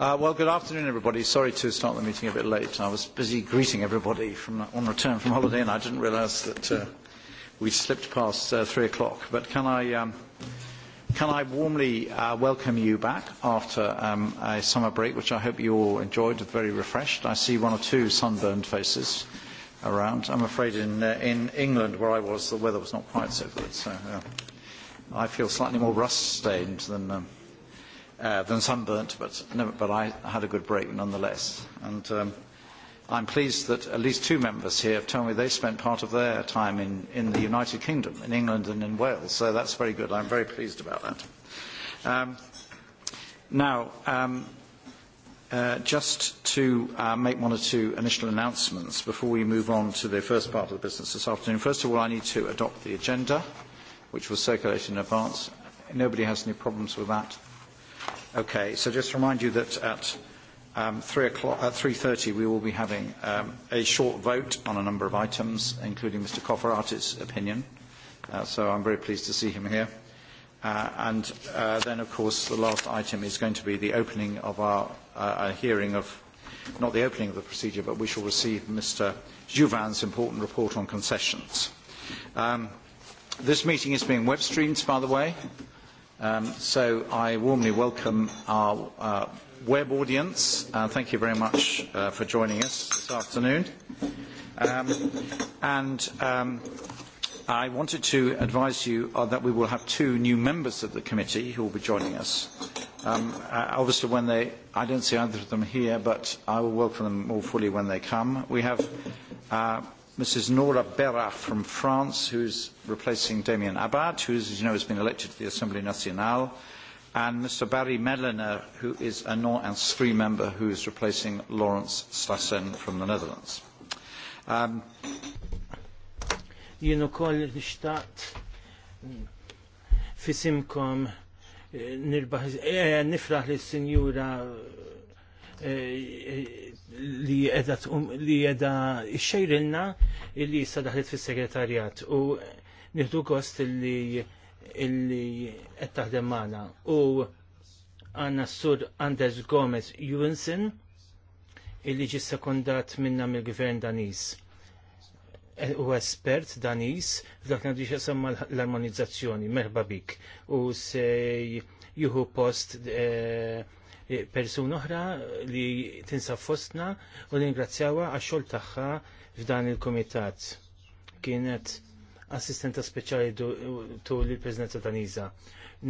Uh, well, good afternoon, everybody. Sorry to start the meeting a bit late. I was busy greeting everybody from, on return from holiday, and I didn't realise that uh, we slipped past uh, three o'clock. But can I, um, can I warmly uh, welcome you back after um, a summer break, which I hope you all enjoyed, very refreshed. I see one or two sunburned faces around. I'm afraid in, uh, in England, where I was, the weather was not quite so good, so uh, I feel slightly more rust-stained than... Um, Uh, than sunburnt, but, but I had a good break nonetheless. And um, I'm pleased that at least two members here have told me they spent part of their time in, in the United Kingdom, in England and in Wales, so that's very good. I'm very pleased about that. Um, now, um, uh, just to uh, make one or two initial announcements before we move on to the first part of the business this afternoon. First of all, I need to adopt the agenda, which was circulated in advance. Nobody has any problems with that. Okay, so just to remind you that at um, 3 o'clock, at 3.30 we will be having um, a short vote on a number of items, including Mr. Kofferati's opinion. Uh, so I'm very pleased to see him here. Uh, and uh, then, of course, the last item is going to be the opening of our, uh, a hearing of, not the opening of the procedure, but we shall receive Mr. Juvan's important report on concessions. Um, this meeting is being web streamed, by the way. Um, so I warmly welcome our uh, web audience. Uh, thank you very much uh, for joining us this afternoon. Um, and um, I wanted to advise you uh, that we will have two new members of the committee who will be joining us. Um, uh, obviously, when they, I don't see either of them here, but I will welcome them more fully when they come. We have uh, Mrs. Nora Berra from France, who is replacing Damien Abad, who, as you know, has been elected to the Assembly Nationale, and Mr. Barry Melliner, who is a non-inscrit member, who is replacing Lawrence Stassen from the Netherlands. Um, fisimkom eh, nirbaħ eh, nifraħ lis-Sinjura eh, li edha um, li edha xejrilna li issa daħlet fis-segretarjat u nieħdu kost li illi qed taħdem magħna u għandna s-sur Anders Gomez Junsen illi ġi sekundat minna mill-gvern Danis e, u espert Danis f'dak nadu semma l-armonizzazzjoni merħba bik u se juhu post eh, Persun oħra li tinsab fostna u li għax-xogħol tagħha f'dan il-kumitat. Kienet assistenta speċjali tul il-Presidenza Daniża.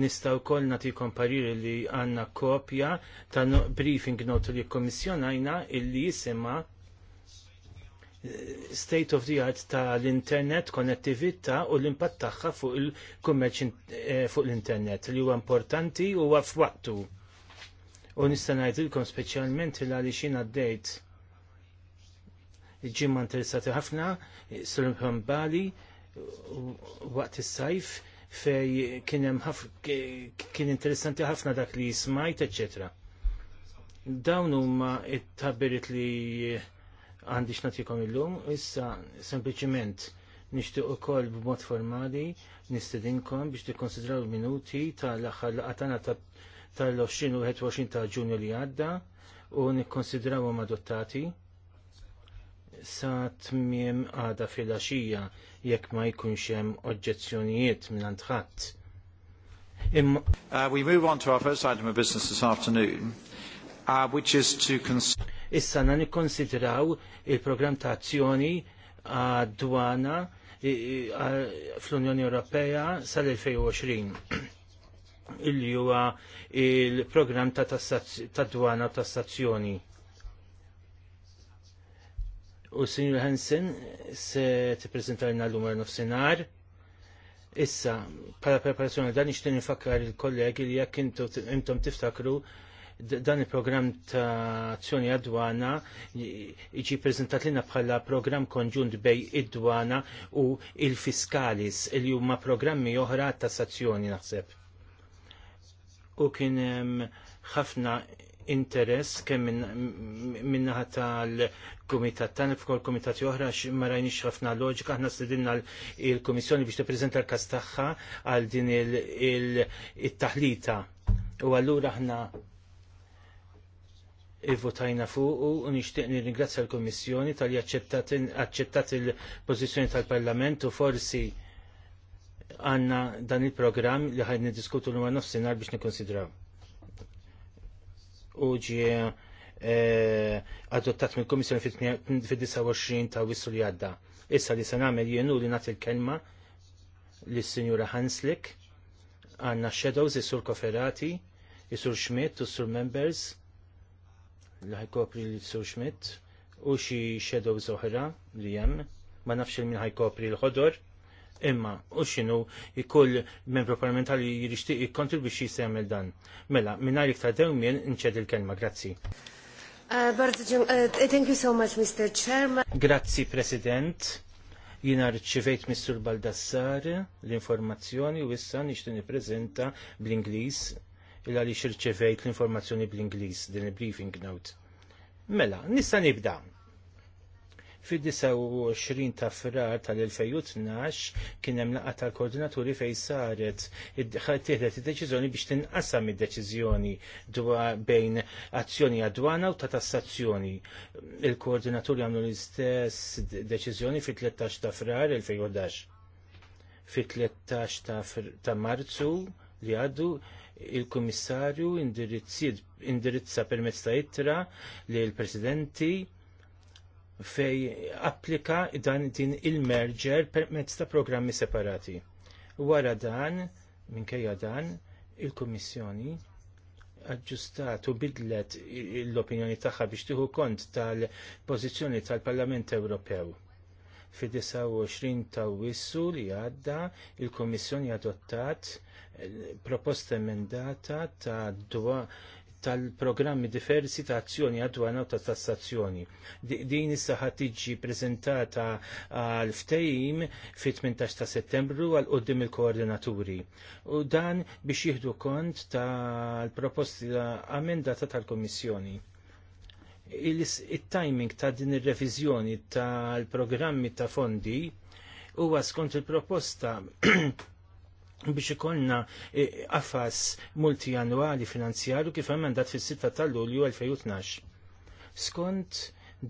Nista' wkoll nagħtikom pariri li għandna kopja ta' briefing note li komissjonajna illi jisima eh, state of the art ta' l-internet, konnettività u l-impatt tagħha fuq il-kummerċ eh, fuq l-internet li huwa importanti u huwa f'waqtu U nista' ngħidilkom speċjalment il għaliex jien għaddejt ġimma interessati ħafna, Sullivan Bali, waqt is-sajf fej kien interessanti ħafna dak li smajt, eċetera. Dawn huma it-tabirit li għandi xnatikom il illum, issa u nixtieq ukoll b'mod formali nistedinkom biex tikkonsidraw il-minuti tal-aħħar laqatana ta' tal-20 u 21 ta' ġunju li għadda u nikkonsidrawhom adottati sa tmiem għada fil-axija jekk ma jkunx hemm oġġezzjonijiet minn ħadd. uh, we move on to our first item of business this afternoon, uh, which is to Issa na nikkonsidraw il-programm ta' azzjoni għad-dwana fl-Unjoni Ewropea sal-2020 illi huwa il-programm ta' dwana ta' stazzjoni. U Sinjur Hansen se lilna l-lum nofsinhar. Issa, pala preparazzjoni dan ixtin nifakkar il-kollegi li jekk intom tiftakru dan il-programm ta' azzjoni għadwana iġi prezentat lina bħala programm konġunt bej id-dwana u il-fiskalis il-jumma programmi oħra ta' azzjoni naħseb u kien hemm ħafna interess kemm min-naħa tal-kumitat tan il kumitat oħra ma rajniex ħafna loġika aħna stedinna l-Kummissjoni biex tippreżenta l-każ tagħha għal din il-taħlita. U allura aħna votajna fuq u nixtieq nirringrazzja l-Kummissjoni tal-li aċċettat il-pożizzjoni tal-Parlament u forsi għanna dan il-program li ħajni nidiskutu l-ma nofsinar biex nikonsidraw. Uġi eh, adottat mill komissjoni fil-29 ta' wissu li għadda. Issa li se nagħmel jenu li nagħti l-kelma lis sinjura Hanslik għandna Shadows, is-Sur Koferati, is-Sur Schmidt, u sur Members li ħajkopri l-Sur Schmidt u xi Shadows oħra li hemm ma nafx il-min ħajkopri l-ħodor imma u x'inhu kull membru parlamentari jirixtieq jikkontribwixxi jsemel dan. Mela, mingħajr iktar dewmien nċed il-kelma, grazzi. Uh, uh, thank you so much, Mr. Chairman. Grazzi, President. Jina rċivejt Mr. Baldassar l-informazzjoni u issa nixtieq nippreżenta bl-Ingliż il għaliex xirċivejt l-informazzjoni bl-Ingliż din il-briefing note. Mela, nista' nibda. Fid-29 ta' frar tal-2012 kien hemm laqgħa tal-koordinaturi fejn saret tieħdet id-deċiżjoni biex tinqasam id-deċiżjoni bejn azzjoni għadwana u ta' tassazzjoni. Il-koordinaturi għamlu l-istess deċiżjoni fit-13 ta' frar 2011. Fit-13 ta' marzu li għaddu il-Kummissarju indirizza permezz ta' ittra li l-Presidenti fej applika dan din il-merger permezz ta' programmi separati. Wara dan, minkejja dan, il-Kummissjoni aġġustat u bidlet l-opinjoni tagħha biex tieħu kont tal-pożizzjoni tal-Parlament Ewropew. Fi 29 ta' wissu li għadda il-Kummissjoni adottat proposta emendata ta' dwa tal-programmi diversi ta' azzjoni għadwana u ta' tassazzjoni. Din is-saħħa tiġi prezentata għal ftejim fit-18 ta' settembru għal qoddim il-koordinaturi. U dan biex jieħdu kont tal-proposti amendata tal-Komissjoni. Il-timing ta' din ir-reviżjoni tal-programmi ta' fondi huwa skont il-proposta biex ikollna e, qafas multijanwali finanzjaru kif emendat fis-6 ta' Lulju 2012. Skont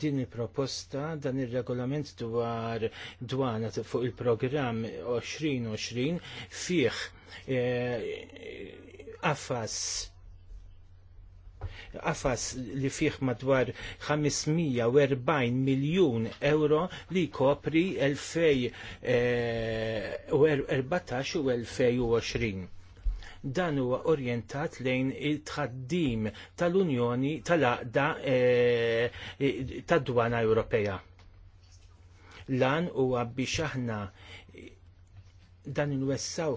din il-proposta dan il-regolament dwar dwana fuq il-programm 2020 fih e, affas qafas li fih madwar 540 miljun euro li kopri 2014 eh, u 2020 er, dan huwa orjentat lejn il-tħaddim tal-Unjoni tal-Aqda e, tad-Dwana Ewropea. Lan huwa biex aħna dan il-wessaw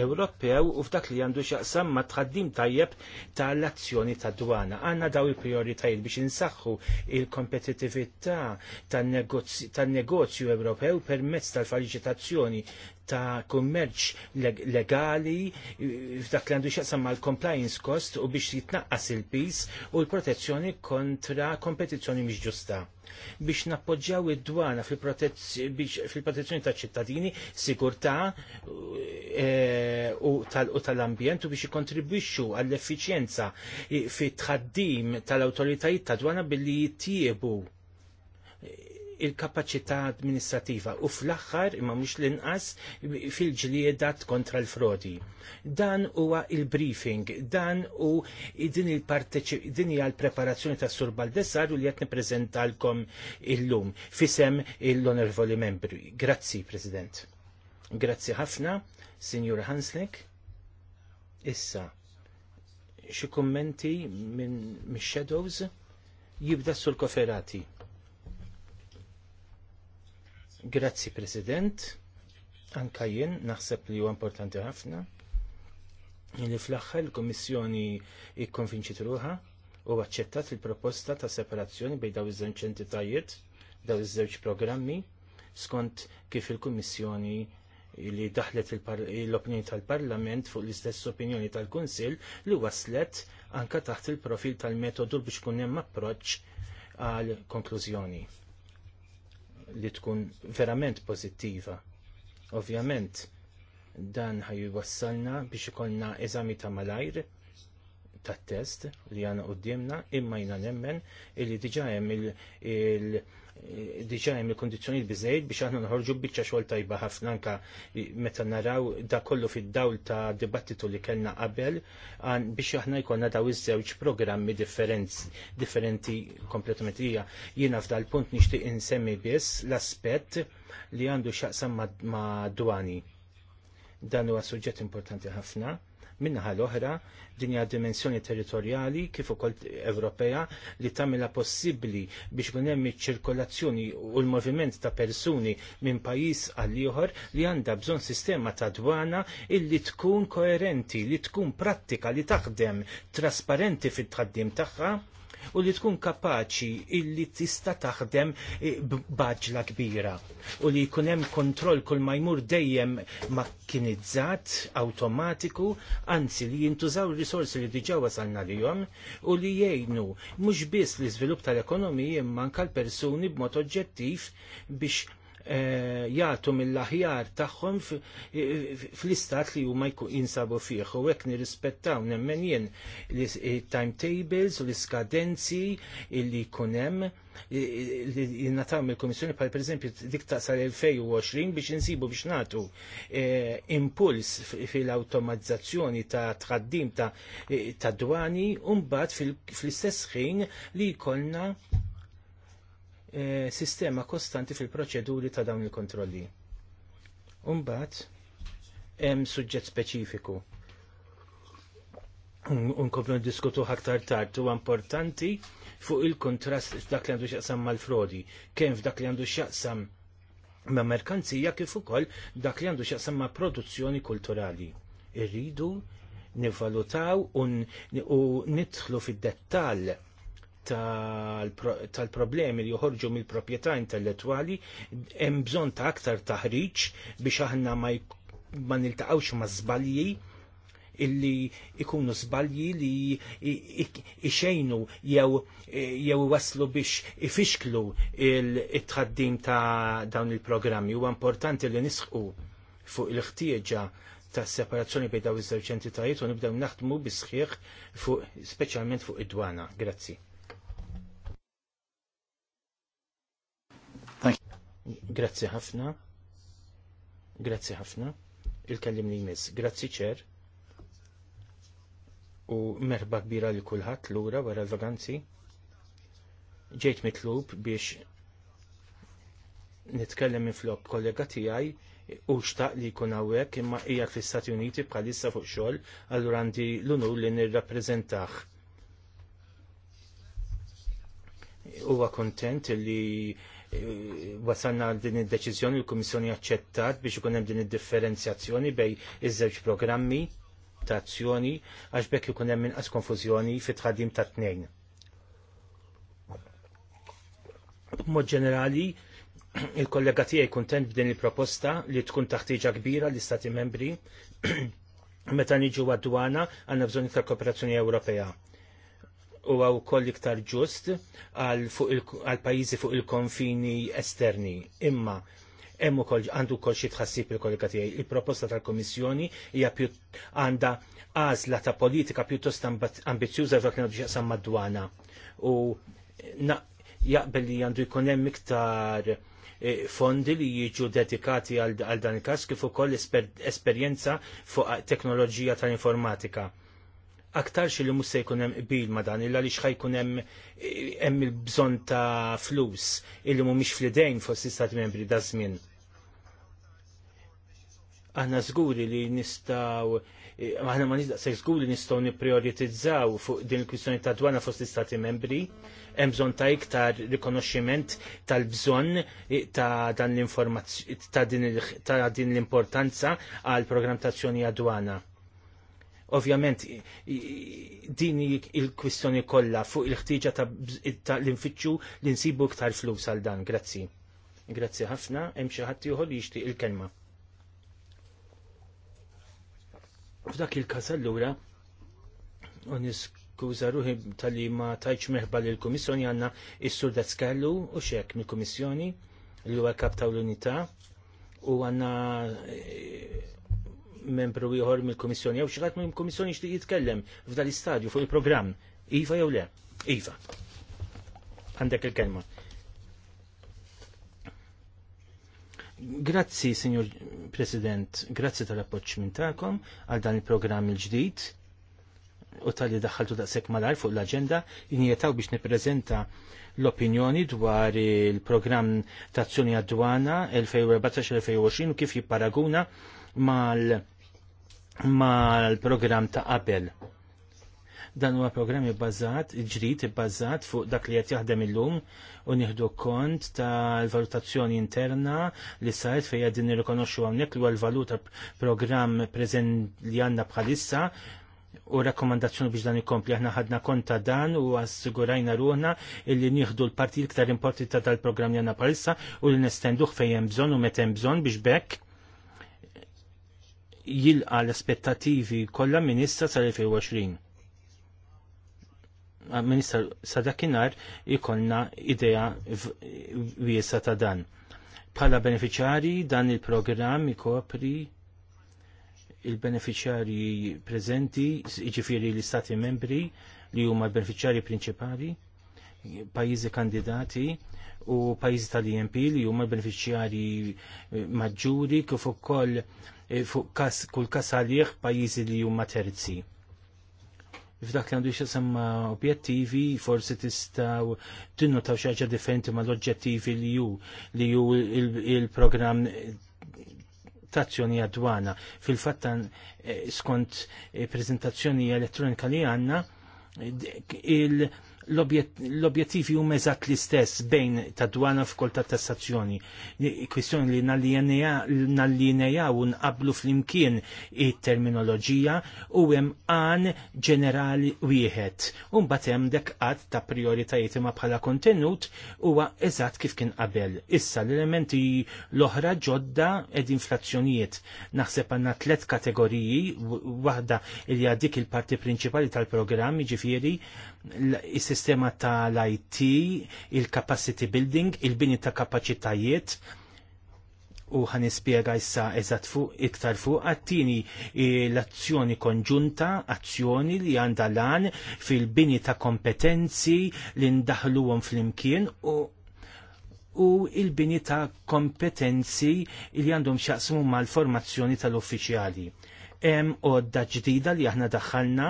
Ewropew u f'dak li għandu x'aqsam ma tħaddim tajjeb tal-azzjoni ta' dwana. Għanna daw il-prioritajiet biex insaħħu il-kompetitività tan-negozju Ewropew permezz tal faliċitazzjoni ta' kummerċ legali f'dak li għandu xaqsam mal compliance cost u biex jitnaqqas il-pis u l-protezzjoni kontra kompetizzjoni mhix ġusta. Biex nappoġġjaw id-dwana fil-protezzjoni ta' ċittadini, sigur Eh, tas u tal-ambjent u biex jikontribwixxu għall-effiċjenza fit tħaddim tal-awtoritajiet ta' dwana billi jittiebu il-kapacità amministrativa u fl-axħar imma mhux l-inqas fil-ġlieda kontra l-frodi. Dan huwa il-briefing, dan u din din hija l-preparazzjoni ta' Sur Baldessar u li qed nippreżentalkom illum fisem l-onorevoli membri. Grazzi, President. Grazzi ħafna, Signor Hanslek. Issa, xi kummenti minn shadows jibda sul koferati. Grazzi President, anka jien naħseb li huwa importanti ħafna li fl-aħħar il-Kommissjoni ikkonvinċit ruha u aċċettat il-proposta ta' separazzjoni bejn daw iż-żewġ entitajiet, daw iż-żewġ programmi skont kif il-Kummissjoni li daħlet l-opinjoni tal-Parlament fuq l-istess opinjoni tal-Kunsill li waslet anka taħt il-profil tal-metodu biex kun hemm approċċ għal konklużjoni li tkun verament pożittiva. Ovvjament, dan ħaj wassalna biex ikollna eżami ta' malajr tat test li għana qoddimna imma jina nemmen illi diġa hemm il-, il diġa hemm il-kondizzjonijiet bizzejt biex aħna noħorġu biċċa xogħol tajba ħafna anka meta naraw da kollu fid-dawl ta' dibattitu li kellna qabel biex aħna jkollna daw iż-żewġ programmi differenti kompletament hija. Jiena f'dal punt nixtieq insemmi biss l-aspett li għandu x'aqsam ma' dwani. Dan huwa suġġett importanti ħafna Minnaħa l-oħra, dinja dimensjoni territorjali kif ukoll Ewropea li tagħmilha possibbli biex kun hemm iċ-ċirkolazzjoni u l-moviment ta' persuni minn pajjiż għal ieħor li għandha bżonn sistema ta' dwana illi tkun koerenti, li tkun prattika, li taħdem trasparenti fit-tħaddim tagħha u li tkun kapaċi illi tista' taħdem e, baġla kbira u li jkun hemm kontroll kull ma jmur dejjem makkinizzat, awtomatiku, anzi li jintużaw risorsi li diġà wasalna lihom u li jgħinu mhux biss l-iżvilupp tal-ekonomija imma anke l-persuni b'mod oġġettiv biex Eh, jagħtu mill-aħjar tagħhom fl-istat li huma jinsabu fih u hekk nirrispettaw nemmen jien timetables u l-iskadenzi li jkun hemm li jinnataw mill-Komissjoni per esempio dik sal 2020 biex nsibu biex nagħtu eh, impuls fil automatizzazzjoni ta' tħaddim ta' dwani u mbagħad fl-istess ħin li jkollna E, sistema kostanti fil-proċeduri ta' dawn il-kontrolli. Umbat, hemm suġġett speċifiku. Unkomplu diskutu ħaktar tard u importanti fuq il-kontrast f'dak li għandu xaqsam mal-frodi, kemm f'dak li għandu xaqsam ma' merkanzija kif ukoll dak li għandu xaqsam ma' produzzjoni kulturali. Irridu nivalutaw u nidħlu fid-dettall tal-problemi li joħorġu mill-proprjetà intellettwali hemm bżonn ta' aktar taħriġ biex aħna ma niltaqgħux ma' żbalji illi ikunu zbalji li ixejnu jew jew waslu biex ifixklu il-tħaddim ta' dawn il-programmi. Huwa importanti li nisħu fuq il-ħtieġa ta' separazzjoni bejn dawn iż-żewġ entitajiet u nibdew naħdmu bisħiħ fuq speċjalment fuq id-dwana. Grazzi. Grazzi ħafna. Grazzi ħafna. Il-kellim li jmiss. Grazzi ċer. U merba kbira li kulħadd lura wara l-vaganzi. Ġejt mitlub biex nitkellem minn flok kollega tiegħi u xtaq li jkun hawnhekk imma ija fl-Istati Uniti bħalissa fuq xogħol, għallur għandi l-unur li nirrappreżentah. Huwa kontent li wasalna għal din id-deċiżjoni l-Kummissjoni aċċettat biex ikun hemm din id-differenzjazzjoni bejn iż-żewġ programmi ta' azzjoni għax bekk ikun hemm inqas konfużjoni fit-tħaddim ta' tnejn. Mod ġenerali, il-kollega tiegħi kuntent b'din il-proposta li tkun taħtieġa kbira l istati membri meta niġu għad-dwana għandna bżonn iktar kooperazzjoni Ewropea u għaw koll iktar ġust għal pajizi fuq il-konfini esterni. Imma, emmu koll, għandu koll xie tħassib il-kollega tijaj. Il-proposta tal-Komissjoni hija għanda għazla ta' politika pjuttost ambizjuża għal li nabġiqsam mad-dwana. U jaqbel li għandu jkun hemm iktar eh, fondi li jiġu dedikati għal dan il-każ kif ukoll esperjenza fuq teknoloġija tal-informatika aktar xil li se jkun hemm madan, illa li xħaj hemm jem il-bżonn ta' flus illi mhumiex fl-idejn fost istati membri da' żmien. Aħna żguri li nistgħu aħna ma zguri żguri nistgħu nipprioritizzaw fuq din il-kwistjoni ta' dwana fost istati membri, hemm bżonn ta' iktar rikonoxximent tal-bżonn ta' dan l-informazzjoni ta' din l-importanza għal programm tazzjoni għadwana Ovvjament, din il-kwistjoni kollha fuq il-ħtieġa ta' l-infittxu li nsibu iktar flus għal dan. Grazzi. Grazzi ħafna, hemm xi ħadd ieħor li jixtieq il-kelma. F'dak il-każ allura niskuża ruħi tal-li ma tajċ meħba l kummissjoni għandna is-sur Dazzkallu u xek mill-Kummissjoni li huwa kap ta' l-Unità u għandna membru ieħor mill-Kummissjoni jew xi ħadd mill-Kummissjoni xtieq jitkellem f'dan l-istadju fuq il-programm. Iva jew le? Iva. Għandek il-kelma. Grazzi, Signor President, grazzi tal appoġġ minn tagħkom għal dan il-programm il-ġdid u tal-li daħħaltu daqshekk malar fuq l-aġenda injetaw biex nippreżenta l-opinjoni dwar il-programm tazzjoni għadwana 2014-2020 u kif jipparaguna mal mal-programm ta' qabel. Dan huwa programm ibbażat, ġrid ibbażat fuq dak li qed jaħdem illum u nieħdu kont tal-valutazzjoni interna li saret fejn qegħdin nirrikonoxxu hawnhekk li huwa l-valuta programm preżent li għandna bħalissa u rakkomandazzjoni biex dan ikompli aħna ħadna konta dan u assigurajna ruħna illi nieħdu l-parti l-iktar importanti tal-programm li għandna bħalissa u li nestenduh fejn hemm bżonn u meta hemm bżonn biex bekk jilqa l-aspettativi kollha Ministra sal-2020. Ah, ministra sa dakinhar ikolna idea wiesa ta' dan. Bħala beneficjari dan il-programm ikopri il-beneficjari preżenti, jiġifieri l-istati membri li huma l-beneficjari principali, pajjiżi kandidati, u pajjiżi tal-IMP li huma l-beneficjari eh, maġġuri kif ukoll E, fuq kull kas għalih pajjiżi li huma terzi. F'dak li għandu semma objettivi, forsi tistaw tinnu xi ħaġa differenti mal-oġġettivi li ju li ju il-programm tazzjoni għadwana. Fil-fattan e, skont e, prezentazzjoni elettronika li għanna, il- l-objettivi huma eżatt l-istess bejn ta' dwana f'kol ta' tassazzjoni. Kwistjoni li nallineja u nqablu fl-imkien it-terminoloġija u hemm għan ġenerali wieħed. U mbagħad hemm dek qatt ta' prioritajiet ma' bħala kontenut huwa eżatt kif kien qabel. Issa l-elementi l-oħra ġodda ed inflazzjonijiet. Naħseb għandna tliet kategoriji, waħda il għaddik il-parti prinċipali tal programmi ġifieri il-sistema tal-IT, il-capacity building, il-bini ta' kapacitajiet, u għan ispiega issa eżat fuq iktar fuq għattini l-azzjoni konġunta, azzjoni li għanda lan fil-bini ta' kompetenzi li ndaħluhom fl-imkien u u il-bini ta' kompetenzi li għandhom xaqsmu mal-formazzjoni tal-uffiċjali. Hemm għodda ġdida li aħna daħħalna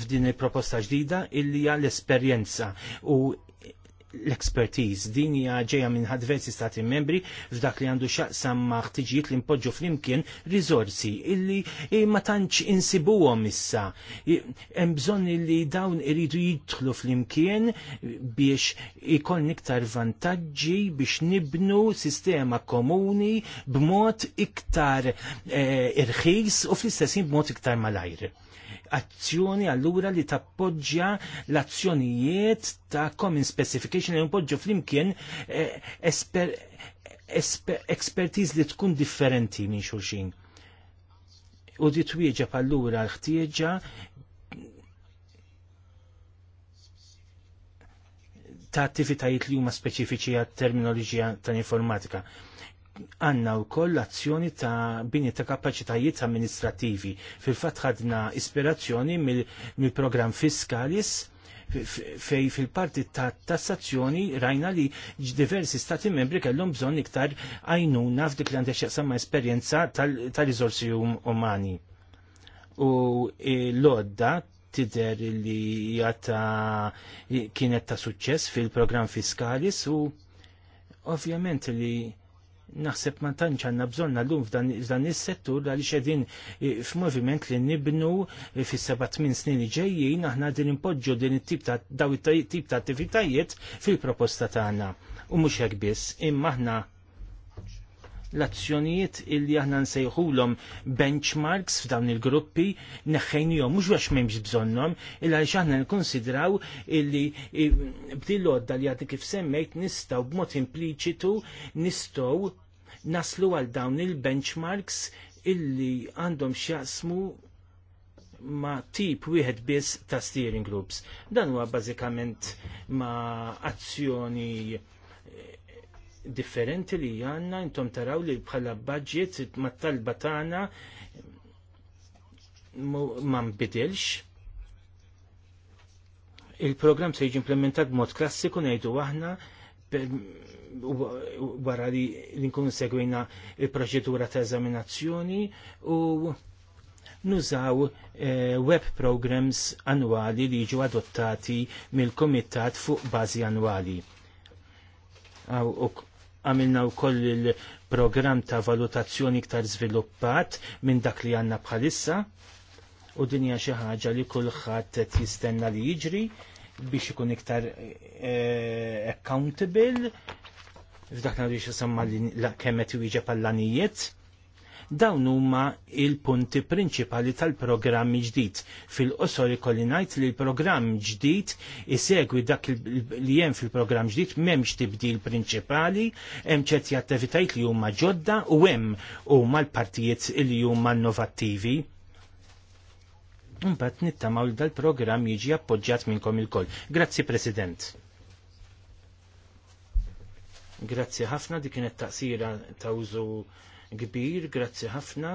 f'din il-proposta ġdida illi hija l-esperjenza u l-expertise. Din hija ġejja minn ħadversi stati membri f'dak li għandu xaqsam ma' ħtiġijiet li npoġġu flimkien rizorsi illi ma tantx insibuhom issa. Hemm bżonn li dawn iridu jidħlu flimkien biex ikoll iktar vantaġġi biex nibnu sistema komuni b'mod iktar eh, irħis u fl-istessin b'mod iktar malajr azzjoni allura li tappoġġja l-azzjonijiet ta' common specification li npoġġu flimkien eh, esper, expertise li tkun differenti minn xulxin. U di twieġeb allura l-ħtieġa ta' attivitajiet li huma speċifiċi għat terminoloġija tal-informatika għanna u koll azzjoni ta' bini ta' kapacitajiet amministrativi. Fil-fat ħadna ispirazzjoni mill-program mil fiskalis fej fil-parti ta' tassazzjoni rajna li diversi stati membri kellhom bżonn iktar għajnuna f'dik li għandha xaqsam esperjenza tal-riżorsi um-, umani. U e, l-odda tider li jata kienet ta' suċċess fil-program fiskalis u ovvjament li naħseb ma tantx għandna bżonn llum f'dan is-settur għaliex qegħdin eh, f'moviment li nibnu eh, fis-seba' tmien snin li ġejjin aħna qegħdin impoġġu din it-tip ta' daw it-tip ta' attivitajiet fil-proposta tagħna. U mhux hekk biss, imma aħna l-azzjonijiet illi aħna nsejħulhom benchmarks f'dawn il-gruppi neħħejnijhom mhux għax m'hemmx bżonnhom, illa għaliex aħna nkonsidraw illi eh, bdil lodda li għadni kif semmejt nistgħu b'mod impliċitu nistgħu naslu għal dawn il-benchmarks illi għandhom xjaqsmu ma tip wieħed biss ta' steering groups. Dan huwa bażikament ma' azzjoni eh, differenti li għanna, intom taraw li bħala budget ma' talba tagħna ma nbidilx. Il-programm se jiġi implementat b'mod klassiku ngħidu aħna wara li nkunu segwina il-proċedura ta' eżaminazzjoni u nużaw eh, web programs annwali li jiġu adottati mill-komitat fuq bażi annwali. Għamilna u koll il-program ta' valutazzjoni iktar sviluppat minn dak li għanna bħalissa u dinja xi ħaġa li kulħadd qed jistenna li jiġri biex ikun iktar e, accountable f'dak li semma li kemmet wieġa pallanijiet. Dawn huma il-punti prinċipali tal-programm ġdid. Fil-qosor ikolli ngħid li l-programm ġdid isegwi dak li hemm fil-programm ġdid m'hemmx tibdil prinċipali, hemm ċerti attivitajiet li huma ġodda u hemm huma l-partijiet li huma innovattivi. Mbagħad nittamaw li dal-programm jiġi appoġġjat minnkom il-koll. Grazzi President. Grazzi ħafna, di kienet taqsira ta' użu kbir, grazzi ħafna.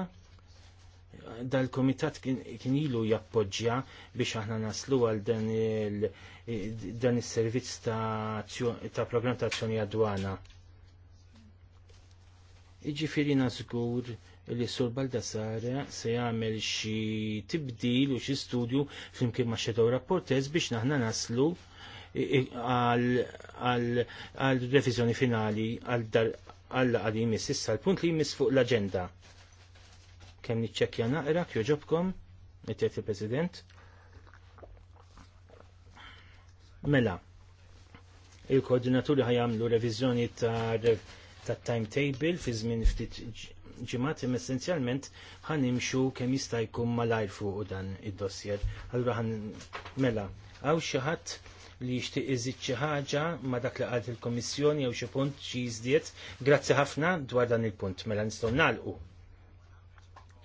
Dal-komitat kien ilu jappoġġja biex aħna naslu għal dan il-servizz ta' program ta' azzjoni għadwana. Iġifiri nażgur li sur Baldassare se jagħmel xi tibdil u xi studju flimkien ma' xedew rapportez biex naħna naslu għal revizjoni finali għal għal jmiss issa l-punt li jmiss fuq l-agenda. Kemm niċċekkja naqra ġobkom, mittiet il-President. Mela, il-koordinaturi ħajamlu revizjoni ta' timetable fi żmien ftit ġimgħat imma essenzjalment ħan imxu kemm jista' jkun malajr fuq dan id-dossier. Allura ħan mela, hawn xi ħadd li jixtieq iżid xi ħaġa ma' dak li qalt il kummissjoni jew xi punt xi jiżdied. Grazzi ħafna dwar dan il-punt mela nistgħu nagħlqu.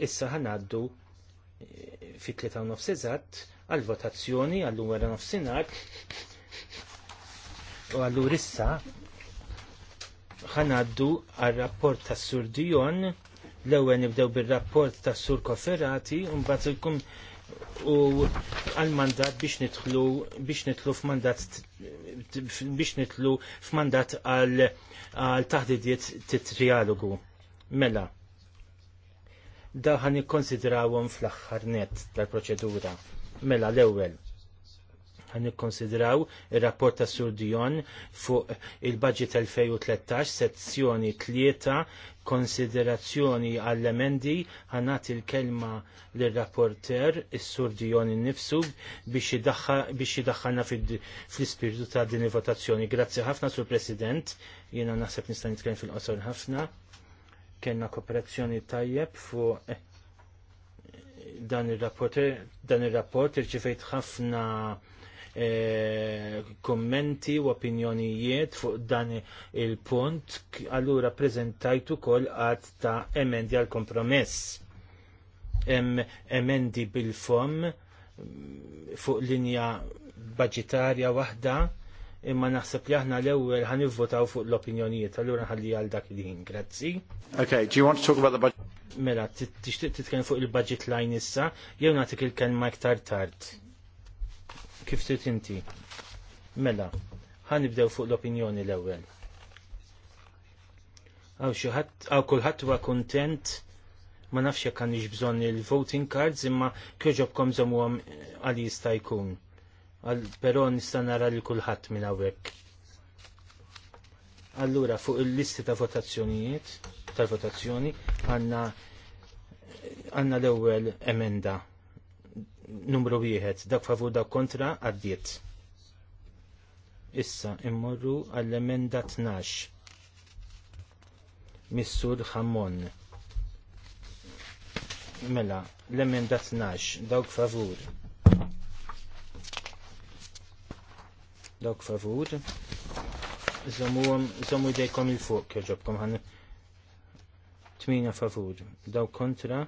Issa ħanaddu eh, fi tlieta nofs eżatt għall votazzjoni għallu wara nofsinhar u allura issa ħanaddu għal-rapport tas-Sur Dion l-ewwel nibdew bir-rapport tas-Sur Koferati u mbagħad u għal-mandat biex nitlu biex f f'mandat biex f-mandat għal taħdidiet tit-trialogu. Mela, daħan ikkonsidrawhom fl-aħħar net tal-proċedura. Mela l-ewwel ħan nikkonsidraw ir-rapport ta' Sur Dion fuq il-budget 2013 sezzjoni 3 konsiderazzjoni għall-emendi ħanat il-kelma l-rapporter is-Sur Dion innifsu biex jidaxħalna fl-ispirtu ta' din il-votazzjoni. Grazzi ħafna Sur President, jiena naħseb nista' nitkellem fil-qosor ħafna. Kenna kooperazzjoni tajjeb fuq eh, dan il-rapport, dan il-rapport irċifejt ħafna E, kommenti u opinjonijiet fuq dan il-punt, allura prezentajtu kol għad ta' emendi għal kompromess. emendi bil-fom fuq linja budgetarja waħda imma naħseb li aħna l-ewwel ħanivvotaw fuq l-opinjonijiet, allura ħalli għal dak li ħin, grazzi. Okay, do you want to talk about the budget? Mela, tixtieq titkellem fuq il-budget line issa, jew nagħtik il-kelma iktar tard kif trid inti. Mela, ħanibdew fuq l-opinjoni l-ewwel. Għaw xi ħadd għaw kulħadd huwa kuntent ma nafx jekk għandix bżonn il-voting cards imma kjoġobkom żommuhom għal jista' jkun. Però nista' nara li kulħadd minn hawnhekk. Allura fuq il-listi ta' votazzjonijiet tal-votazzjoni għandna għandna l-ewwel emenda numru wieħed, dak favur dak kontra għaddiet. Issa immorru għall-emenda 12. Missur Hammon. Mela, l-emenda 12, dawk favur. Dawk favur. Zomu dejkom il-fuq, kħeġobkom ħan. Tmina favur. Dawk kontra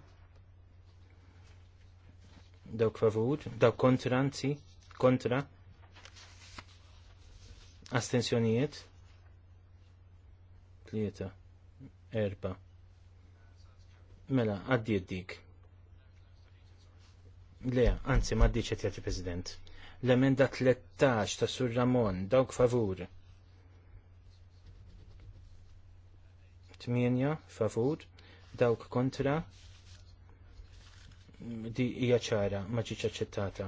dawk favur, dawk kontra, anzi, kontra, astensjonijiet, tlieta, erba. Mela, għaddi dik. Le, anzi, ma għaddi ċetjati president. L-emenda 13 ta' Sur Ramon, dawk favur. 8 favur, dawk kontra, di hija ċara ma ġietx aċċettata.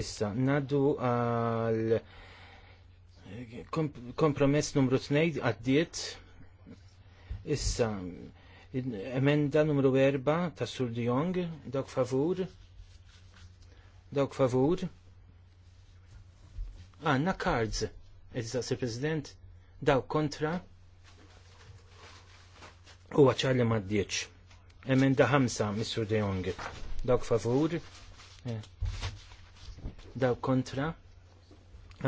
Issa, naddu għal kompromess numru 2 għaddiet. Issa, emenda numru 4 ta' Sur Jong, dawk favur. Dawk favur. Għanna cards, izza se president, dawk kontra. U għacħalli ma' 10. Emenda ħamsa, Mr. De Jong. Dawk favur. Eh. Dawk kontra.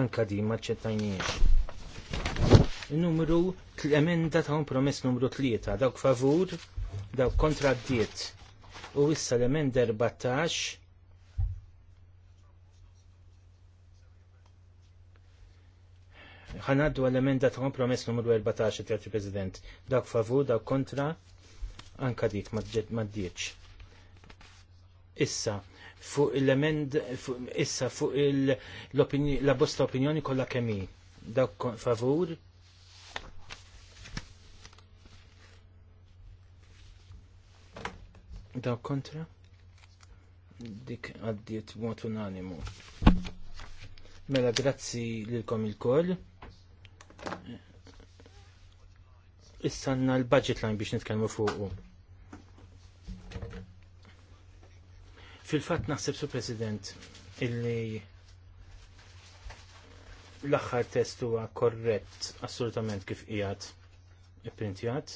Anka di maċċettajniex. Numru, emenda ta' promess numru 3. Dawk favur. Dawk kontra d-diet. U issa l-emenda 14. ħanaddu l-emenda ta' kompromess numru 14, Terti President. Dak favur, dak kontra, anka dit ma Issa, fuq il-emend, issa fuq la bosta opinjoni kollha kemm hi. Dak favur, Dawk kontra? Dik għaddiet mod unanimu. Mela, grazzi lilkom il-koll. Issanna l-budget line biex nitkellmu fuqu. Fil-fatt naħseb su President illi l-axħar test huwa korrett assolutament kif qiegħed ipprintjat.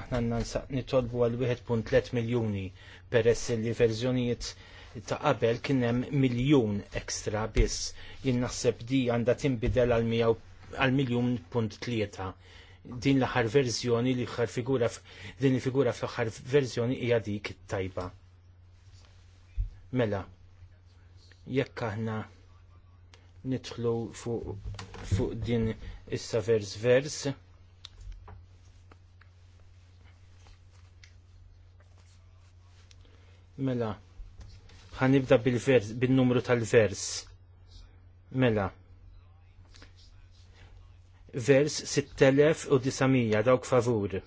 Aħna nansaq nitolbu għal 1.3 miljuni peress li verżjonijiet ta' qabel kien hemm miljun ekstra biss. Jien naħseb di għandha tinbidel għal miljun punt tlieta din l-aħħar verżjoni li aħħar figura din il-figura fl-aħħar verżjoni hija dik tajba. Mela, jekk aħna nidħlu fuq fu din issa vers vers. Mela, ħanibda bil-numru tal-vers. Mela, vers 6900 dawk favur.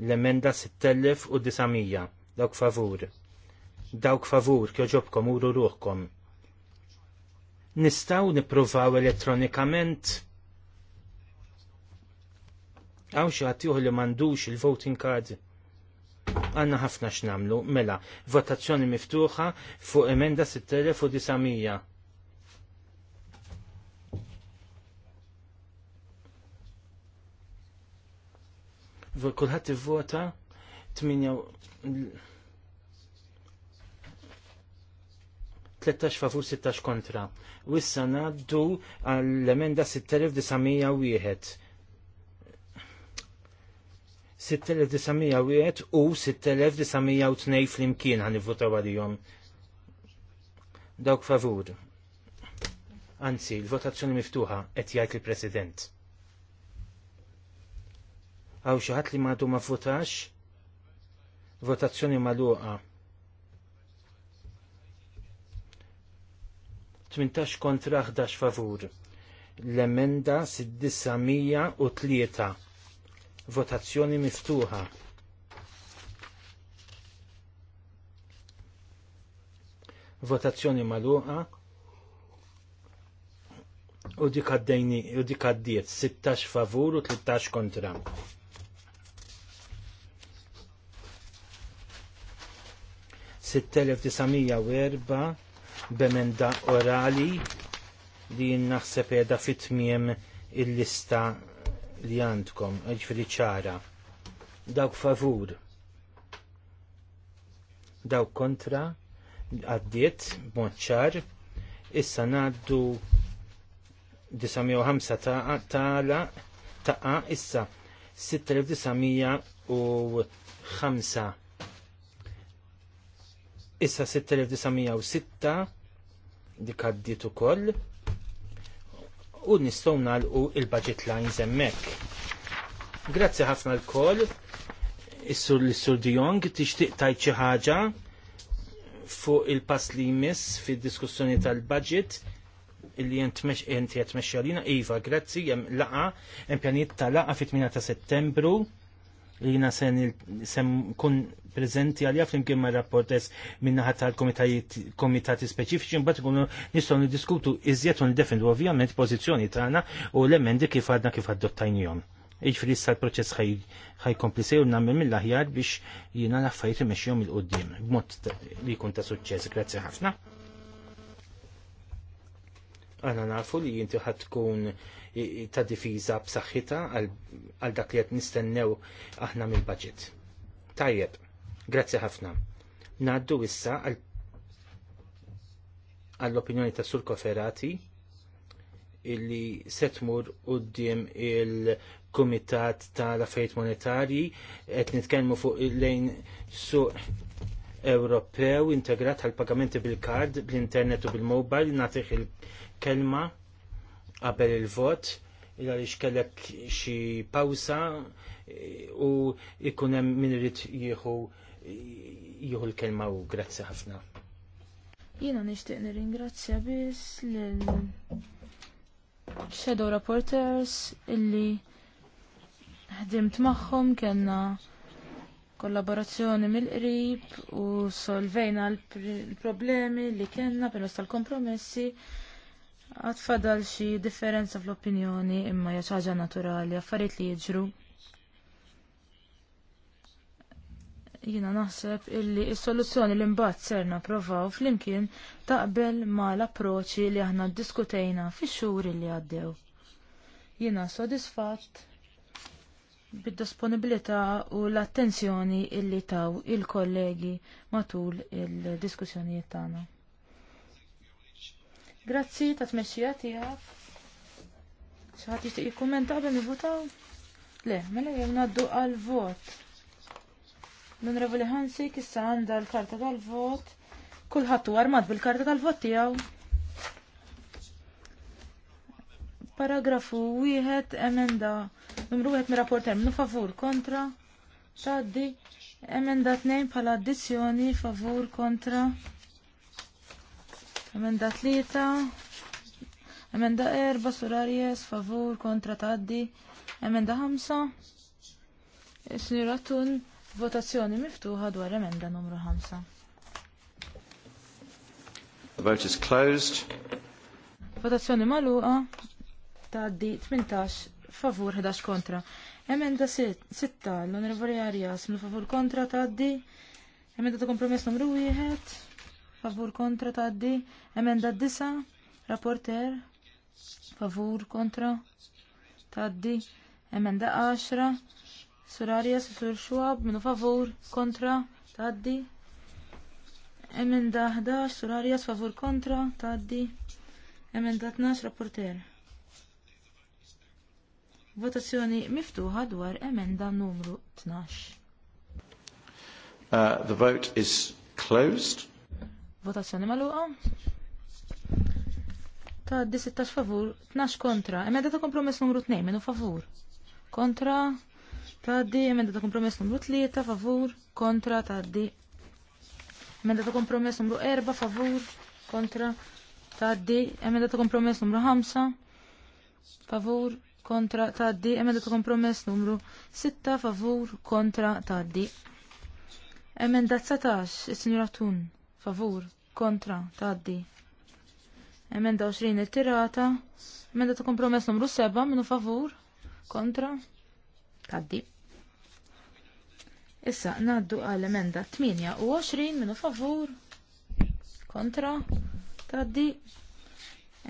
L-emenda 6900 dawk favur. Dawk favur kjoġobkom uru ruħkom. Nistaw niprovaw elettronikament għaw xaħtijuħ li mandux il-voting card. Għanna ħafna x'namlu, mela, votazzjoni miftuħa fuq emenda 6900. kulħadd ivvota 13 favur 16 kontra. U s-sana ngħaddu għall-emenda 6901. 6901 u 6902 flimkien għan votaw għal-jom. Dawk favur. Anzi, l-votazzjoni miftuħa, qed jgħid il-President. Għaw xi ħadd li maħdu ma votax? Votazzjoni magħluqa. 18 kontra 11 favur. L-emenda 603. Votazzjoni miftuħa. votazzjoni maluqa u dik għaddejni u dik għaddiet 16 favur u 13 kontra. 6904 b'emenda orali li naħseb edha fitmiem il-lista li għandkom, ġifri ċara. Dawk favur. Dawk kontra. Għaddiet, ċar. Issa naddu 905 taqa, taqa, taqa, issa 6905 issa 6906 di għaddiet ukoll u nistgħu nagħlqu il-budget lines hemmhekk. Grazzi ħafna l-koll. Is-sur l-sur Dijong tixtieq tajt xi ħaġa fuq il-pass li jmiss fid-diskussjoni tal-budget illi jenti jatmexxi għalina, Iva, grazzi, jem laqa, jem pjanit ta' laqa fit-8 ta' settembru, li jina sen kun prezenti għalja flimkien ma' rapportes ħatta tal-komitati speċifiċi, mbagħad ikunu nistgħu nidiskutu iżjed u nidefendu ovvjament pożizzjoni tagħna u l-emendi kif għadna kif għaddottajnihom. Iġfri issa l-proċess komplisej u nagħmel mill-aħjar biex jiena l-affarijiet imexxihom il-qudiem b'mod li jkun ta' suċċess. Grazzi ħafna. Għana nafu li jinti ħatkun ta' difiża b'saħħitha għal dak li qed nistennew aħna mill-budget. Tajjeb. Grazzi ħafna. Naddu issa għall-opinjoni ta' Sur Koferati illi setmur uddim il-Kumitat tal-Affarijiet Monetarji qed nitkellmu fuq lejn suq Ewropew integrat għal pagamenti bil-kard, bl-internet u bil-mobile, nagħtih il-kelma qabel il-vot, il għaliex kellek xi pausa e, u ikun hemm min irid jieħu Juhu l-kelma u grazzi ħafna. Jiena nixtieq nirringrazzja biss lil Shadow Reporters illi ħdimt magħhom kellna kollaborazzjoni mill-qrib u solvejna l-problemi li kellna permezz tal-kompromessi għad fadal xi differenza fl-opinjoni imma hija ħaġa naturali affarijiet li jiġru jina naħseb illi s-soluzzjoni li mbagħad ser napprovaw flimkien taqbel ma l-approċċi li aħna ddiskutejna fix-xhur li għaddew. Jina sodisfatt bid-disponibilità u l-attenzjoni illi taw il-kollegi matul il-diskussjonijiet tagħna. Grazzi ta' tmexxija tiegħek. Xi ħadd jixtieq jikkumenta qabel nivutaw? Le, mela jew ngħaddu għal vot. L-Onorevoli Hansi, issa għandha l-karta tal-vot. Kulħadd huwa armat bil-karta tal-vot tiegħu. Paragrafu wieħed emenda numru wieħed mi rapporter minnu favur kontra tgħaddi emenda tnejn bħala addizzjoni favur kontra emenda tlieta emenda erba surarjes favur kontra taddi, emenda ħamsa e, Signora Tun Votazzjoni miftuħa dwar emenda numru 5. The vote is closed. Votazzjoni magħluqa tgħaddi 18 favur 11 kontra. Emenda 6 l-Onorevoli Arias mill favur kontra tgħaddi. Emenda ta' kompromess numru 1 favur kontra taddi. Emenda 9 rapporter favur kontra tgħaddi. Emenda 10 Sur Arias, Sur Schwab, minu favur, kontra, taddi. Emenda 11, Sur Arias, favur, kontra, taddi. Emenda 12, rapporter. Votazzjoni miftuħa dwar emenda numru 12. Uh, the vote is closed. Votazzjoni maluqa. Ta' 16 favur, 12 kontra. Emenda ta' kompromess numru 2 minu favur. Kontra, Taddi, emenda ta' kompromess numru 3, favur, kontra, taddi. Emenda ta' kompromess numru 4, favur, kontra, taddi. Emenda ta' kompromess numru 5, favur, kontra, taddi. Emenda ta' kompromess numru 6, favur, kontra, taddi. Emenda 19, il signor Atun, favur, kontra, taddi. Emenda 20, il-Tirata. Emenda ta' kompromess numru 7, minu favur, kontra, taddi. Issa naddu għal emenda 28 minu favur kontra taddi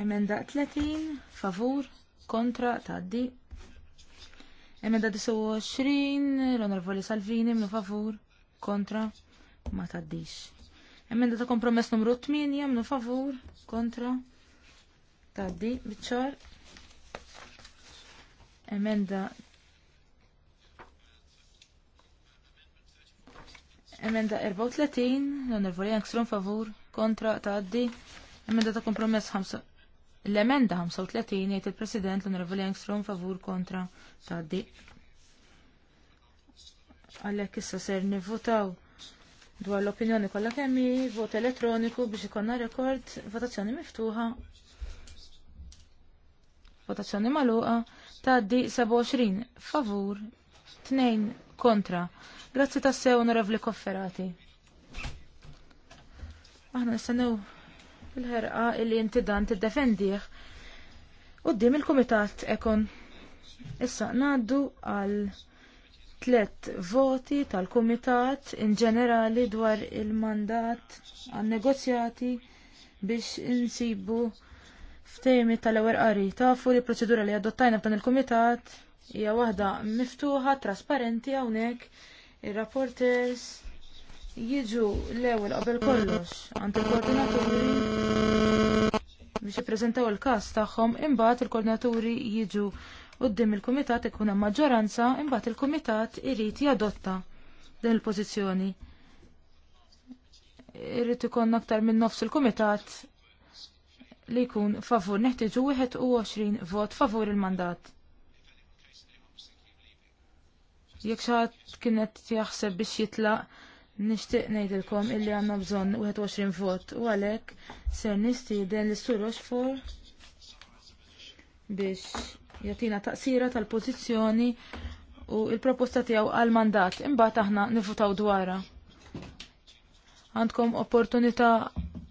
emenda 30 favur kontra taddi emenda 29 l-onorvoli Salvini minu favur kontra ma taddix. Emenda ta' kompromess numru 8 minu favur kontra taddi Bicċar. emenda Emenda 34, l-onorvoli Angstrom favur, kontra addi, Emenda ta' kompromess 5. L-emenda 35 jgħid il-President l-onorvoli Angstrom favur, kontra taddi. Għalhekk issa ser nivvotaw dwar l-opinjoni kollha kemmi, vot elettroniku biex ikonna rekord, votazzjoni miftuħa. Votazzjoni magħluqa tgħaddi 27 favur, 2 kontra. Grazzi tassew onorevli kofferati. Aħna nistennew il-ħerqa illi inti dan tiddefendih qudiem il-kumitat ekon. Issa ngħaddu għal tlet voti tal-kumitat in ġenerali dwar il-mandat għan negozjati biex insibu f'temi tal-ewwel qari. Tafu li proċedura li adottajna f'dan il-kumitat hija waħda miftuħa, trasparenti hawnhekk ir-rapporters jiġu l-ewwel qabel kollox għand il-koordinaturi biex jippreżentaw il-każ tagħhom imbagħad il-koordinaturi jiġu quddiem il-kumitat ikun hemm maġġoranza imbagħad il-kumitat irid jadotta din il-pożizzjoni. Irid ikun aktar minn nofs il-kumitat li jkun favur neħtieġu 21 vot favur il-mandat. Jekk xaħat kienet jaħseb biex jitlaq, nixtieq ngħidilkom illi għandna bżonn 21 vot u għalhekk ser den l-Sur for biex jagħtina taqsira tal-pożizzjoni u l proposta tiegħu għal-mandat imbagħad aħna nifutaw dwarha. Għandkom opportunità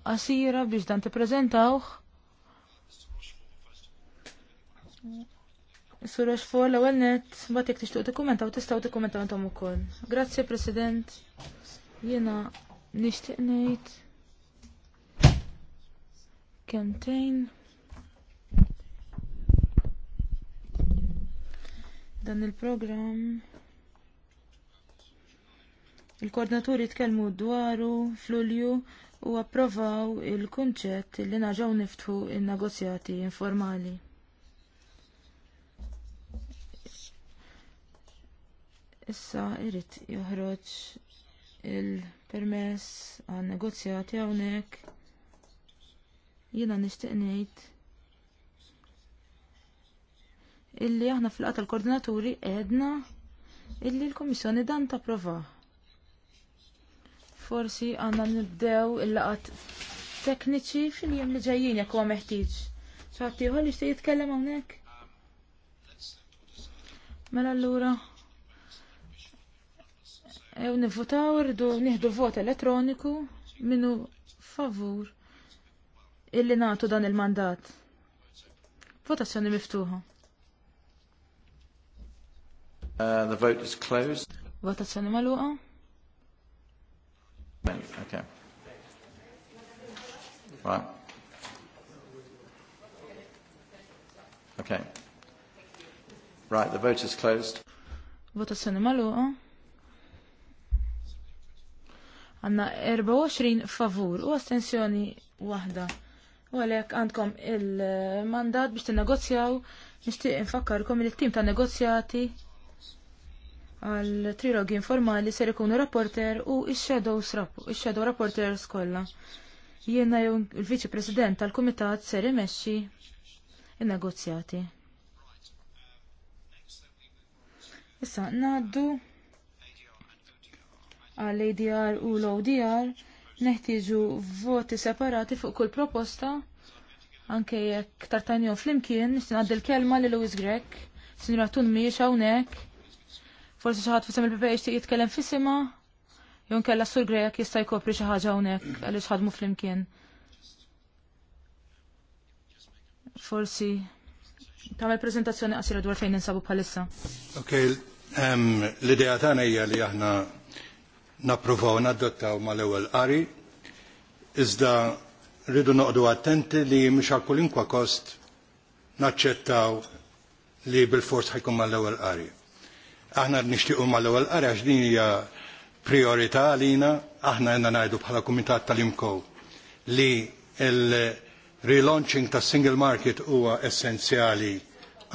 għasira biex dan tippreżentawh. Surax fuq l-ewwel net, mbagħad jekk tixtuq tikkumentaw tistgħu tikkumentaw intom ukoll. Grazzi President. Jiena nixtieq ngħid Kentejn. Dan il-programm il-koordinaturi tkellmu dwaru f'Lulju u approvaw il-kunċett li naġaw niftħu in-negozjati informali. Issa irrit joħroġ il-permess għan negozjati hawnhekk. Jina nixtieq ngħid illi aħna fil-qata tal-koordinaturi edna illi l-Komissjoni dan ta' prova. Forsi għanna nibdew il-laqat tekniċi fil-jem li ġejjin jekk huwa meħtieġ. Xi ħadd jitkellem hawnhekk? Mela allura. Ew nivvotaw rridu nieħdu vot elettroniku minnu favur illi nagħtu dan il-mandat. Votazzjoni miftuħa. Uh, the vote is closed. Votazzjoni magħluqa. Okay. Right. Okay. Right, the vote is closed. Votazzjoni magħluqa. Għanna 24 favur u astensjoni wahda. U għalek għandkom il-mandat biex t-negozjaw, nishtiq infakkarkom il-tim ta' negozjati għal trilogi informali ser ikunu rapporter u il shadow rapporter skolla. Jiena jew il-viċi president tal-kumitat ser imexxi il-negozjati. Issa, naddu għall-ADR u l-ODR neħtieġu voti separati fuq kull proposta anke jekk tartanjon flimkien nixtin għaddi l-kelma li Louis Grek, sinjura tun miex hawnhekk. Forsi xi ħadd il-PPH e jitkellem fissima, jew nkella sur Grek jista' jkopri xi ħaġa hawnhekk għaliex ħadmu flimkien. Forsi tagħmel preżentazzjoni qasira dwar fejn ninsabu bħalissa. Ok, ehm, l-idea tagħna hija li aħna napruvaw nadottaw mal-ewwel qari, iżda rridu noqdu attenti li mhux għal kulinkwa kost naċċettaw li bil-fors ħajkun mal-ewwel qari. Aħna nixtiequ mal-ewwel qari għax din hija priorità għalina, aħna għandna ngħidu bħala kumitat tal-imkow li il-relaunching tas single market huwa essenzjali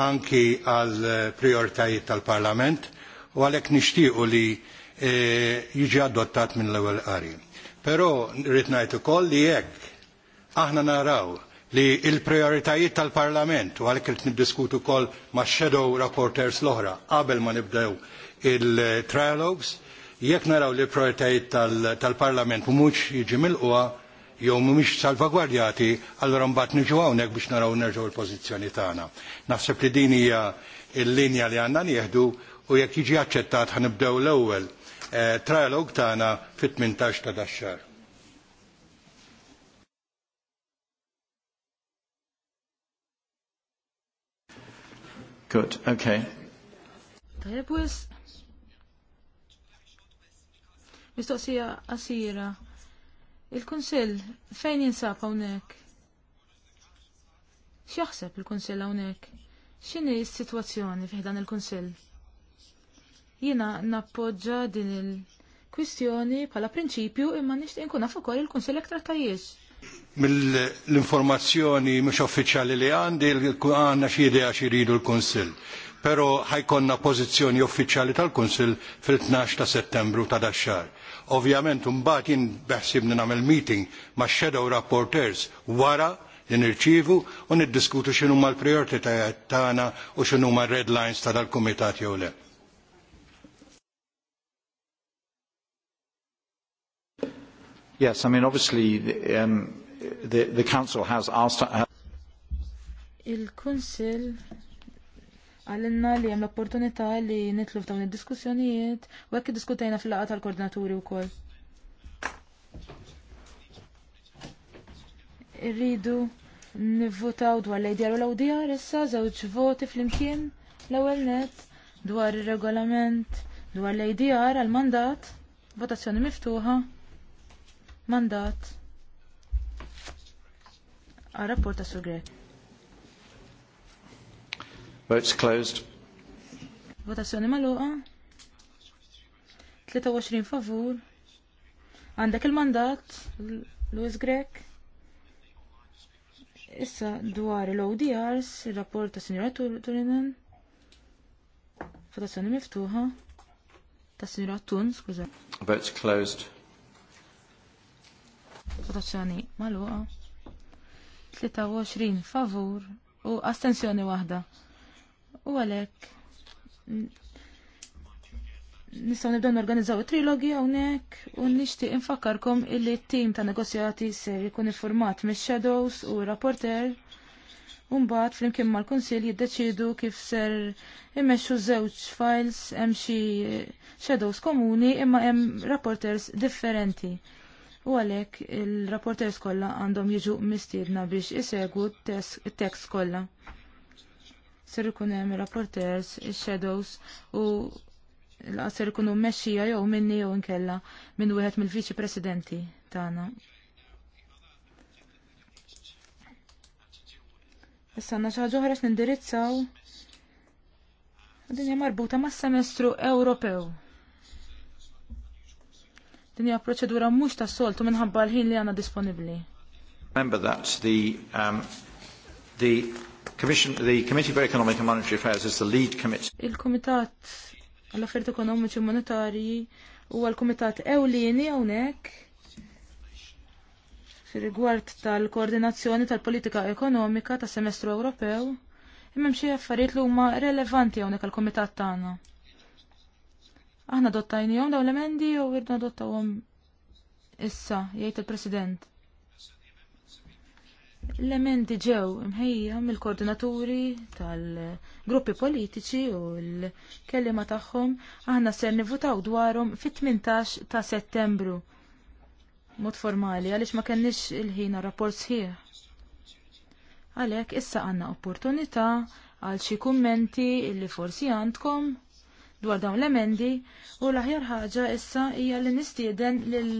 anki għal prioritajiet tal-Parlament u għalhekk nixtiequ li E, jiġi adottat minn l-ewwel qari. Però rritnajt ngħid ukoll li jekk aħna naraw li il-prioritajiet tal-Parlament u għalhekk irid niddiskutu wkoll max shadow rapporters l-oħra qabel ma nibdew il-trialogues, jekk naraw li prioritajiet tal-Parlament mhux jiġi milquha jew mhumiex salvagwardjati, allura mbagħad niġu hawnhekk biex naraw nerġgħu l-pożizzjoni tagħna. Naħseb li din hija l-linja li għandna nieħdu u jekk jiġi aċċettat ħanibdew l-ewwel Eh, trialog tagħna fit-18 ta' daxxar. Good, okay. Tajab wis. Mistoqsija qasira. Il-Kunsill fejn jinsab hawnhekk? X'jaħseb il-Kunsill hawnhekk? X'inhi s-sitwazzjoni fih dan il-Kunsill? Jina nappoġġa din il-kwistjoni bħala prinċipju imma nixtieq inkun naf ukoll il-Kunsill ektar tajjiex. Mill-informazzjoni mhux uffiċjali li għandi għandna xi idea xi jridu l-Kunsill. Però ħajkonna pożizzjoni uffiċjali tal-Kunsill fil-12 ta' Settembru ta' daxxar. Ovvjament mbagħad jien beħsibni nagħmel meeting ma' shadow rapporteurs wara li nirċivu u niddiskutu x'inhu l-prijoritajiet tagħna u xinu mal red lines ta' dal-kumitat jew le. Yes, I mean, obviously, the, um, the, the Council has asked... Uh, Il-Kunsil għalinna li jem l-opportunità li nitluf dawn id-diskussjonijiet u għek diskutajna fil-laqa tal-koordinaturi u koll. Irridu nivvotaw dwar l-ADR u l-ADR issa żewġ voti fl-imkien l-ewwel net dwar ir-regolament dwar l-ADR għal-mandat votazzjoni miftuħa mandat għal rapport ta' Sur Votes closed. Votazzjoni maluqa. 23 favur. Għandek il-mandat, Louis Grek. Issa dwar l-ODRs, il-rapport ta' Sinjora Turinen. Votazzjoni miftuħa. Ta' Sinjora Tun, skuza. Votes closed votazzjoni maluqa, 23 favur u astensjoni waħda. U għalek, nistaw n-organizzaw trilogi hawnhekk u nishti infakkarkom illi t-tim ta' negozjati se jkun iffurmat mix-shadows u rapporter u mbagħad flimkien mal-kunsill jiddeċidu kif ser immexxu żewġ files hemm xi shadows komuni imma hemm rapporters differenti u għalhekk il-rapporters kollha għandhom jiġu mistiedna biex isegwu t-tekst kollha. Ser ikunem hemm rapporters ix-shadows u ser ikunu mmexxija jew minni jew nkella minn wieħed mill-viċi presidenti tagħna. Issa għandna ħarax ħaġa nindirizzaw Dinja marbuta mas semestru Ewropew. Din hija proċedura mhux tas-soltu minħabba l-ħin li għandna disponibbli. Remember that the um, the Commission, the Committee for Economic and Monetary Affairs is the lead committee. il kumitat għall-Affarijiet Ekonomiċi Monetarji huwa l-Kumitat ewlieni hawnhekk fir-rigward tal-koordinazzjoni tal-politika ekonomika tas-semestru Ewropew imma xi affarijiet li huma relevanti hawnhekk għall-Kumitat tagħna. Aħna jom daw l-emendi u irna dottawhom issa, jgħid il-President. L-emendi ġew imħejja mill-koordinaturi tal-gruppi politiċi u l-kellima tagħhom aħna ser nivutaw dwarhom fit-18 ta' Settembru. Mod formali għaliex ma kenniex il-ħin rapport sħiħ. Għalhekk issa għandna opportunità għal xi kummenti li forsi għandkom dwar dawn l-emendi u l-aħjar ħaġa issa hija li nistieden lil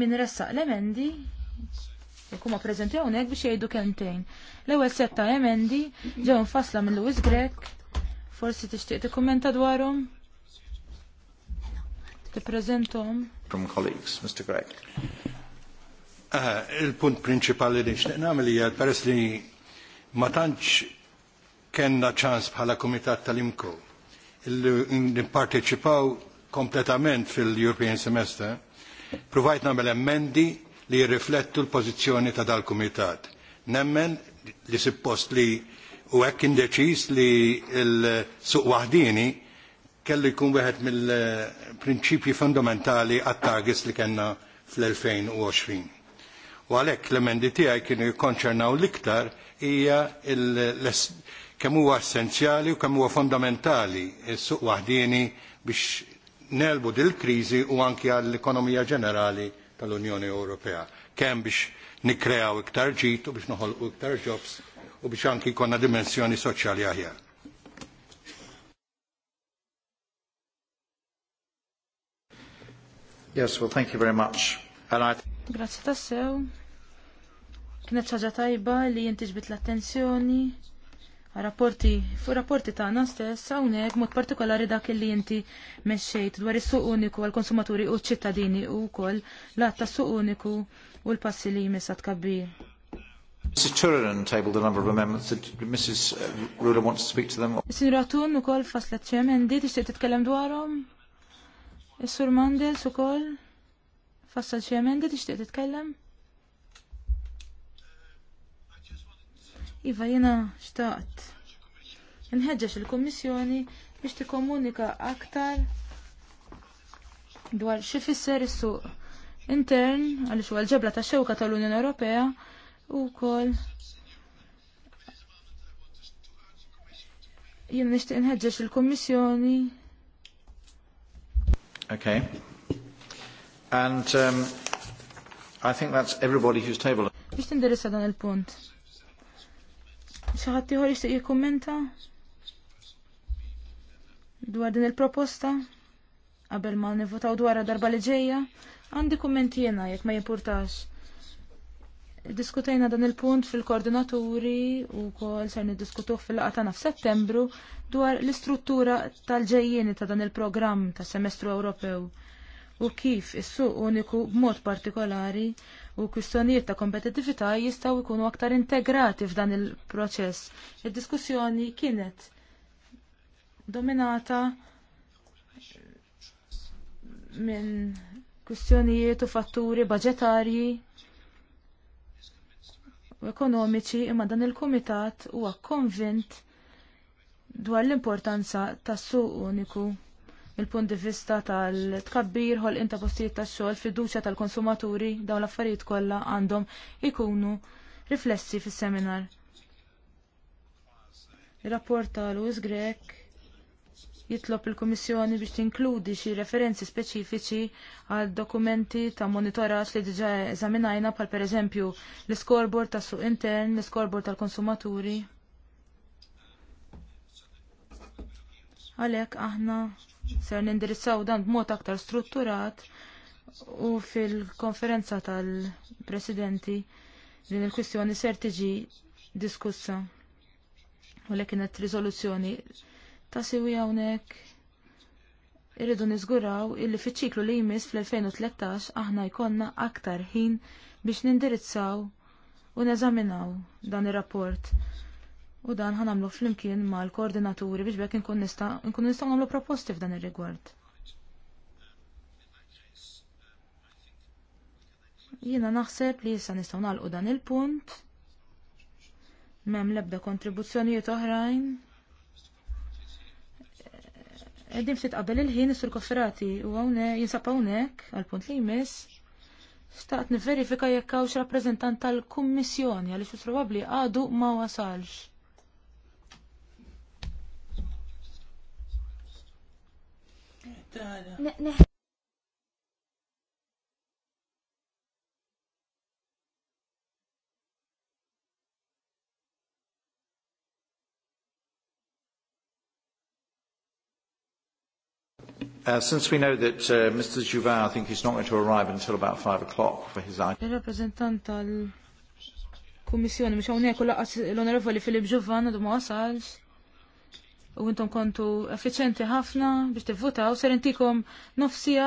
min ressaq l-emendi kuma preżenti hawnhekk biex jgħidu kentejn. L-ewwel setta emendi ġew nfassla minn Louis Grek, forsi tixtieq tikkummenta dwarhom. Tippreżentom. From colleagues, Mr. Grek. Eh, il-punt prinċipali li xneq nagħmel hija peress li ma tantx kenna ċans bħala kumitat tal-imkow nipparteċipaw kompletament fil-European Semester, provajt nagħmel emmendi li jirriflettu l-pożizzjoni ta' dal-Kumitat. Nemmen li suppost li u hekk indeċiż li l-suq wahdini kellu jkun wieħed mill-prinċipji fundamentali għat targis li kellna fl-2020. U għalhekk l-emendi tiegħi kienu jikkonċernaw l-iktar hija kemm huwa essenzjali u kemm huwa fondamentali s-suq waħdieni biex nelbu dil kriżi u anki għall-ekonomija ġenerali tal-Unjoni Ewropea. Kemm biex nikkreaw iktar ġid u biex noħolqu iktar jobs u biex anki jkollna dimensjoni soċjali aħjar. Yes, well, thank you very much. And I... Grazie tassew. Kienet ħaġa tajba li jintiġbit l-attenzjoni rapporti fu rapporti tagħna stess hawnhekk mod partikolari dak li inti meċċejt dwar is-suq uniku għall konsumaturi u ċ-ċittadini u wkoll l għatta suq uniku u l-passi li jmiss tkabbir. Mrs. Turin tabled a number of amendments that Mrs. Uh, Ruler wants to speak to them. Sinra Ratun u kol faslet ċemendi, tixtieq titkellem dwarhom? Is-Sur Mandels ukoll? Fassal ċemendi, tixtieq titkellem? Iva jena xtaqt. Nħedġax il komissjoni biex tikkomunika aktar dwar xi fisser suq intern għaliex huwa għal ġebla ta' xewka tal-Unjoni Ewropea u wkoll jien nixtieq inħeġġeġ il-Kummissjoni. Okay. And um, I think that's everybody who's table. Biex tindirissa dan il-punt. Xi ħadd ieħor jixtieq dwar din il-proposta qabel ma nivvotaw dwar darba li ġejja. Għandi kommenti jena jekk ma jimportax. Diskutajna dan il-punt fil-koordinaturi u kol ser niddiskutuh fil-laqata naf settembru dwar l-istruttura tal ġejjeni ta' dan il-programm ta' semestru Ewropew u kif is-suq uniku b'mod partikolari u kwistjonijiet ta' kompetitività jistgħu jkunu aktar integrati f'dan il-proċess. Id-diskussjoni kienet dominata minn kwistjonijiet u fatturi budgetarji u ekonomiċi imma dan il-kumitat huwa konvint dwar l-importanza tas-suq uniku il-punt di vista tal-tkabbir, ħol inta postijiet tax xogħol, fiduċja tal-konsumaturi, dawn l-affarijiet kollha għandhom ikunu riflessi fis-seminar. Ir-rapport tal-Uż Grek jitlob il-Kummissjoni biex tinkludi xi referenzi speċifiċi għal dokumenti ta' monitoraġġ li diġà eżaminajna bħal pereżempju l iskorbor tas suq intern, l iskorbor tal-konsumaturi. Għalhekk aħna ser nindirizzaw dan b'mod aktar strutturat u fil-konferenza tal-presidenti din il-kwistjoni ser tiġi diskussa. U li kienet rizoluzzjoni ta' siwi hawnhekk irridu niżguraw illi fiċ-ċiklu li jmiss fl-2013 aħna jkollna aktar ħin biex nindirizzaw u neżaminaw dan ir-rapport. U dan ħanamlu flimkien mal-koordinaturi biex bekk nkun nistgħu nagħmlu proposti f'dan ir-rigward. Jiena naħseb li issa nistgħu nagħlqu dan il-punt. Mem lebda kontribuzzjonijiet oħrajn. Qegħdin ftit qabel il-ħin is-sur kofferati u hawnhekk jinsab hawnhekk għall-punt li jmiss. Staqt niverifika jekk hawnx rappreżentant tal-Kummissjoni għaliex probabbli għadu ma wasalx. Uh, since we know that uh, Mr. Juvin, I think he's not going to arrive until about 5 o'clock for his item. Il-rappresentant tal-Kummissjoni, mux għonek u laqas l-Onorevoli Filip Juvan, għadu ma u intom kontu effiċenti ħafna biex tivvutaw, ser intikom nofsija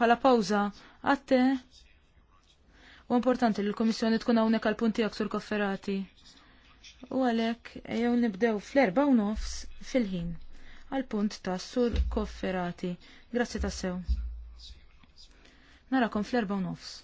pala pawza għatte. U importanti li l-Komissjoni tkun hawnhekk għal punti sur kofferati. U għalhekk jew nibdew fl-erba u nofs fil-ħin għal punt ta' sur kofferati. Grazzi tassew. Narakom fl-erba u nofs.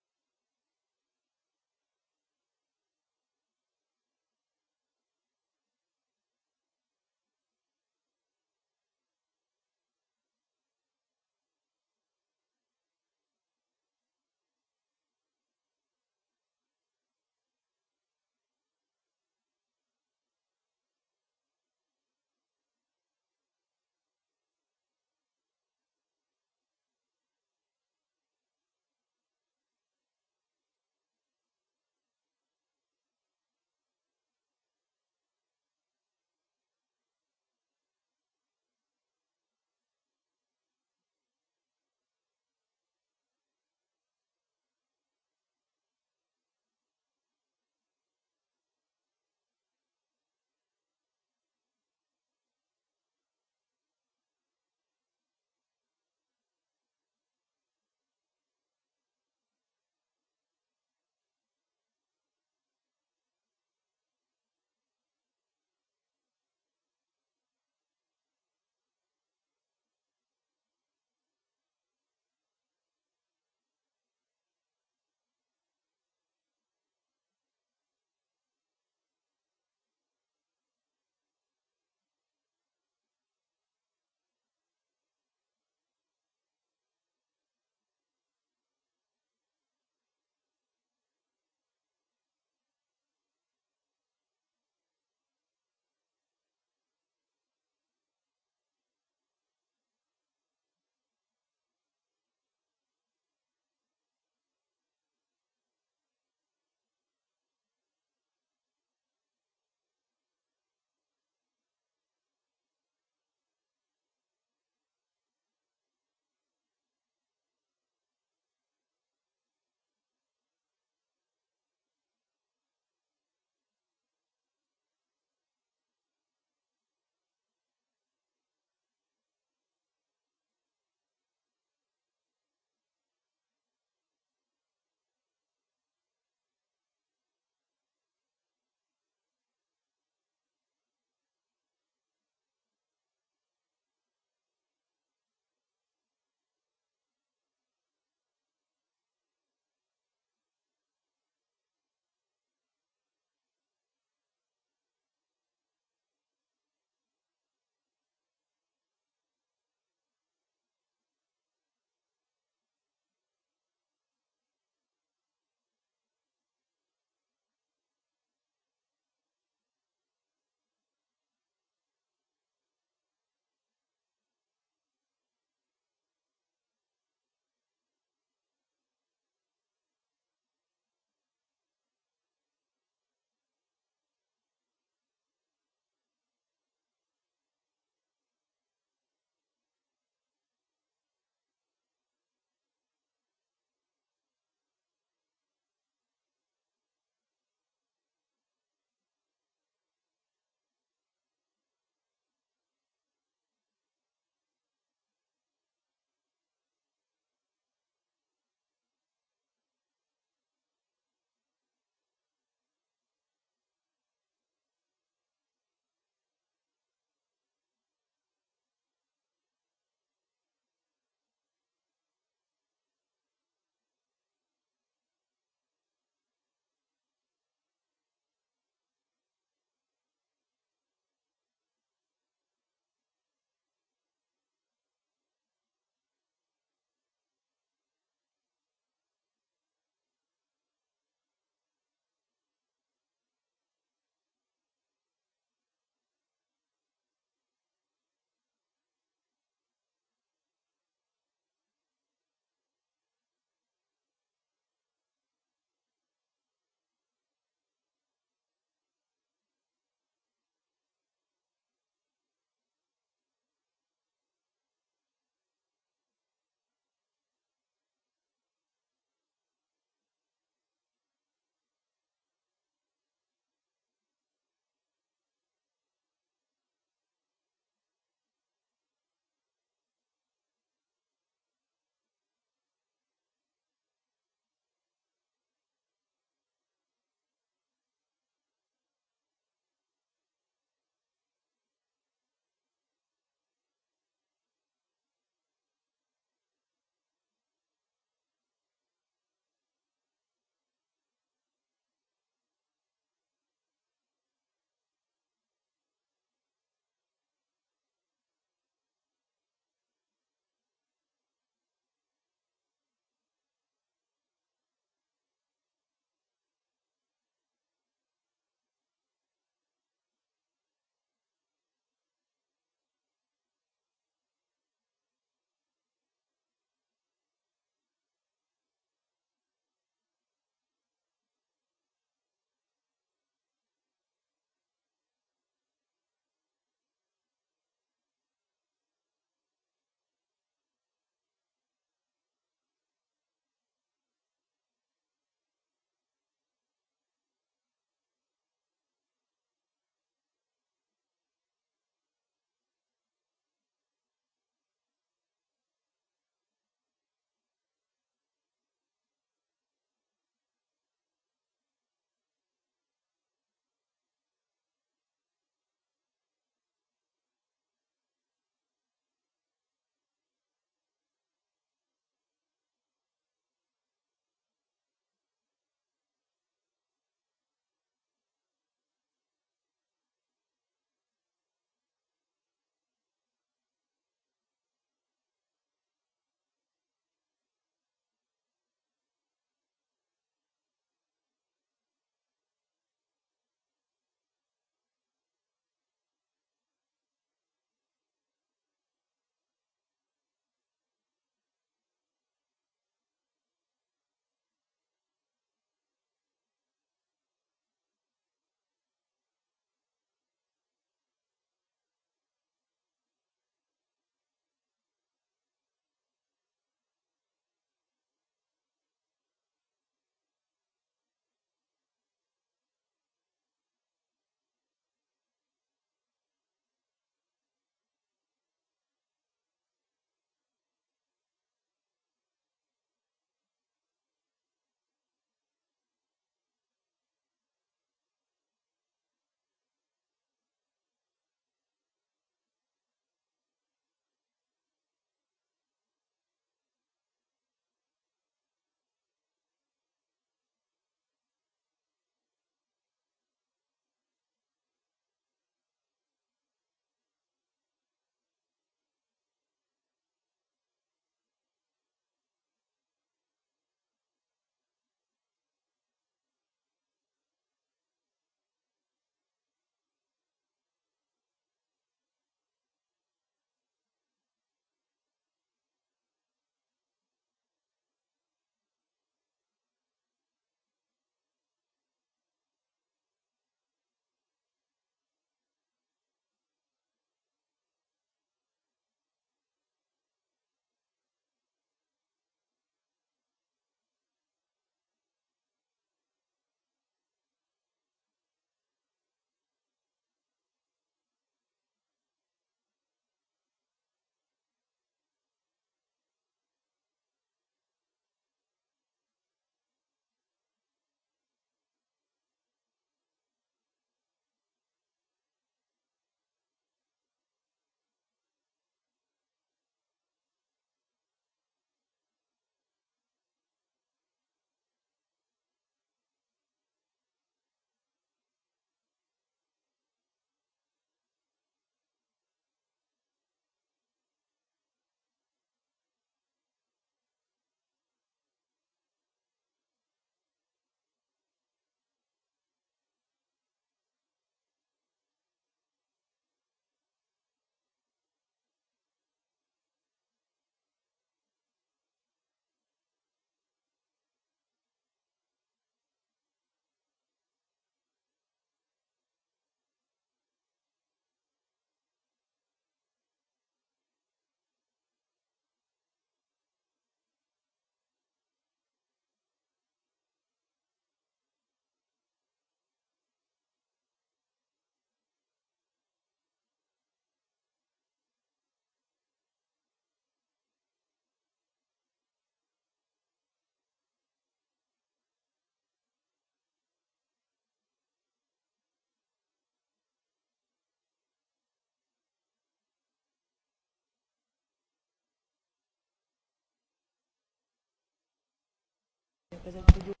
jippreżenta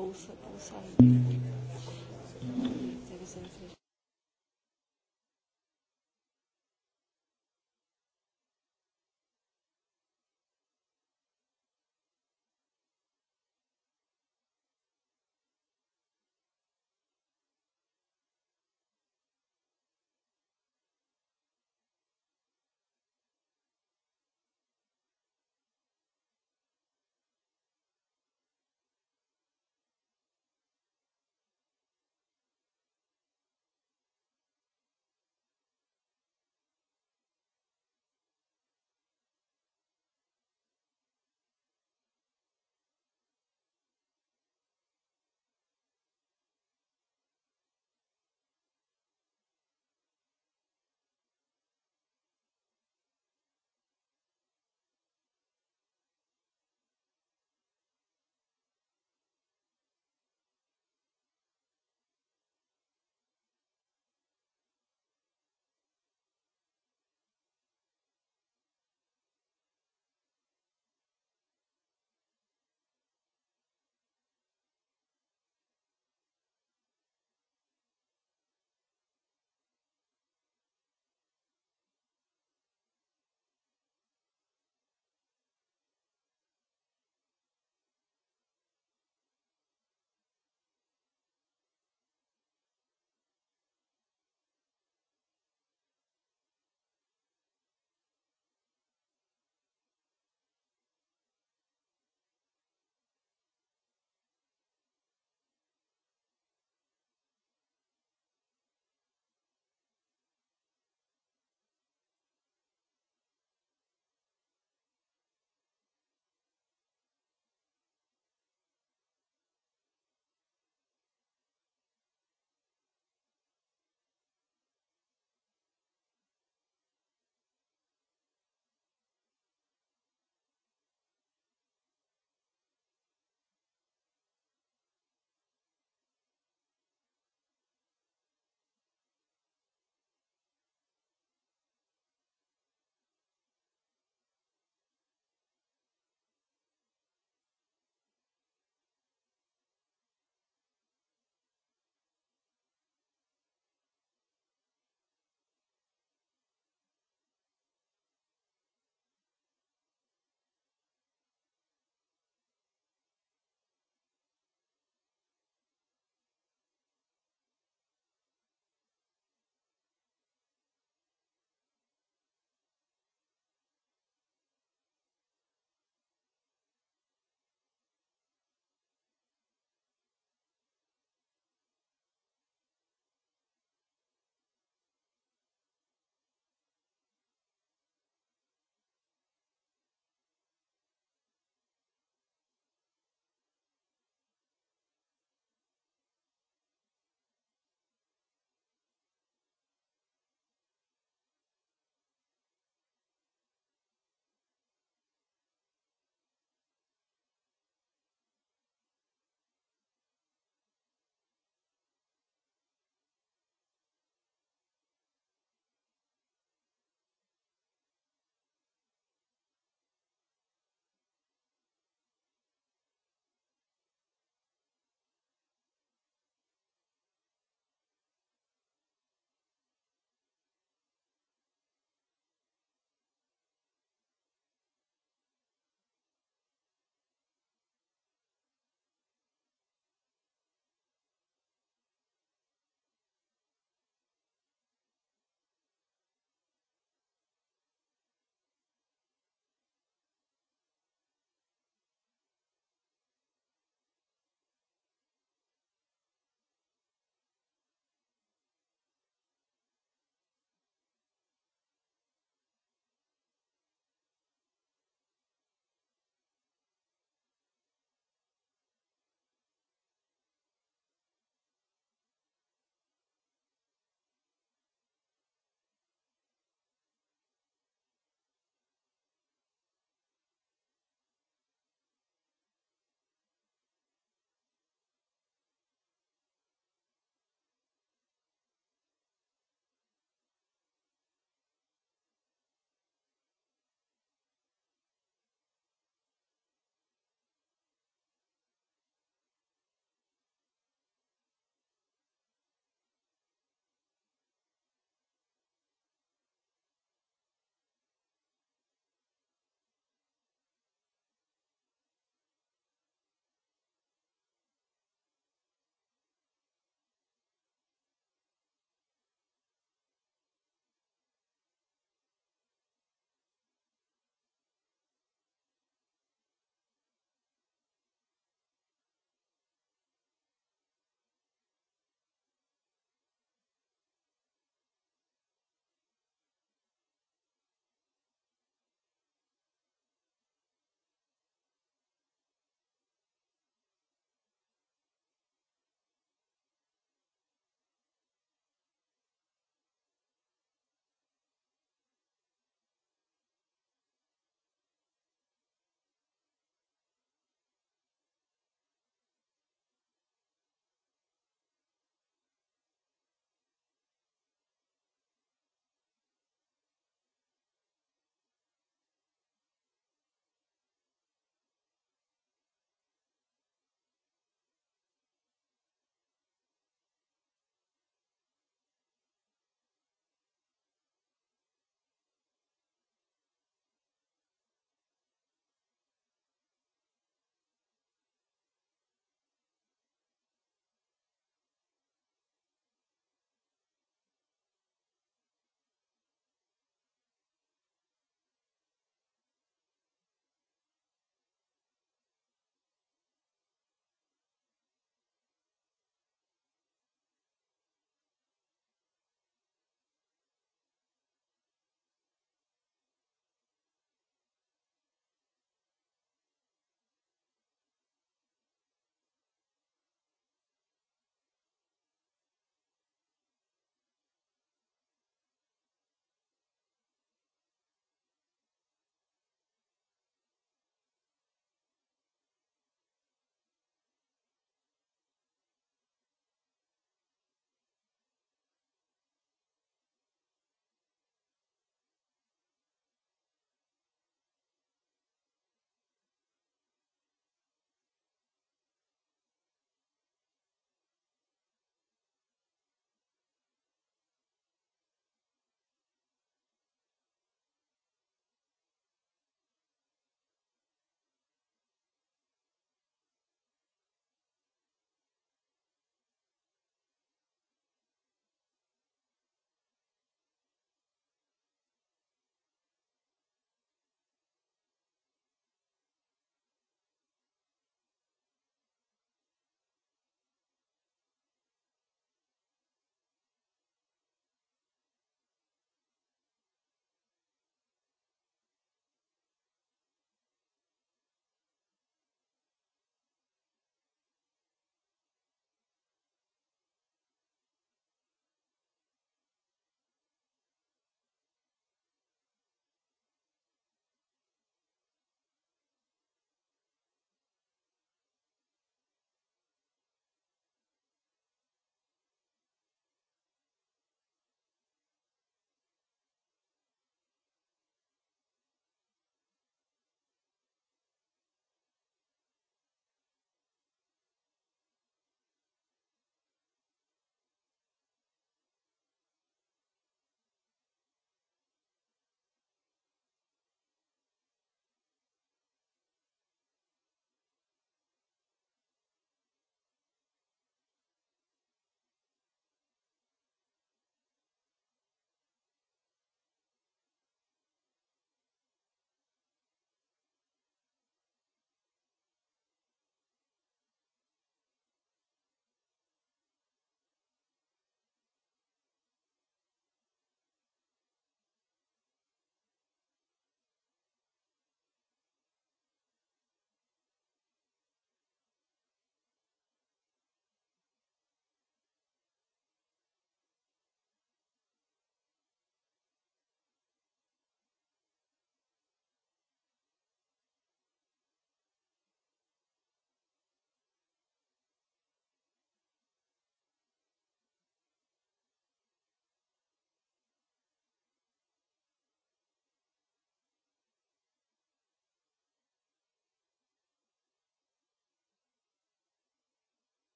both, both sides.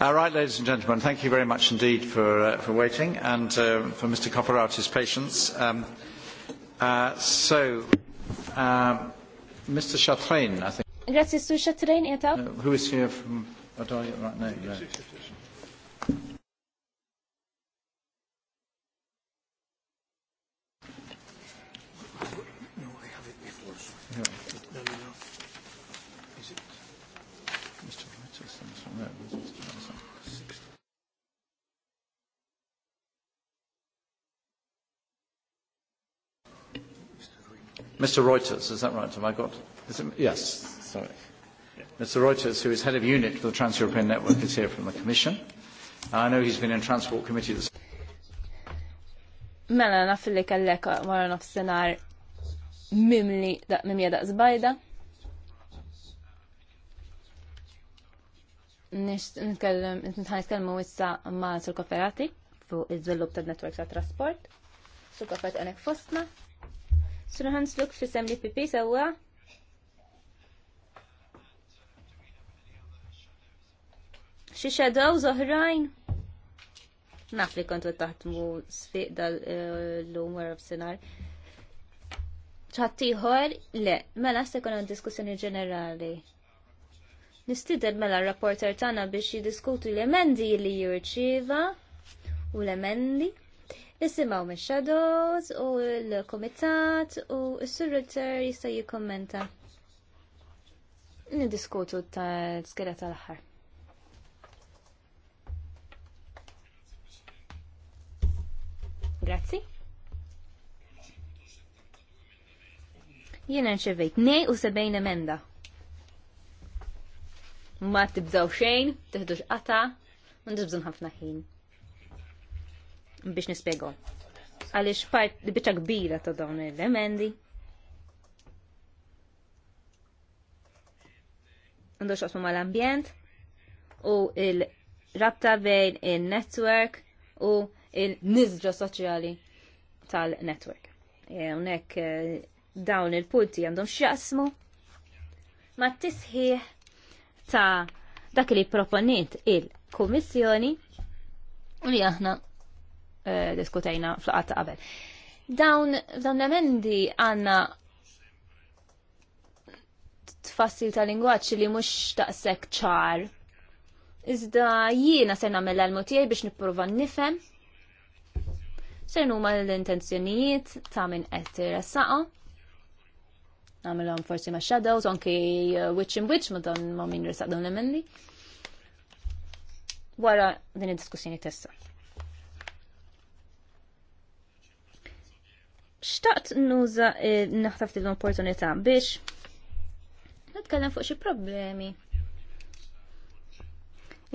All right, ladies and gentlemen, thank you very much indeed for, uh, for waiting and uh, for Mr. Copperati's patience. Um, uh, so, uh, um, Mr. Chatrain, I think. Grazie, Su Chatrain, e uh, Who is here from Adalia? Oh, right, now? yeah. Mr. Reuters, is that right? Have I got? Is it, yes, sorry. Mr. Reuters, who is head of unit for the Trans-European Network, is here from the Commission. I know he's been in Transport Committee this Mela, naf li kellek wara nofsinhar mimli daq mimja daq zbajda. Nitkellem, nitkellmu issa ma' Sur Koferati fuq iż-żvilupp tan-netwerk ta' trasport. Sur Koferati għalek fostna. Surħan sluk fissem li pipi sawa. Xi xedaw zoħrajn. Naf li kontu taħtmu sfiq dal-lum eh, għarab senar. ċattiħor, le, mela se kuna diskussjoni ġenerali. Nistiden mela rapporter tana biex jidiskutu l-emendi li jirċiva u l-emendi Nisimaw me shadows u l-komitat u s-surreter jista' jikkommenta. Nidiskutu ta' skeda tal-aħħar. Grazzi. Jiena nċevejt ne u sebejn emenda. Ma tibżaw xejn, tiħdux qata, ma tibżun ħafna ħin biex nispiego. Għaliex part biċċa kbira ta' dawn l-emendi. Għandu ma mal-ambjent u il-rabta bejn il-network u il-nizġa soċjali tal-network. E, unek e, dawn il-punti għandhom xjaqsmu ma' t tisħiħ ta' dak li proponent il-Komissjoni u li aħna Eh, diskutejna fl qat ta' qabel. Dawn dawn l-emendi għandna tfassil ta' lingwaġġ li mhux taqsek ċar. Iżda jiena se nagħmel l tiegħi biex nipprova nifhem se huma l-intenzjonijiet ta' min qed tirressaqa. Nagħmelhom forsi ma' shadows anki eh, witch in witch ma' dan ma' min resaq dawn l-emendi. Wara din id-diskussjoni tessa. xtaqt nuża eh, naħtaf din l-opportunità biex nitkellem fuq xi problemi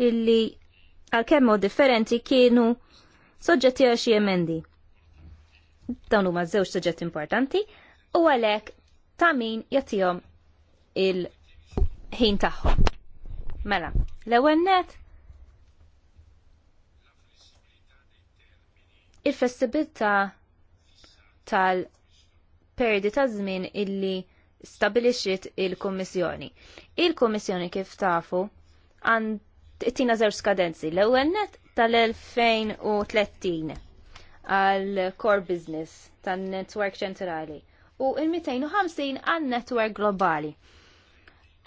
illi għal mod differenti kienu soġġetti għal xi emendi. Dawn huma żewġ soġġetti importanti u għalhekk ta' min jagħtihom il-ħin tagħhom. Mela, l-ewwel net il-festibilità tal-perdi ta' żmien illi stabilixiet il-Kommissjoni. Il-Kommissjoni kif tafu għand tina żewġ skadenzi l-ewwel tal-2030 għal core business tan-network ċentrali u il-250 għal network globali.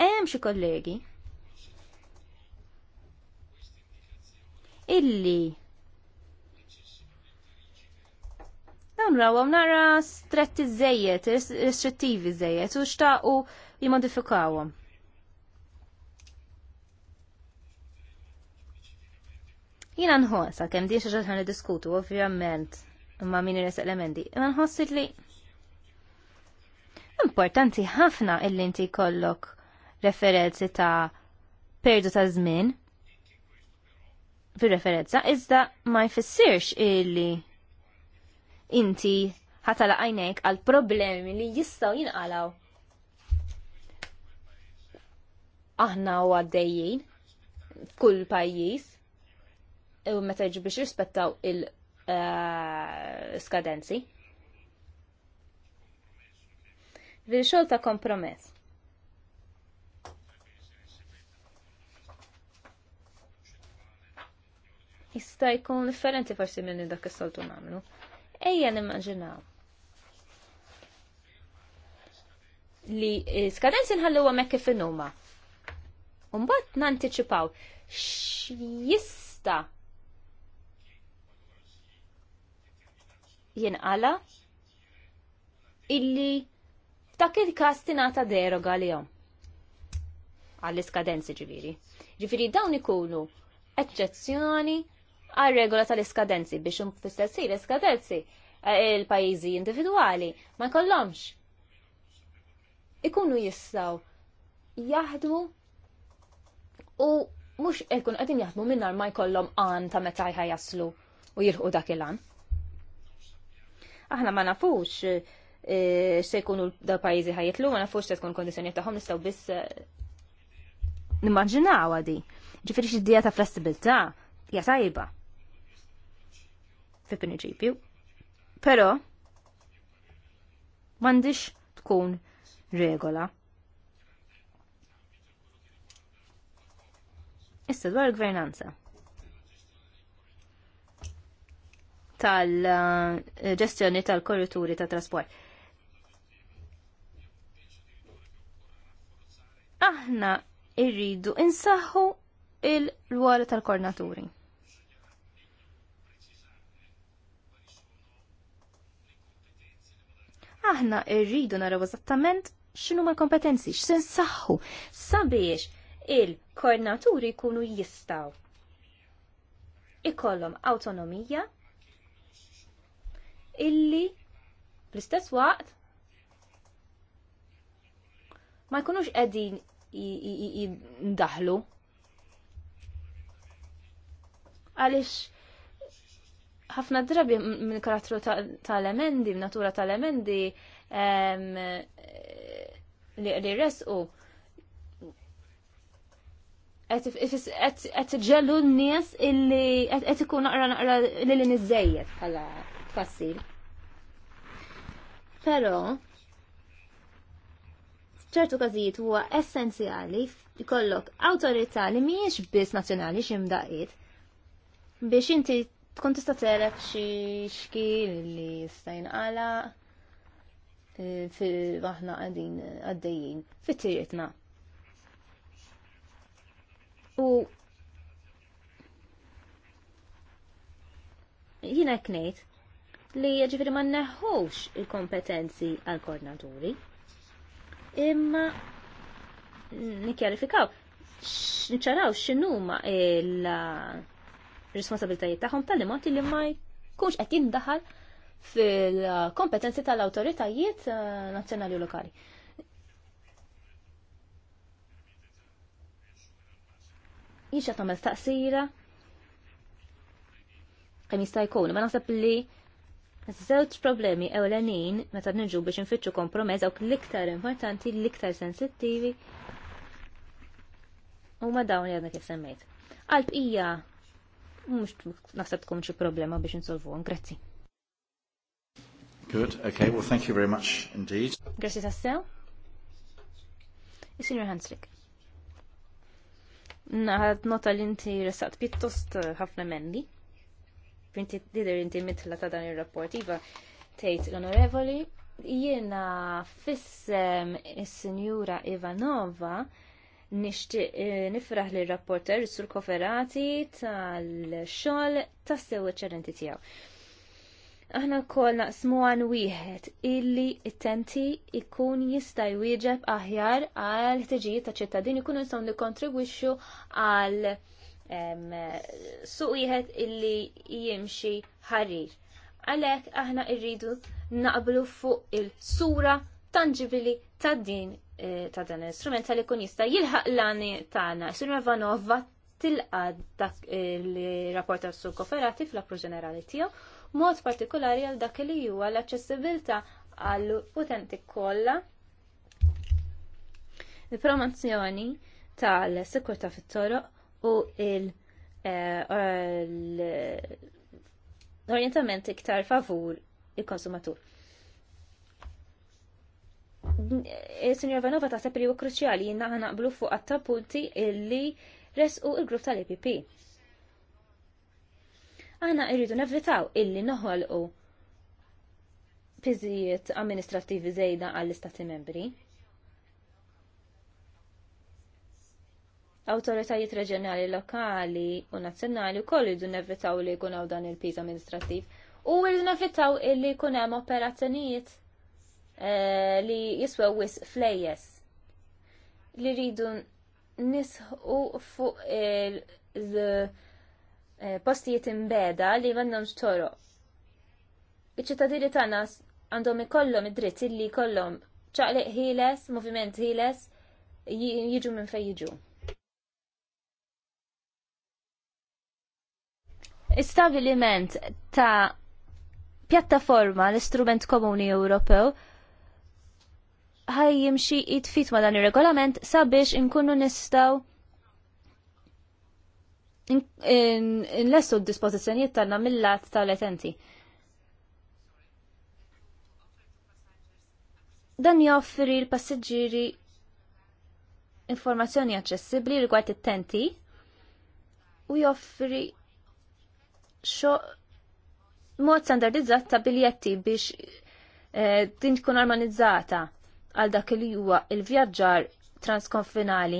Hemm xi kollegi illi Dawn rawhom nara stretti żejjed, restrittivi żejjed u xtaqu jimodifikawom. Jina nħossa kemm din xi ħan diskutu ovvjament imma min res elementi, imma nħossit li importanti ħafna illi inti kollok referenzi ta' perdu ta' żmien fil referenza iżda ma jfissirx illi inti ħatala għajnek għal problemi li jistaw jinqalaw. Aħna u għaddejjien, f'kull pajjiż, u meta biex rispettaw il-skadenzi. Eh, Vil-xol ta' kompromess. Jista' jkun differenti forsi minn dak is-soltu nagħmlu. Ejja nimmaġinaw. Li skadenzi nħallu għamek kif inhuma. Umbat nanticipaw x'jista jinqala illi dak il-każ tingħata deroga għalihom għall-iskadenzi ġiviri. Ġiviri dawn ikunu eċċezzjoni għal regola tal-iskadenzi biex un fistessir iskadenzi eh, il-pajizi individuali ma jkollhomx. Ikunu jistaw jaħdmu u mux ikun għedin jaħdmu minnar ma jkollhom għan ta' meta jaslu u jilħu dak il-għan. Aħna ma nafux eh, se jkunu dal-pajizi ħajitlu, ma nafux se tkun kondizjoni tagħhom nistaw biss eh, nimmaġinaw għadi. Ġifieri xi ta' flessibilità hija tajba fi principju. Però m'għandix tkun regola. Issa dwar gvernanza tal-ġestjoni tal-korrituri ta' trasport. Aħna irridu insaħħu il-rwol tal-kornaturi. aħna rridu naraw eżattament x'inhu ma kompetenzi x'sen saħħu sabiex il-koordinaturi jkunu jistaw ikollhom awtonomija illi fl-istess waqt ma jkunux qegħdin ndaħlu għaliex ħafna drabi minn karattru tal-emendi, minn natura tal-emendi li u għet ġellu n-nies illi qed ikun naqra naqra lil niżejjed bħala tfassir. Però f'ċertu każijiet huwa essenzjali jkollok awtorità li mhijiex biss nazzjonali x'imdaqiet biex inti tkun tista' telef xi xkil li jista' jinqala eh, fil aħna għadin għaddejjin fit-tirietna. U jina knejt li ġifiri ma neħħux il-kompetenzi għal-koordinaturi imma nikjarifikaw nċaraw x'inhuma il- responsabiltajiet tagħhom tal mod li ma jkunx qed jindaħal fil-kompetenzi tal-awtoritajiet eh, nazzjonali u lokali. Jixa tagħmel taqsira kemm jista' jkun, ma naħseb li Żewġ problemi ewlenin meta nġu biex nfittxu kompromess dawk l-iktar importanti, l-iktar sensittivi. U ma dawn li għadna kif semmejt. Qalb ija mux naħseb tkun xi problema biex insolvuhom. Grazzi. Good, okay, well thank you very much indeed. Grazzi tassew. Is-Sinjor Hanslik. Naħad nota li inti resaqt pittost uh, ħafna mendi. Inti dider inti mitla ta' dan ir-rapport iva tgħid l-onorevoli jiena fissem is-Sinjura Ivanova nixtieq eh, nifraħ li rapporter sur koferati tal-xogħol tas-sew eċċellenti tiegħu. Aħna wkoll naqsmu għan wieħed illi it-tenti ikun jista' jwieġeb aħjar għal ħtiġijiet ta' ċittadini jkunu nistgħu nikkontribwixxu għal suq wieħed illi jimxi ħarir. Għalhekk aħna rridu naqblu fuq il-sura tangibili ta' din ta' dan l istrumenta tal kun jista' jilħaq l-għani tagħna. Sirma Vanova tilqa dak il-rapport su koferati fl approċ ġenerali tiegħu, mod partikolari għal dak li huwa l-aċċessibilità għall-utenti kollha il-promozzjoni tal-sikurta fit-toroq u l-orientament iktar favur il-konsumatur il eh, Signor Vanova ta' sepri u kruċjali jenna naqblu fuq għatta punti illi resqu il-grupp tal-EPP. Aħna irridu nevitaw illi noħolqu fizijiet amministrativi zejda għall-istati membri. Awtoritajiet reġjonali lokali u nazzjonali wkoll jridu nevitaw li jkun hawn dan il-piż amministrattiv u jridu nevitaw illi jkun hemm operazzjonijiet Eh, li jiswew wis flejjes li rridu nisħu fuq il-postijiet eh, imbeda li m'għandhomx xtoro. Iċ-ċittadini tagħna għandhom ikollhom id-dritt illi jkollhom ċaqliq ħiles, moviment ħiles jiġu minn fejn jiġu. Istabiliment ta' pjattaforma l-istrument komuni Ewropew ħaj jimxi jitfit ma dan ir-regolament sabiex inkunu nistaw nlessu d-dispozizjoniet tagħna mill-lat tal letenti Dan joffri l-passiġġieri informazzjoni aċċessibbli rigward it-tenti u joffri xo mod standardizzat ta' biljetti biex eh, din tkun armonizzata għal dak li huwa il-vjaġġar transkonfinali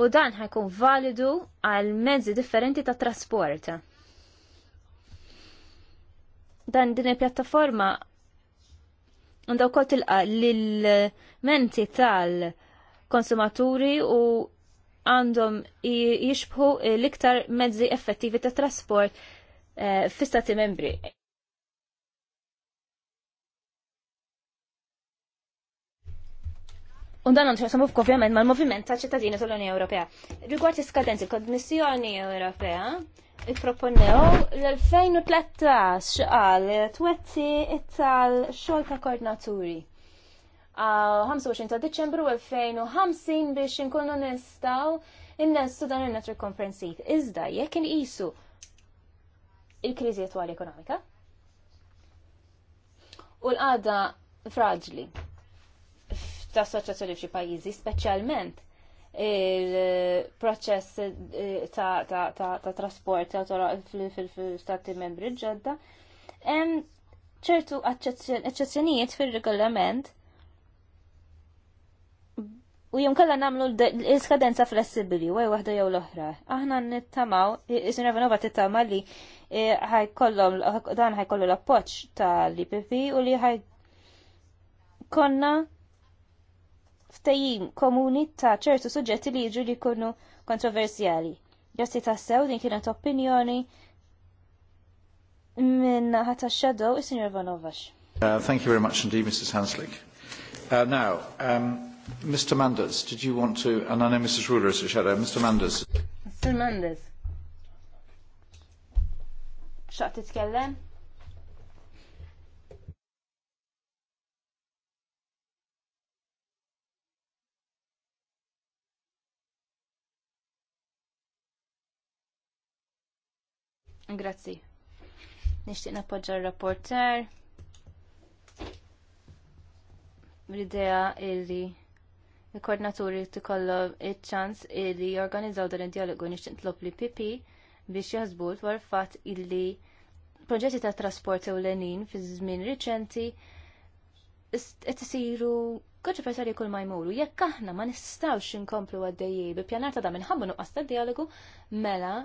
u dan ħajkun validu għal mezzi differenti ta' trasport. Dan din il-pjattaforma għandaw kol tilqa l-menti tal-konsumaturi u għandhom jixbħu l-iktar mezzi effettivi ta' trasport eh, fistati membri. Un dan għandu xasamu f'kovjament mal movimenta ta' ċittadini tal-Unjoni Ewropea. Rigward iskadenzi, Kommissjoni Ewropea ipproponew l-2013 t twetti it-tal xogħol ta' koordinaturi. 25 ta' Deċembru 2050 biex inkunu nistaw innessu dan il netri conference Iżda, jekk inqisu il-kriżi attwali ekonomika u l-għada fraġli ta' assoċjazzjoni f'xi pajjiżi, speċjalment il-proċess eh, ta' trasport fil-stati membri ġodda, hemm ċertu eċċezzjonijiet fil-regolament u jom kalla namlu l-iskadenza flessibili, u għahda jew l-oħra. Aħna nittamaw, jisun Ravanova tittama li eh, dan dan ħajkollu l-appoċ tal-IPP u li ħaj konna ftejim komuni ta' ċertu suġġetti li jiġu li jkunu kontroversjali. Grazzi sew din kienet opinjoni minn ħata shadow is Sr. Vanovax. Uh, thank you very much indeed, Mrs. Hanslick. Uh, now, um, Mr. Manders, did you want to, and I know Mrs. Ruler is a shadow, Mr. Manders. Mr. Manders. it, Kellen. Grazzi. Nixtieq nappoġġa r-rapporter. L-idea illi il-koordinaturi tikollhom il ċans illi jorganizzaw dan id-dialogu nixtieq tlob li PP biex jaħsbu dwar fatt illi proġetti ta' trasport ewlenin fi żmien riċenti qed isiru kontroversjali kull ma jmuru. Jekk aħna ma nistgħux inkomplu għaddejjej bi pjanar ta' da minħabba nuqqas ta' dialogu mela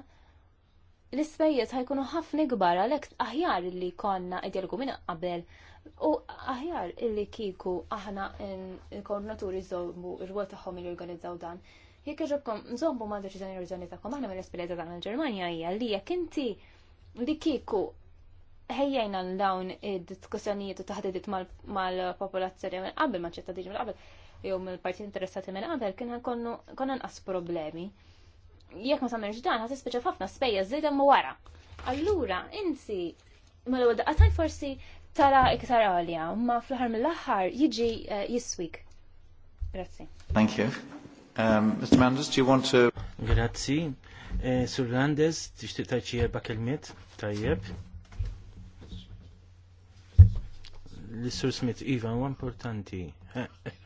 l-ispejjeż ħajkunu ħafna kbar għalhekk aħjar li konna qed minn qabel u aħjar illi kiku aħna il-koordinaturi żommu ir-rwol tagħhom li jorganizzaw dan. Jekk iġobkom nżommu ma' deċiżjoni reġjoni tagħkom aħna mill-esperjenza tagħna l-Ġermanja hija li jekk inti li kiku ħejjajna dawn id-diskussjonijiet u taħdidiet mal-popolazzjoni minn qabel ma' ċittadini minn qabel jew mill-parti interessati minn qabel kien konna nqas problemi jekk ma tagħmilx dan ħad tispiċċa ħafna spejja zida ma wara. Allura ma l ewwel għatan forsi tara iktar għalja, ma fl ħar mill-aħħar jiġi eh, jiswik. Grazzi. Thank you. Um, Mr. Manders, do you want to... Grazzi. Eh, Sur Landes, tixtiq taċi erba kelmiet, tajjeb. L-Sur Smith, Ivan, u importanti. Eh, eh,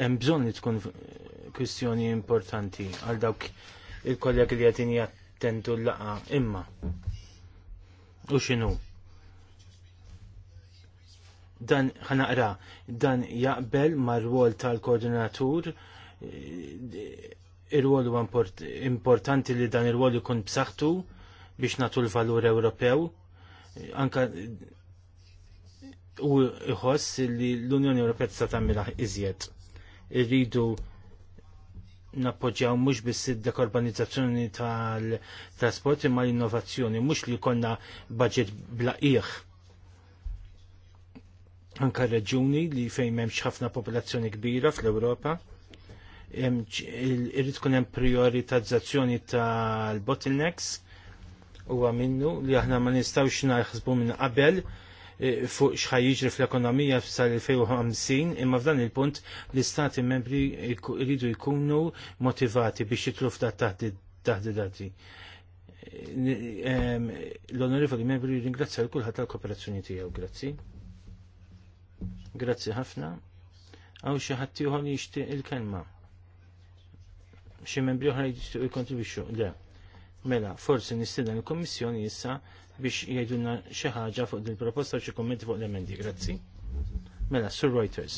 hemm bżonn li tkun kwistjoni importanti għal dawk il kollegi li għatini jattentu l-laqa imma. U xinu? Dan ħanaqra, dan jaqbel mar-rwol tal-koordinatur eh, ir-rwol huwa importanti li dan ir-rwol ikun b'saħħtu biex natu l-valur Ewropew. Anka u iħoss li l-Unjoni Ewropea tista' tagħmilha iżjed. Irridu nappoġġjaw mhux biss id-dekarbonizzazzjoni tal trasporti imma l-innovazzjoni, mhux li jkollna budget blaqih. Anka reġuni li fejn m'hemmx ħafna popolazzjoni kbira fl-Ewropa, irrid tkun hemm prioritizzazzjoni tal-bottlenecks huwa minnu li aħna ma nistgħux naħsbu minn qabel Eh, fuq xħaj jiġri fl-ekonomija sal-2050, imma f'dan il-punt l-istati membri rridu jkunu motivati biex jitlu f'dat taħt dati. Eh, l-onorevoli membri ringrazzja l-kulħat tal-kooperazzjoni tiegħu, grazzi. Grazzi ħafna. Għaw xi ħadd ieħor il-kelma. Xi membri oħra jixtiequ jkontribwixxu. Le. Mela, forsi nistidan il-Kommissjoni issa biex jgħidulna xi ħaġa fuq il proposta u xi kummenti fuq l-emendi. Grazzi. Mela, Sur Reuters.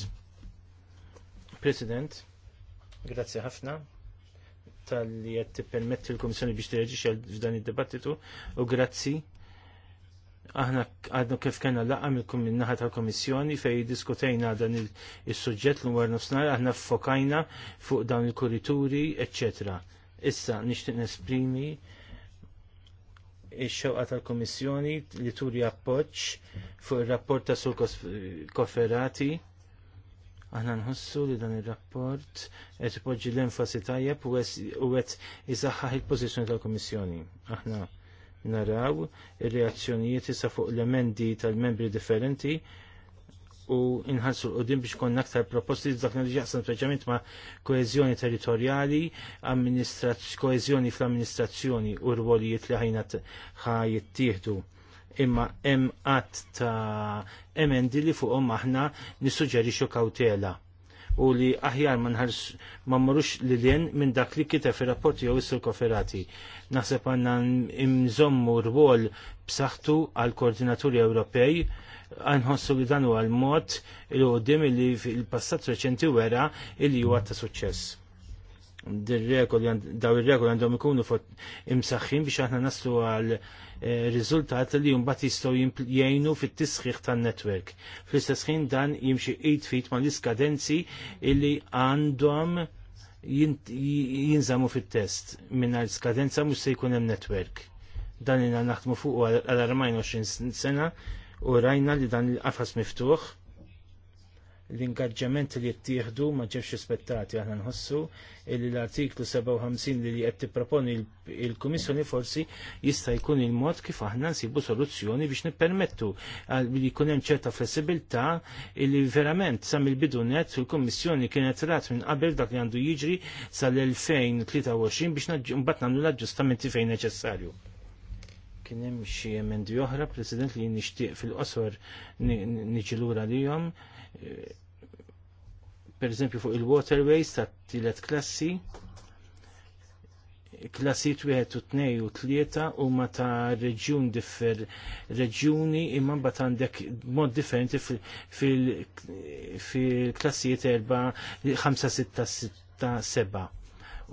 President, grazzi ħafna tal-li qed tippermetti l-Kummissjoni biex tirreġixxa f'dan id-dibattitu u grazzi aħna għadnu kif kena laqqa mill kummin naħat tal-komissjoni fej diskutejna dan il-sujġet l għar nofsnar, aħna fokajna fuq dan il-kurituri, eccetera. Issa nishtiq nesprimi ix-xewqa tal-Komissjoni li turi appoġġ fuq ir-rapport ta' Sul Kofferati. Aħna nħossu li dan ir-rapport qed ipoġġi l-enfasi tajjeb u qed iżaħħaħ il-pożizzjoni tal-Komissjoni. Aħna naraw ir-reazzjonijiet issa fuq l-emendi tal-membri differenti u inħarsu l-qoddim biex konna aktar proposti dak li ġaqsan ma' koezjoni territorjali, koezjoni fl-amministrazzjoni u rwolijiet li ħajnat ħajittieħdu. Imma hemm ta' emendi li fuqhom aħna nissuġġerixxu kawtela u li aħjar manħars ma marrux li l-jen minn dak li kita fi rapporti jew issu koferati. Naħseb għanna imżommu rwol b'saħħtu għal koordinaturi Ewropej għanħossu li dan huwa l-mod il il li fil-passat reċenti wera li huwa ta' suċċess. Daw ir-regoli għandhom ikunu imsaħħin biex aħna naslu għal eh, rizultat li jumbat jistgħu jgħinu fit-tisħiħ tan-netwerk. Fl-istess ħin dan jimxi id fit ma' l-iskadenzi illi għandhom jinżamu fit-test minna l skadenza mhux se jkun hemm netwerk dan jina naħdmu fuq għal 24 sena u rajna li dan il-qafas miftuħ l-ingaġġament li jittieħdu ma ġewx rispettati aħna nħossu li l-artiklu 57 li qed tipproponi il-Kummissjoni forsi jista' jkun il-mod kif aħna nsibu soluzzjoni biex nippermettu li jkun hemm ċerta flessibilità li verament sa mill-bidunet il-Kummissjoni kienet rat minn qabel dak li għandu jiġri sal-2023 biex mbagħad nagħmlu l-aġġustamenti fejn neċessarju kien hemm xi emendi oħra, President, li nixtieq fil-qosor li lura Per Pereżempju fuq il-waterways ta' tielet klassi, klassit wieħed u tnej u tlieta huma ta' reġjun differ reġjuni imma mbagħad għandek mod differenti fil-klassijiet erba' 5 6 6 7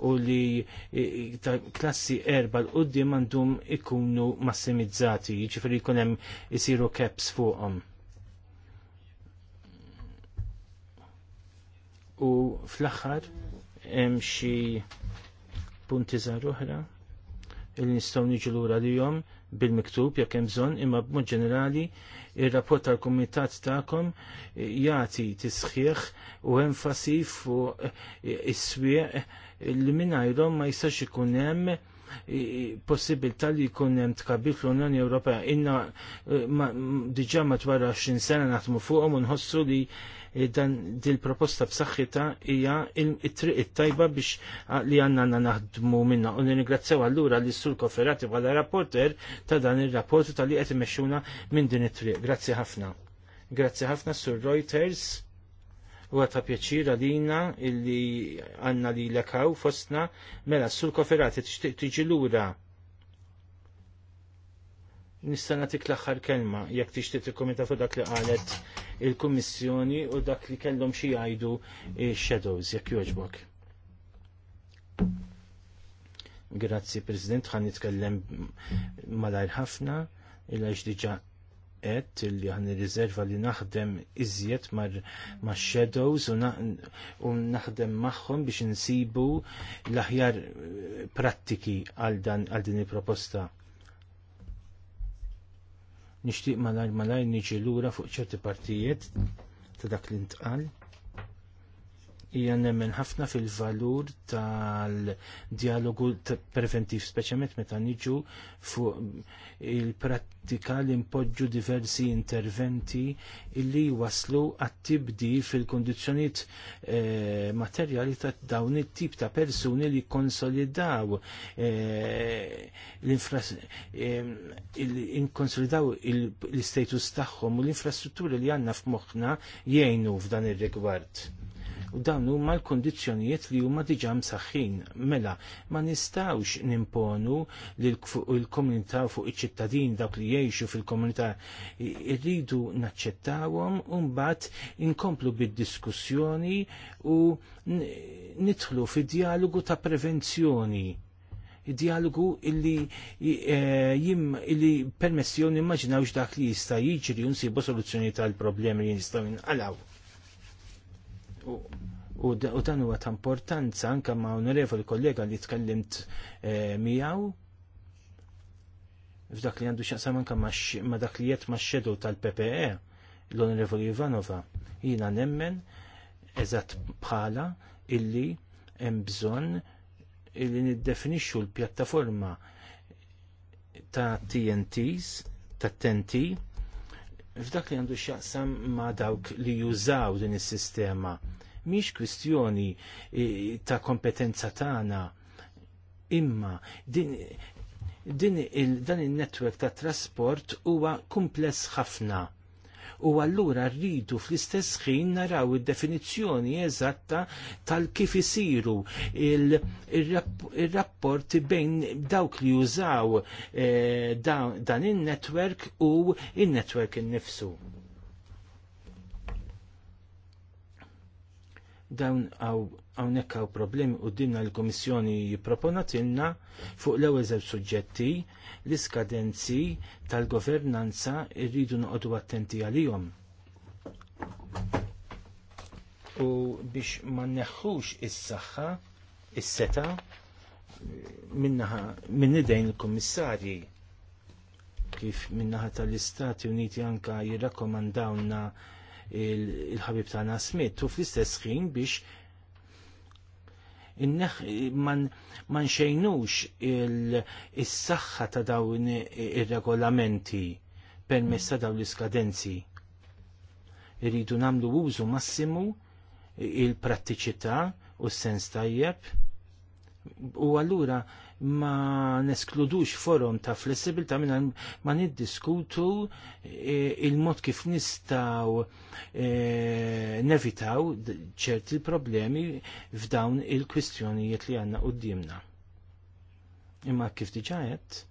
u li e, klassi erba l-qoddim għandhom ikunu massimizzati, ġifiri kunem jisiru caps fuqhom. U fl-axar, hemm xi punti żgħar oħra li nistgħu niġu lura lihom bil-miktub jekk hemm bżonn, imma b'mod ġenerali ir-rapport tal-kumitat tagħkom jagħti tisħiħ u enfasi fuq is-swieq li mingħajrhom ma jistax ikun hemm possibilità li jkun hemm tkabbir fl-Unjoni Ewropea. Inna eh, diġà matwar 20 sena naħdmu fuqhom u nħossu li eh, dan dil-proposta b'saħħitha hija it-triq it-tajba biex li għandna naħdmu minna. U nirringrazzjaw allura li sur koferati bħala rapporter ta' dan ir-rapport tal-li qed imexxuna minn din it-triq. Grazzi ħafna. Grazzi ħafna sur Reuters u ta' pjaċir għalina illi għanna li lekaw fostna mela s-sur koferati tiġi lura. Nista' nagħtik l-aħħar kelma jekk tixtieq tikkumenta fuq dak li qalet il-Kummissjoni u dak li kellhom xi jgħidu shadows jekk jogħġbok. Grazzi President, ħan nitkellem malajr ħafna il-għax qed illi għan rizerva li naħdem iżjed ma' shadows u, naħdem magħhom biex insibu l-aħjar eh, prattiki għal dan għal din il-proposta. Nixtieq malaj malaj niġi lura fuq ċerti partijiet ta' dak li ntqal hija nemmen ħafna fil-valur tal-dialogu preventiv, speċjalment meta niġu fuq il-prattika li npoġġu diversi interventi illi waslu għat-tibdi fil kondizjoniet eh, materjali ta' dawn it-tip ta' persuni li konsolidaw l l eh, eh il l-istatus tagħhom u l-infrastruttura li għandna f'moħħna jgħinu f'dan ir-rigward u dawn huma l-kondizzjonijiet li huma diġà msaħħin. Mela, ma nistgħux nimponu lill komunità fuq iċ-ċittadin dawk li jgħixu fil-komunità irridu naċċettawhom u mbagħad inkomplu bid-diskussjoni u nidħlu fid-dialogu ta' prevenzjoni dialogu illi e, jim illi permessjoni immaġinawx dak li jista jiġri unsibu soluzzjoni tal-problemi li jistaw inqalaw. U dan huwa ta' importanza anke ma' onorevoli kollega li tkellimt eh, miegħu f'dak li għandu xaqsam anke ma' dak li jett ma' xedu tal-PPE l-onorevoli Ivanova. Jina nemmen eżatt bħala illi hemm bżonn illi niddefinixxu l-pjattaforma ta' TNTs, ta' TNT, f'dak li għandu xaqsam ma' dawk li jużaw din is-sistema. Mhix kwistjoni e, ta' kompetenza tagħna imma din din il, dan il-netwerk ta' trasport huwa kumpless ħafna u allura rridu fl-istess ħin naraw id-definizzjoni eżatta tal kif isiru il-rapporti bejn dawk li jużaw eh, dan in-netwerk u in-netwerk innifsu. Dawn għaw għawnek għaw problemi u dinna l-Komissjoni jiproponatilna fuq l-ewel suġġetti l-iskadenzi tal-governanza irridu noqogħdu attenti għalihom. U biex ma neħħux is-saħħa, is-seta minnaħa minn idejn il-kummissarji kif minnaħa tal-Istati Uniti anka jirrakkomandawna il-ħabib tagħna Smith u fl-istess ħin biex ma xejnux il-saxħa ta' dawn ir-regolamenti per messa dawn l-iskadenzi. Irridu namlu użu massimu il-prattiċità u s-sens tajjeb u għallura ma neskludux forum ta' flessibilta minn ma niddiskutu e, il-mod kif nistaw e, nevitaw ċerti problemi f'dawn il-kwistjonijiet li għanna u d-dimna. Imma kif diġajet,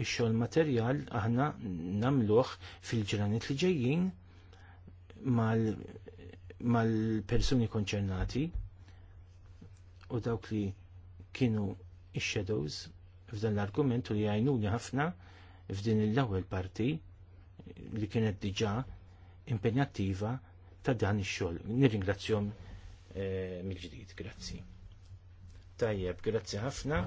il xogħol materjal aħna namluħ fil-ġranet li ġejjin mal-persuni mal konċernati u dawk li kienu il shadows f'dan l-argument u li għajnuni ħafna f'din l-ewwel parti li kienet diġà impenjattiva ta' dan ix-xogħol. Nirringrazzjom eh, mill-ġdid, grazzi. Tajjeb, grazzi ħafna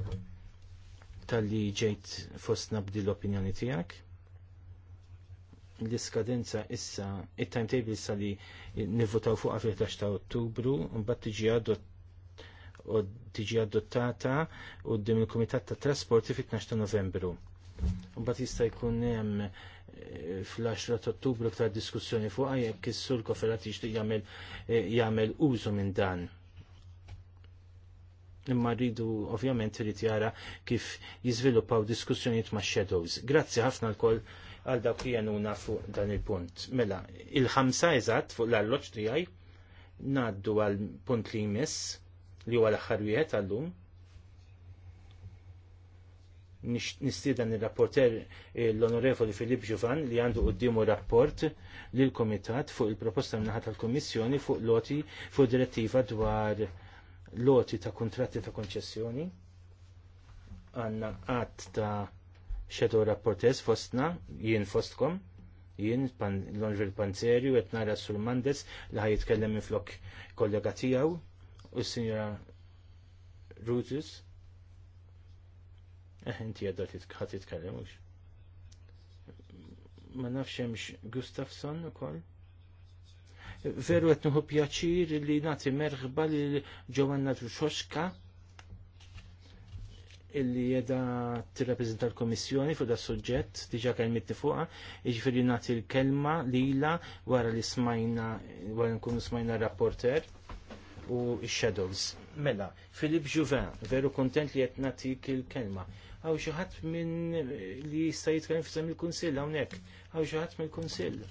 tal-li ġejt fost nabdi l-opinjoni tiegħek. L-iskadenza issa, it-timetable issa li nivvotaw fuq fil-11 ta' Ottubru, mbagħad tiġi adott u tiġi adottata u d-dim il-Komitat ta' Trasporti fit-12 ta' Novembru. U bat jista' jkun hemm eh, fl-10 ta' Ottubru ta' diskussjoni fuq għajek kissur koferat jixti eh, jagħmel użu minn dan. Imma rridu ovvjament irid jara kif jiżviluppaw diskussjonijiet ma' shadows. Grazzi ħafna l għal dawk li jenuna fuq dan il-punt. Mela, il-ħamsa eżatt fuq l-alloċ tiegħi ngħaddu għal punt li jmiss li huwa l-aħħar wieħed għallum. Nistieda ir-rapporter l-Onorevoli Filip Giovan li għandu qudiemu rapport lil kumitat fuq il-proposta mnaħat tal-Kummissjoni fuq loti fuq direttiva dwar loti ta' kontratti ta' konċessjoni. Għanna għat ta' xedu rapportez fostna, jien fostkom, jien l onġur Panzerju, etnara Sur sul Mandes li ħaj jitkellem minn flok kollega tijaw u s-sinjora Rudis. Eh, inti għadda ħat titkellem Ma nafx hemmx Gustafsson ukoll. Veru qed nieħu pjaċir li nagħti merħba lil Ġovanna Truxoxka illi jeda t-reprezenta l-Komissjoni fuq da suġġett diġa kelmitni fuqa, iġifiri nati l-kelma lila wara li smajna, wara nkunu smajna rapporter u Shadows. Mela, Filip Juvin, veru kontent li qed nagħtik il-kelma. Għaw xi ħadd minn eh, li jista' jitkellem fizzam il-kunsill hawnhekk. Għaw xi ħadd mill-kunsill.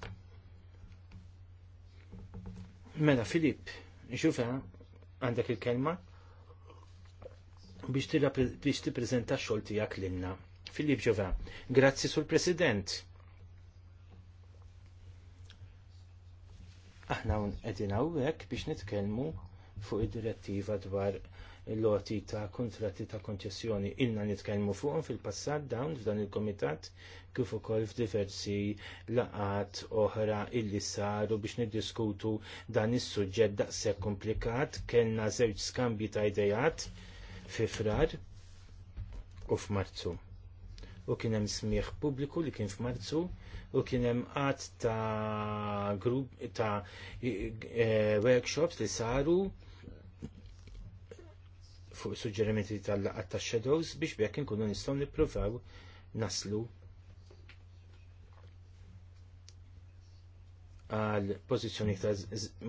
Mela, Filip, Juvin, għandek il-kelma biex tippreżenta x-xogħol tiegħek lilna. Filip Juvin, grazzi sur President. aħna għedin għawek biex nitkelmu fuq id-direttiva dwar il-loti ta' kuntratti ta' konċessjoni ilna nitkellmu fuqhom fil-passat dawn f'dan il kumitat kif ukoll f'diversi laqat oħra illi saru biex niddiskutu dan is-suġġett daqshekk komplikat kellna żewġ skambji ta' idejat fi frar u f'Marzu. U kien hemm smieħ pubbliku li kien f'Marzu u kien hemm qatt ta' grupp ta' eh, workshops li saru fuq suġġerimenti tal laqgħa ta' shadows biex bekk nkunu nistgħu nippruvaw naslu għal pozizjoni ta'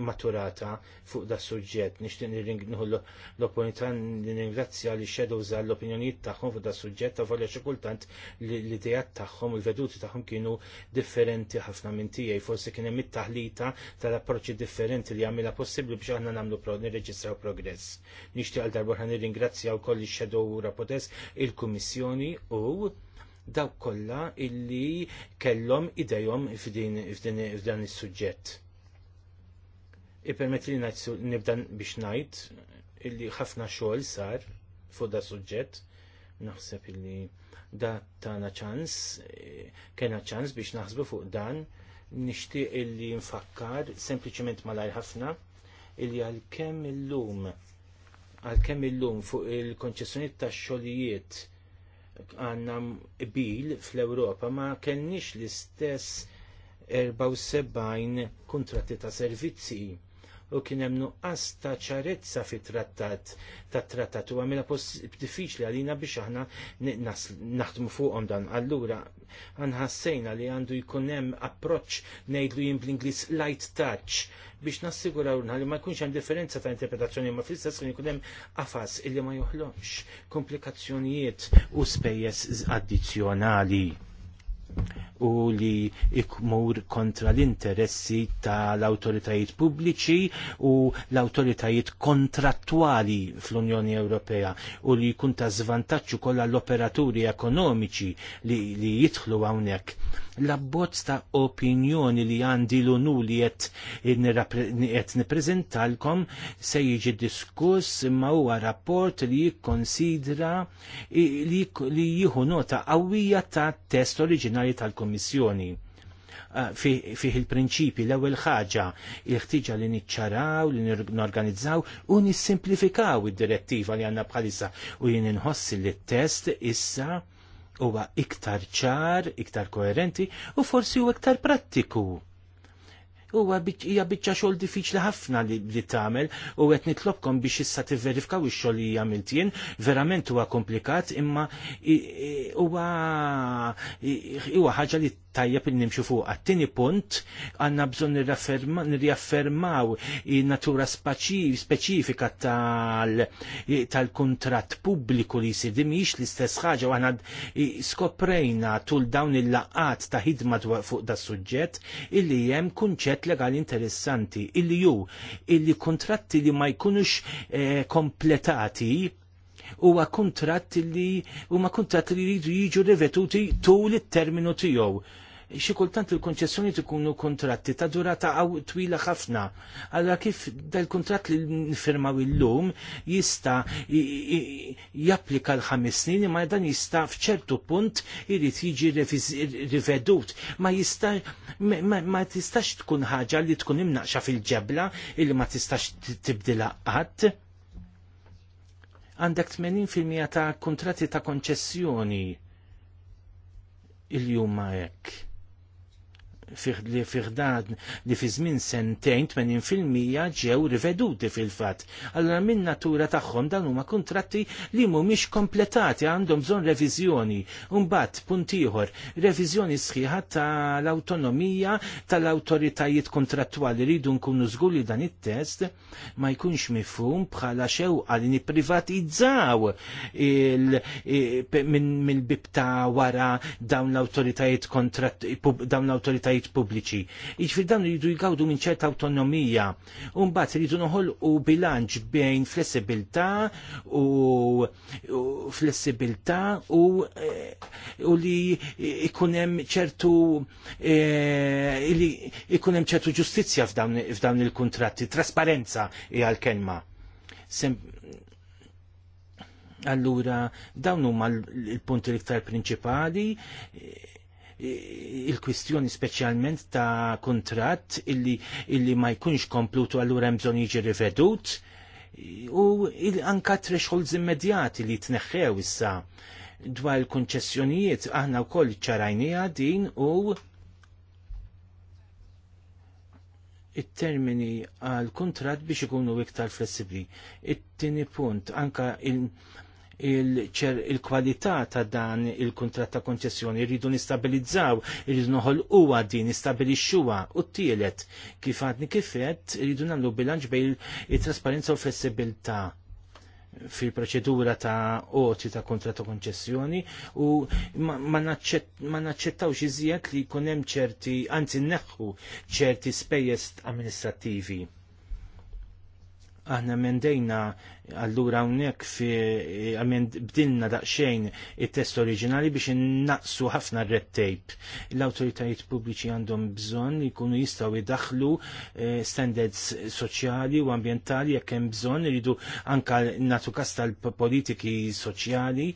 maturata fuq da' suġġett. Nishtin nħu l-opportunità li ringrazzja li za' l opinjonijiet tagħhom fuq da' suġġett ta' volja xi kultant l-idejat tagħhom u veduti tagħhom kienu differenti ħafna minn tiegħi. Forsi kien hemm it-taħlita tal-approċċi differenti li għamila possibbli biex aħna nagħmlu nirreġistraw progress. Nixtieq għal darba ħan nirringrazzja wkoll ix-shadow rapotess il-Kummissjoni u dawk kollha illi kellhom idejhom f'dan is-suġġett. Ipermet li nibdan biex ngħid illi ħafna xogħol sar fuq da suġġett naħseb illi da tana ċans, kena ċans biex naħsbu fuq dan, nixtieq illi nfakkar sempliciment malajr ħafna illi għal-kem il-lum għal-kem il-lum fuq il-konċessjoniet ta' xogħlijiet għanna bil fl-Europa ma kellniex l-istess 74 kontratti ta' servizzi u kien hemm nuqqas ta' ċarezza fit-trattat tat trattat u għamilha mela diffiċli għalina biex aħna naħdmu fuqhom dan. Allura anħassejna li għandu jkun hemm approċċ ngħidlu jien bl-Ingliż light touch biex nassiguraw li ma jkunx hemm differenza ta' interpretazzjoni ma fl-istess kien ikun hemm qafas illi ma joħloqx komplikazzjonijiet u spejjeż addizzjonali u li ikmur kontra l-interessi tal-autoritajiet pubbliċi u l-autoritajiet kontrattwali fl-Unjoni Ewropea u li kun ta' zvantaċċu kollha l-operaturi ekonomiċi li, li jidħlu hawnhekk l-abbozz ta' opinjoni li għandi l-unu li qed nippreżentalkom se jiġi diskuss imma huwa rapport li jikkonsidra li jieħu nota qawwija ta' test oriġinali tal-Kummissjoni ah, fih il-prinċipi l-ewwel ħaġa il-ħtiġa li niċċaraw, li norganizzaw u nissimplifikaw id-direttiva li għandna bħalissa u jien inħossi li t-test issa huwa iktar ċar, iktar koerenti u forsi huwa iktar prattiku. Huwa hija biċċa xogħol diffiċli ħafna li, li tagħmel u qed nitlobkom biex issa tivverifikaw ix-xogħol li għamilt jien, verament huwa komplikat imma huwa huwa ħaġa li tajjeb li nimxu fuq. Għattini punt, għanna bżon nirjaffermaw natura speċifika tal-kontrat pubbliku li jisir dimix l-istess ħaġa u għanna skoprejna tul dawn il-laqat ta' ħidma fuq da' suġġett illi jem kunċett legali interessanti illi ju illi kontratti li ma jkunux eh, kompletati huwa kuntratt li huma kuntratt li jridu jiġu rivetuti tul it-terminu tiegħu. Xi kultant il-konċessjoni tkunu kontratti ta' durata għaw twila ħafna. Allora kif dal kontrat li nfirmaw illum jista' japplika l-ħames snin ma dan jista' f'ċertu punt irid jiġi rivedut. Ma jista' ma tistax tkun ħaġa li tkun imnaqxa fil-ġebla illi ma tistax tibdilha qatt għandek 80% ta' kontratti ta' konċessjoni il-jum ma' hekk li fiħdad li fi żmien sentejn 80% ġew riveduti fil-fatt. Allora minn natura tagħhom dan huma kuntratti li mhumiex kompletati għandhom bżonn reviżjoni. Imbagħad punt ieħor, reviżjoni sħiħa tal-awtonomija tal-awtoritajiet kontrattwali rridu nkunu żgur li dan it-test ma jkunx mifhum bħala xew għal nipprivatizzaw mill-bib ta' wara dawn l-awtoritajiet kontratt dawn l-awtoritajiet l pubbliċi. Iġfir dan jidu jgawdu minn ċerta autonomija. Umbat jidu noħol u bilanċ bejn flessibilità u, flessibilta flessibilità u, eh, u li ikunem ċertu eh, li ikunem ċertu ġustizja f'dawn il-kontratti, trasparenza i għal kelma Allura, dawn huma l-punti l-iktar prinċipali il-kwistjoni speċjalment ta' kuntratt illi, illi ma jkunx komplutu allura mżon bżonn jiġi rivedut u anka thresholds immedjati li tneħħew issa dwar il-konċessjonijiet aħna wkoll ċarajnija din u it-termini għal kontrat biex ikunu iktar flessibli. It-tieni punt anka il- il-kwalità ta' dan il-kontrat ta' konċessjoni, rridu nistabilizzaw, rridu noħol uwa din, nistabilixxuha u t-tielet kif għadni kifet, rridu nagħmlu bilanċ bejn it trasparenza u flessibilità fil-proċedura ta' oċi ta' ta' konċessjoni u ma naċċettawx iżjed li jkun hemm ċerti, anzi neħħu ċerti spejjeż amministrattivi aħna mendejna allura unnek fi bdilna daqxejn il-test oriġinali biex naqsu ħafna red tape. L-autoritajiet pubbliċi għandhom bżon li jkunu jistaw idaħlu eh, standards soċjali u ambientali jekk hemm bżonn iridu anka natu kasta tal-politiki soċjali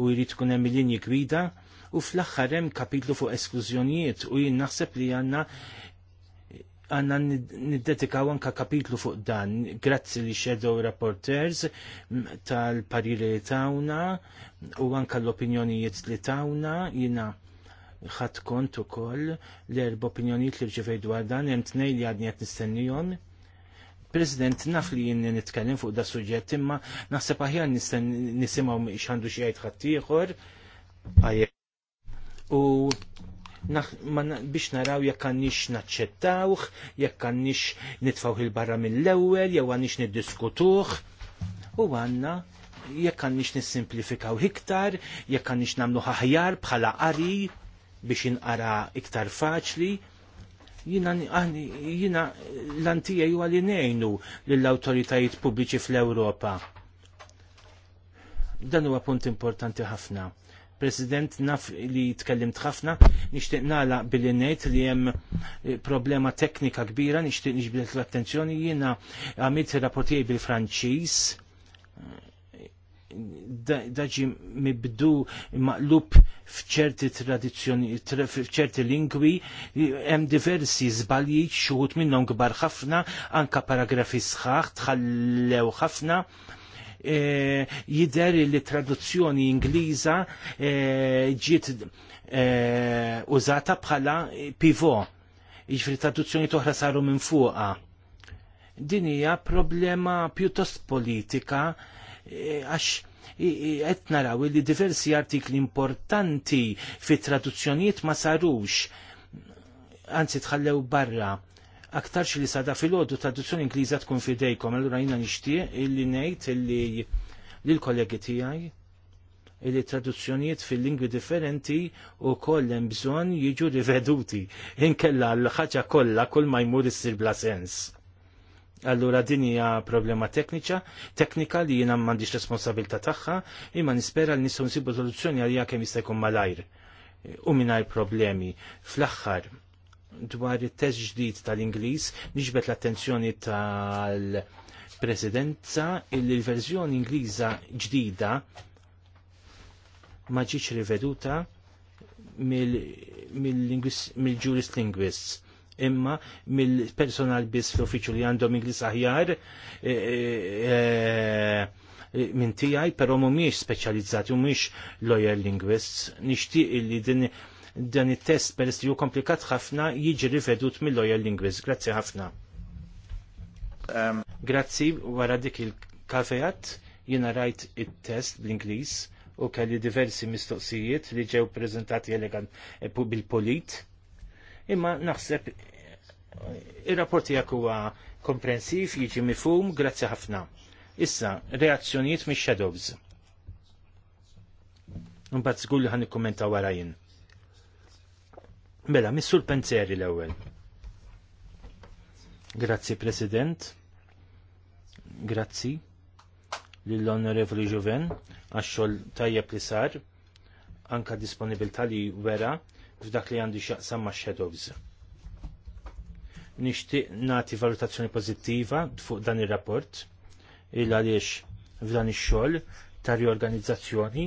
u jrid tkun hemm linji gwida u fl-aħħar hemm kapitlu fuq esklużjonijiet u jien naħseb li għandna għanna niddetikaw anka kapitlu fuq dan. Grazzi li Shadow Reporters tal-pariri li tawna u anka l-opinjonijiet li tawna jina ħat kont u koll l-erba opinjonijiet li rġivej dwar dan, jem tnej li għadni għat nistennijom. President, naf li jinn nitkellem fuq da suġġett, imma naħseb aħjar nisimaw xandu xie għajt ħattijħor. U biex naraw jekk għandix naċċettawh, jekk għandix nitfgħu il-barra mill-ewwel, jew għandix niddiskutuh. U għandna jekk għandix nissimplifikaw iktar, jekk għandix nagħmlu ħaħjar bħala qari biex inqara iktar faċli, jina, jina l-antija ju għalli nejnu l-autoritajiet pubbliċi fl-Europa. Dan huwa punt importanti ħafna. President, naf li tkellimt ħafna, nixtieq nagħlaq billi ngħid li hemm eh, problema teknika kbira, nixtieq nixbilet l-attenzjoni, jiena għamilt rapportijaj bil-Franċiż, daġi mibdu maqlub fċerti tradizjoni, fċerti lingwi, hemm diversi zbalji xuħut minnhom kbar ħafna, anka paragrafi sħaħ tħallew ħafna Eh, jider li traduzzjoni Ingliża eh, ġiet eh, użata bħala pivo. Jiġri traduzzjoni toħra saru minn fuqa. Din hija problema pjuttost politika għax qed naraw li diversi artikli importanti fit traduzzjonijiet ma sarux anzi tħallew barra aktarx li sada fil-ħodu traduzzjoni Ingliża tkun fidejkom, allura jina nixtieq illi nejt illi lill-kollegi tiegħi illi traduzzjonijiet fil-lingwi differenti u kollem hemm bżonn jiġu riveduti. Inkella l-ħaġa kollha kull ma jmur issir bla sens. Allura din hija problema tekniċa, teknika li jiena m'għandix responsabilità tagħha, imma nispera li nistgħu nsibu soluzzjoni għalija kemm jista' jkun malajr u mingħajr problemi. Fl-aħħar, dwar it-test ġdid tal-Ingliż niġbet l-attenzjoni tal-Presidenza illi l-verżjoni Ingliża ġdida ma ġietx riveduta mill jurist linguists, imma mill-personal biss fl-uffiċu li għandhom Ingliż aħjar e- e- e- minn tiegħi, però mhumiex speċjalizzati u mhumiex lawyer linguists. Nixtieq li din dan it-test peress li hu komplikat ħafna jiġi rivedut mill-lawyer lingwist. Grazzi ħafna. Um... Grazzi wara dik il-kafejat jiena rajt it-test bl-Ingliż u kelli diversi mistoqsijiet li ġew prezentati elegant e, bil-polit. Imma naħseb e, ir-rapport jak huwa komprensiv, jiġi mifhum, grazzi ħafna. Issa, reazzjonijiet mix shadows Mbagħad żgur li ħan wara jien. Mela, missur Penzeri l-ewel. Grazzi, President. Grazzi lill-Onorevoli Juven għaxxol tajjeb li sar anka disponibilità li wera f'dak li għandi xaqsam ma' shadows. Nixtieq nagħti valutazzjoni pożittiva fuq dan ir-rapport il għaliex f'dan ix-xogħol ta' riorganizzazzjoni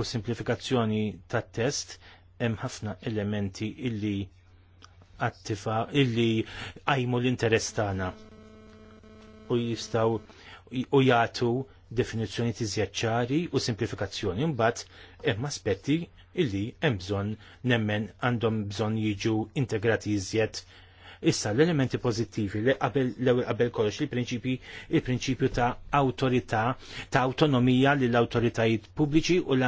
u simplifikazzjoni tat-test hemm ħafna elementi illi attifa illi għajmu l-interess tagħna u jistaw u jagħtu definizzjoni tiżjaċċari u simplifikazzjoni mbagħad hemm aspetti illi hemm bżonn nemmen għandhom bżonn jiġu integrati iżjed Issa l-elementi pozittivi li qabel l-ewwel qabel kollox il-prinċipju il-prinċipju ta' awtorità ta' autonomija lill awtoritajiet pubbliċi u l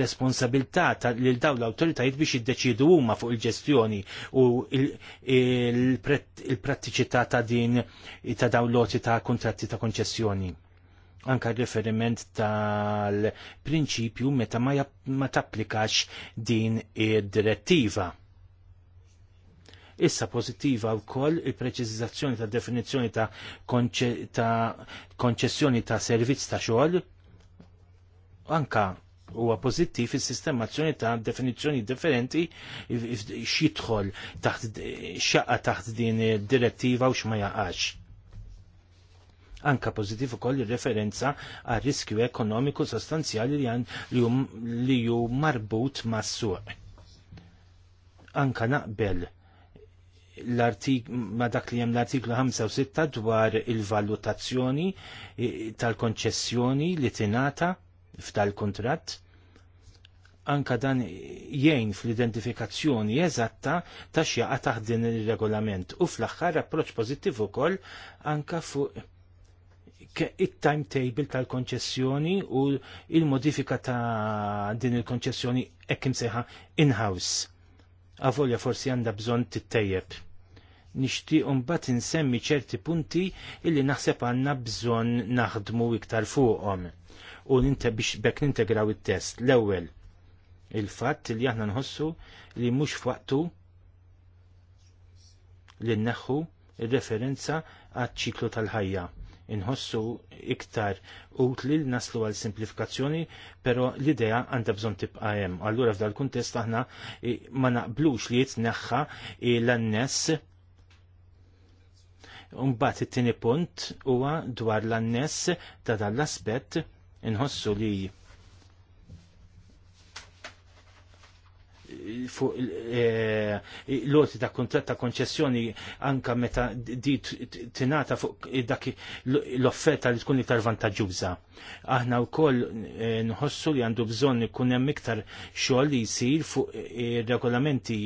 responsabilità lil dawn l-awtoritajiet biex jiddeċidu huma fuq il-ġestjoni u il-prattiċità ta' din ta' dawn loti ta' kuntratti ta' konċessjoni anka riferiment tal-prinċipju meta ma, ma tapplikax din id-direttiva. Issa pozittiva wkoll il-preċizzazzjoni ta' definizzjoni ta' konċessjoni ta' servizz ta' xogħol. Anka huwa pożittiv is-sistemazzjoni ta' definizzjoni differenti x'jidħol taħt xaqa taħt din id-direttiva u x'ma jaqax anka pozittiv ukoll ir-referenza għal riskju ekonomiku sostanzjali li, hu li marbut mas-suq. Anka naqbel ma dak li hemm l-artiklu 5 dwar il-valutazzjoni tal-konċessjoni li tingħata ftal kuntratt anka dan jgħin fl-identifikazzjoni eżatta ta' xjaqa taħt din il-regolament u fl-aħħar approċ pożittiv ukoll anka fuq it-timetable tal-konċessjoni u il-modifika ta' din il-konċessjoni ekkim seħa in-house għavolja forsi għandha bżonn tittejjeb. un mbagħad insemmi ċerti punti illi naħseb għandna bżonn naħdmu iktar fuqhom u ninte biex bekk nintegraw it-test. L-ewwel il-fatt li aħna nħossu li mhux fuqtu li nneħħu il referenza għat ċiklu tal-ħajja inħossu iktar utli li naslu għal simplifikazzjoni, pero l-idea għandha bżon tibqa hemm. Allura f'dal kuntest aħna ma naqblux li jitneħħa l-annes Umbat it-tieni punt huwa dwar l-annes ta' dan l aspett inħossu li fuq l-loti eh, ta' kontrat ta' konċessjoni anka meta di tinata fuq dak l-offerta li tkun iktar vantaġġuża. Aħna wkoll eh, nħossu li għandu bżonn ikun hemm iktar xogħol li jsir fuq eh, regolamenti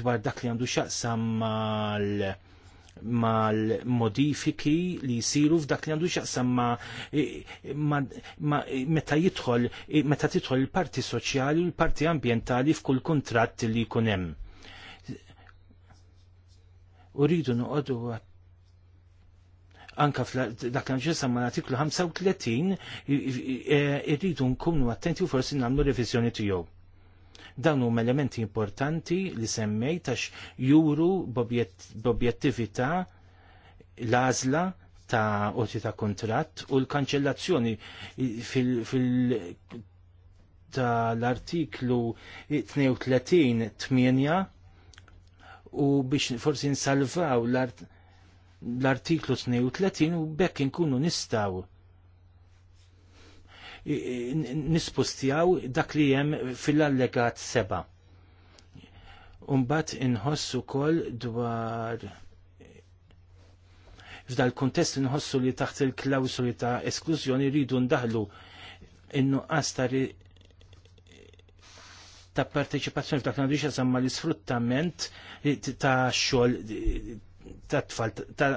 dwar dak li għandu xaqsam mal mal-modifiki li jisiru f'dak li għandu xaqsam ma, e, e, e, meta jidħol meta tidħol il-parti soċjali u l-parti ambientali f'kull kuntratt li jkun hemm. Uridu noqogħdu anka dak l-ġesam ma l-artiklu 35 irridu nkunu attenti u forsi nagħmlu revizjoni tiegħu Dawn huma elementi importanti li semmejt għax juru b'objettività l-għażla ta' qorti ta' kontratt u l-kanċellazzjoni fil-, fil tal-artiklu 38, 8 u biex forsi nsalvaw l-artiklu 32 u bekk nkunu nistaw nispustjaw dak li jem fil-allegat seba. Umbat inħossu kol dwar f'dal kuntest inħossu li taħt il-klawsuli ta' esklużjoni rridu ndaħlu in għastar ta' parteċipazzjoni f'dak nadriċa samma l-isfruttament ta' xogħol ta' tfal ta'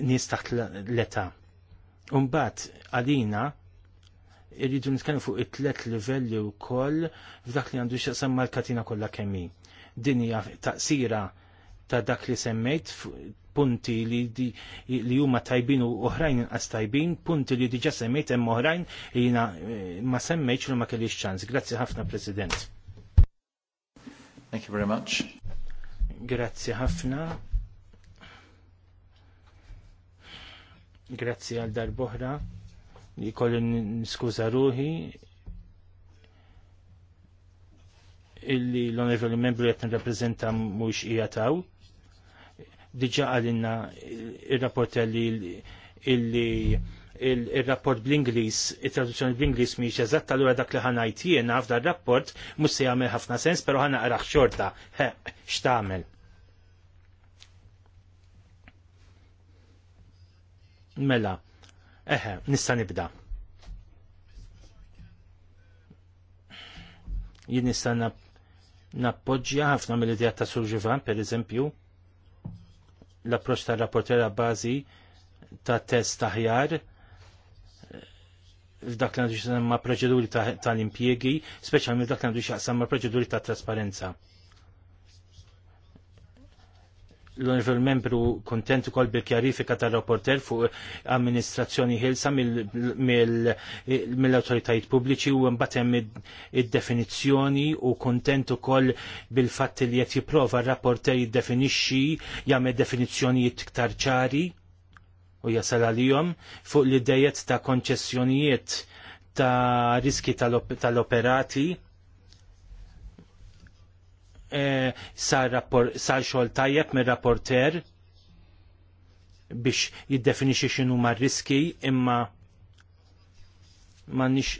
nies taħt l-età. Umbat għalina irridu nitkellmu fuq it-tlet livelli wkoll f'dak li għandu x'jaqsam mal-katina kollha kemmi. Din hija taqsira ta' dak li semmejt punti li huma tajbin u oħrajn inqas tajbin, punti li diġa semmejt hemm oħrajn li jiena eh, ma semmejtx u ma kellix ċans. Grazzi ħafna President. Thank you very much. Grazzi ħafna. Grazzi għal darboħra jikolli kolli niskuza ruħi illi l-onorevoli membru jatn reprezenta mux ijataw. Diġa għalina il-rapport illi il-rapport bl-Inglis, il-traduzzjoni bl-Inglis miex eżatt, allura dak li ħana ħanajt jiena f'da rapport mhux se jagħmel ħafna sens, però ħana qraħ xorta. He, xtaħmel. Mela, Eħe, nista' nibda. Jien nista' nappoġġja ħafna mill-idea ta' Surġivan, per eżempju, l-approċċ ta' rapportera bażi ta' test ta' ħjar eh, f'dak li għandu ma' proċeduri tal-impjegi, speċjalment dak li għandu xaqsam ma' proċeduri ta' trasparenza l-Onorevol Membru kontent ukoll bil-kjarifika tar-rapporter fuq amministrazzjoni ħilsa mill-awtoritajiet pubbliċi u mbagħad hemm id-definizzjoni u kontent ukoll bil-fatt li qed jipprova r-rapporter jiddefinixxi jagħmel definizzjonijiet iktar ċari u jasal għalihom fuq l-idejiet ta' konċessjonijiet ta' riski tal-operati. tal operati Eh, sar xogħol tajjeb mir-rapporter biex jiddefinixi xinu ma riski imma ma nix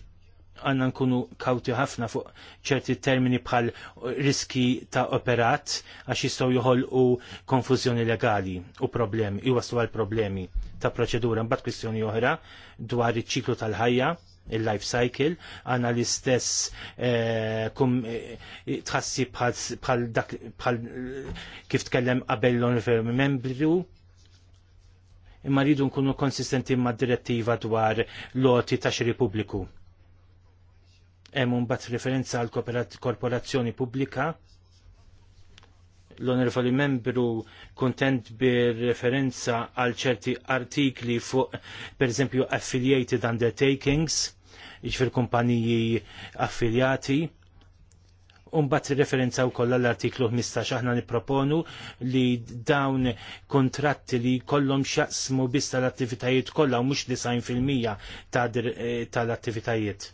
għanna nkunu kawti ħafna fuq ċerti termini bħal riski ta' operat għax jistaw juħol u konfuzjoni legali u problemi, jwaslu għal problemi ta' proċedura. Mbatt kwistjoni oħra dwar iċ-ċiklu tal-ħajja il-life cycle, għana l-istess eh, eh, tħassi bħal dak bħal kif tkellem qabel l-on membru, imma rridu nkunu konsistenti ma' direttiva dwar loti ta' xiri pubbliku. Hemm mbagħad referenza għal korporazzjoni pubblika l-onorevoli membru kontent bir-referenza għal ċerti artikli fuq, per esempio, affiliated undertakings iġfir kumpaniji affiljati. Umbat referenza wkoll l-artiklu 15 aħna nipproponu li dawn kontratti li kollom xaqsmu biss tal-attivitajiet kollha u mhux 90% eh, tal-attivitajiet.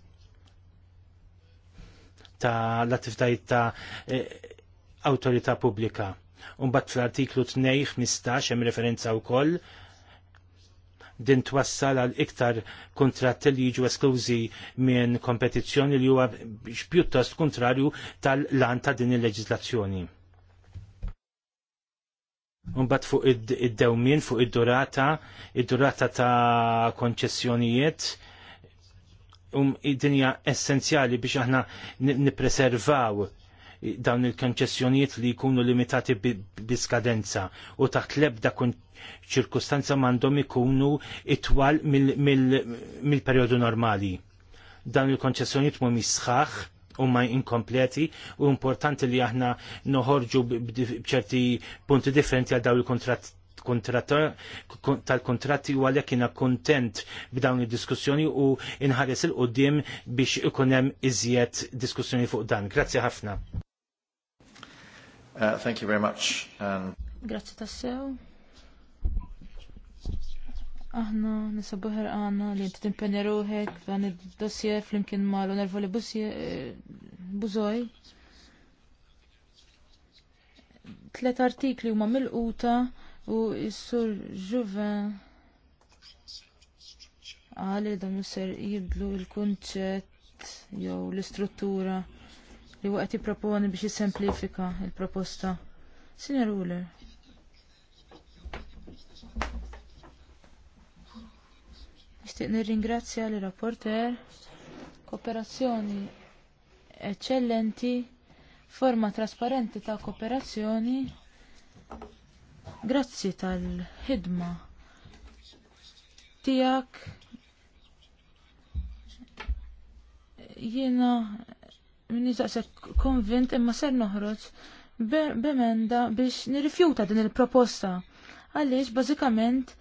Ta' l-attivitajiet eh, ta', autorita pubblika. Umbat fl-artiklu 2 15 hemm referenza wkoll din twassal għal iktar kontrat li jiġu esklużi minn kompetizzjoni li huwa pjuttost kontrarju tal-lan ta' din il-leġislazzjoni. Unbat fuq id-dewmin, fuq id-durata, id-durata ta' konċessjonijiet, um id-dinja essenzjali biex aħna nipreservaw dawn il-konċessjonijiet li jkunu limitati biskadenza u taħt lebda kun ċirkustanza mandom ikunu itwal mill-periodu normali. Dan il-konċessjonijiet mu misħax u ma inkompleti u importanti li aħna noħorġu bċerti punti differenti għal daw il-kontrat tal-kontratti u għalek jina kontent b'dawn il-diskussjoni u inħares il-qoddim biex ikunem iżjed diskussjoni fuq dan. Grazie ħafna. Uh, thank you very much. Grazie tassew. Aħna nisabu ħerqana li inti timpenja ruħek dan id-dossier flimkien mal onervoli eh, buzoj. Tlet artikli huma mill-quta u s-sur Juven għal li dan ser jibdlu l-kunċett jew l-istruttura li waqt jipproponi biex jisemplifika l proposta Senior Ruler. Nixtieq nirringrazzja li rapporter kooperazzjoni eccellenti, forma trasparenti ta' kooperazzjoni. Grazzi tal-ħidma tiegħek jiena nizaqsek konvint imma ser noħroġ b'emenda biex nirrifjuta din il-proposta. Għaliex bażikament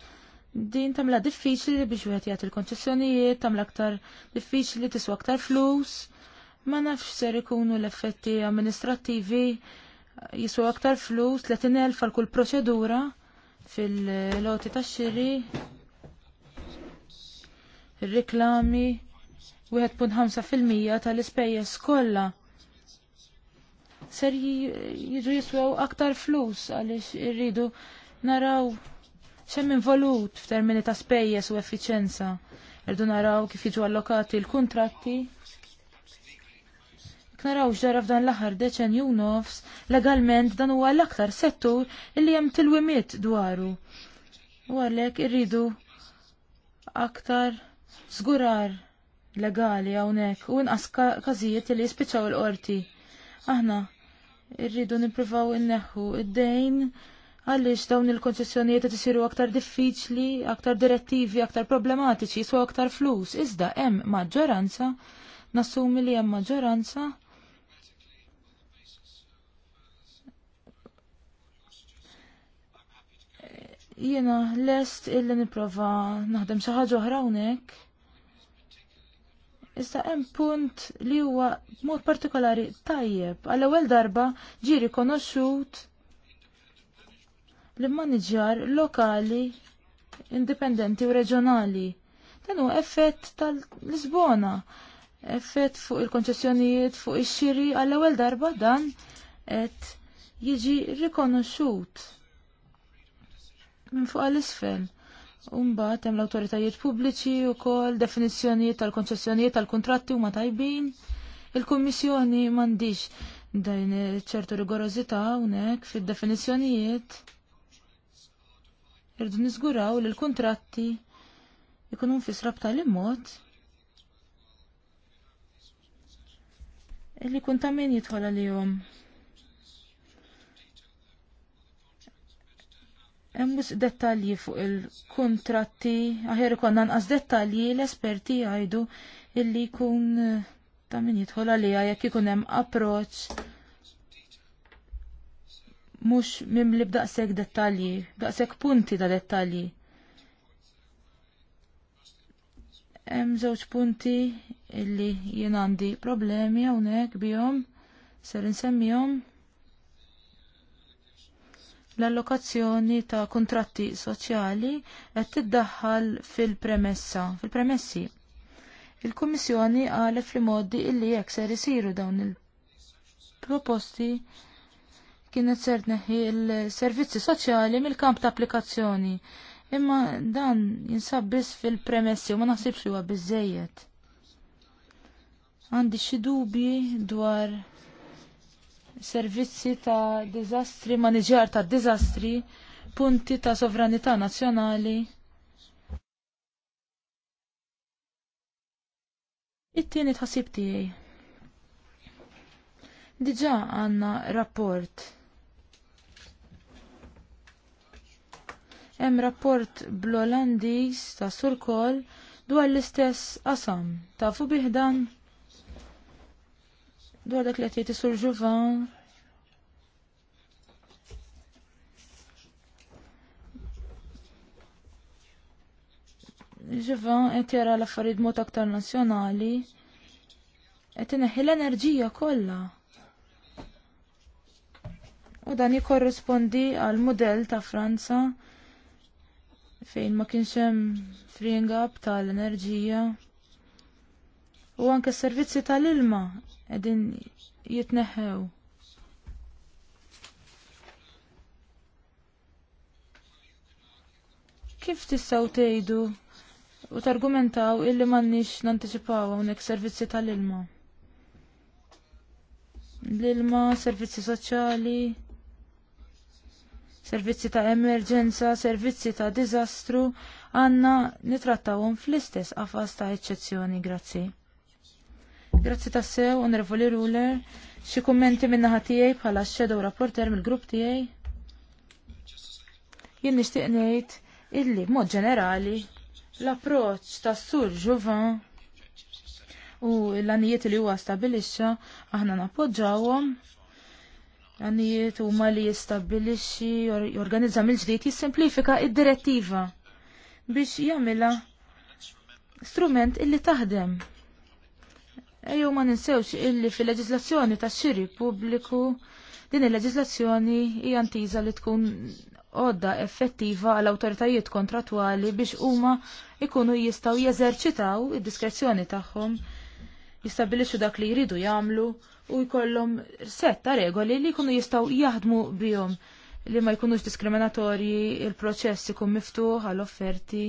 din tamla diffiċli biex wieħed jagħti il-konċessjonijiet, tamla aktar diffiċli tiswa aktar flus. Ma nafx ser ikunu l-effetti amministrattivi jiswa aktar flus, 30.000 għal kull proċedura fil-loti tax-xiri, reklami riklami 1.5% tal-ispejjeż kollha ser jiġu jiswew aktar flus għaliex irridu naraw xemm involut f'termini ta' spejjeż u effiċenza. rridu naraw kif jiġu allokati l-kuntratti. Naraw x'ġara f'dan l-aħħar deċenju nofs, legalment dan huwa l-aktar settur li hemm tilwimiet dwaru. U għalhekk irridu aktar żgurar legali hawnhekk u inqas każijiet li jispiċċaw il-qorti. Aħna rridu nippruvaw inneħħu id-dejn għaliex dawn il-konċessjonijiet qed isiru aktar diffiċli, aktar direttivi, aktar problematiċi, jiswa aktar flus. Iżda hemm maġġoranza, nassumi li hemm maġġoranza jiena lest illi niprofa naħdem xi ħaġa oħra hawnhekk. Issa hemm punt li huwa mod partikolari tajjeb għal ewwel darba ġie rikonoxxut li maniġjar lokali indipendenti u reġjonali. Dan huwa effett tal-Lisbona, effett fuq il-konċessjonijiet, fuq ix-xiri għal għall ewwel darba dan qed jiġi rikonoxxut minn fuq għall-isfel Umbat hemm l-awtoritajiet pubbliċi wkoll definizzjonijiet tal-konċessjonijiet tal-kuntratti huma tajbin. Il-Kummissjoni m'għandix dajn ċertu rigorozita hawnhekk fid-definizzjonijiet. Irdu niżguraw li l-kuntratti jkunu nfisra b'tali mod li kun ta' min jidħol għalihom. Embus dettalji fuq il-kontratti, aħjar konna nqas dettalji l-esperti jgħidu illi jkun eh, ta' min jidħol għalija jekk ikun hemm approċċ mhux mimli b'daqsek dettalji, b'daqsek punti ta' dettalji. Hemm żewġ punti illi jien għandi problemi hawnhekk bihom ser insemmihom l-allokazzjoni ta' kuntratti soċjali qed tiddaħħal fil-premessa, fil-premessi. Il-Kummissjoni qalet fil-modi illi jekk ser isiru dawn il-proposti kienet ser tneħħi l-servizzi soċjali mill-kamp ta' applikazzjoni. Imma dan jinsab biss fil-premessi u ma naħsibx huwa biżejjed. Għandi xi dubi dwar servizzi ta' dizastri, maniġjar ta' dizastri, punti ta' sovranità nazzjonali. It-tieni tħassib tiegħi. Diġà għandna rapport. Hemm rapport bl-Olandiż ta' Surkol dwar l-istess qasam. Tafu biħdan? dan? dwar dak li qed sur Juvan. Juvan qed jara l-affarijiet mod aktar nazzjonali qed ineħħi l-enerġija kollha. U dan jikkorrispondi għal mudell ta' Franza fejn ma kienx hemm freeing up tal-enerġija u anke s-servizzi tal-ilma qegħdin jitneħħew. Kif tistgħu tgħidu u targumentaw illi m'għandniex nanticipaw hawnhekk servizzi tal-ilma? L-ilma, servizzi soċjali, servizzi ta' emerġenza, servizzi ta' diżastru, għandna nitrattawhom fl-istess għafas ta' eċċezzjoni, grazzi. Grazzi tassew, onorevoli Ruler. Xi kummenti minn naħa tiegħi bħala shadow rapporter mill-grupp tiegħi? Jien nixtieq ngħid illi b'mod ġenerali l-approċċ tas-sur Juvan u l għanijiet li huwa stabilixxa aħna nappoġġawhom għanijiet u li jistabilixi, jorganizza mill-ġdijt, jissimplifika id-direttiva biex jamila strument illi taħdem Ejju ma ninsewx illi fil-leġislazzjoni ta' xiri pubbliku din il-leġislazzjoni hija antiża li tkun odda effettiva għal awtoritajiet kontratwali biex huma ikunu jistgħu jeżerċitaw id-diskrezzjoni tagħhom jistabilixxu dak li jridu jagħmlu u jkollhom setta regoli li jkunu jistgħu jaħdmu bihom li ma jkunux diskriminatorji, il-proċess ikun miftuħ għal offerti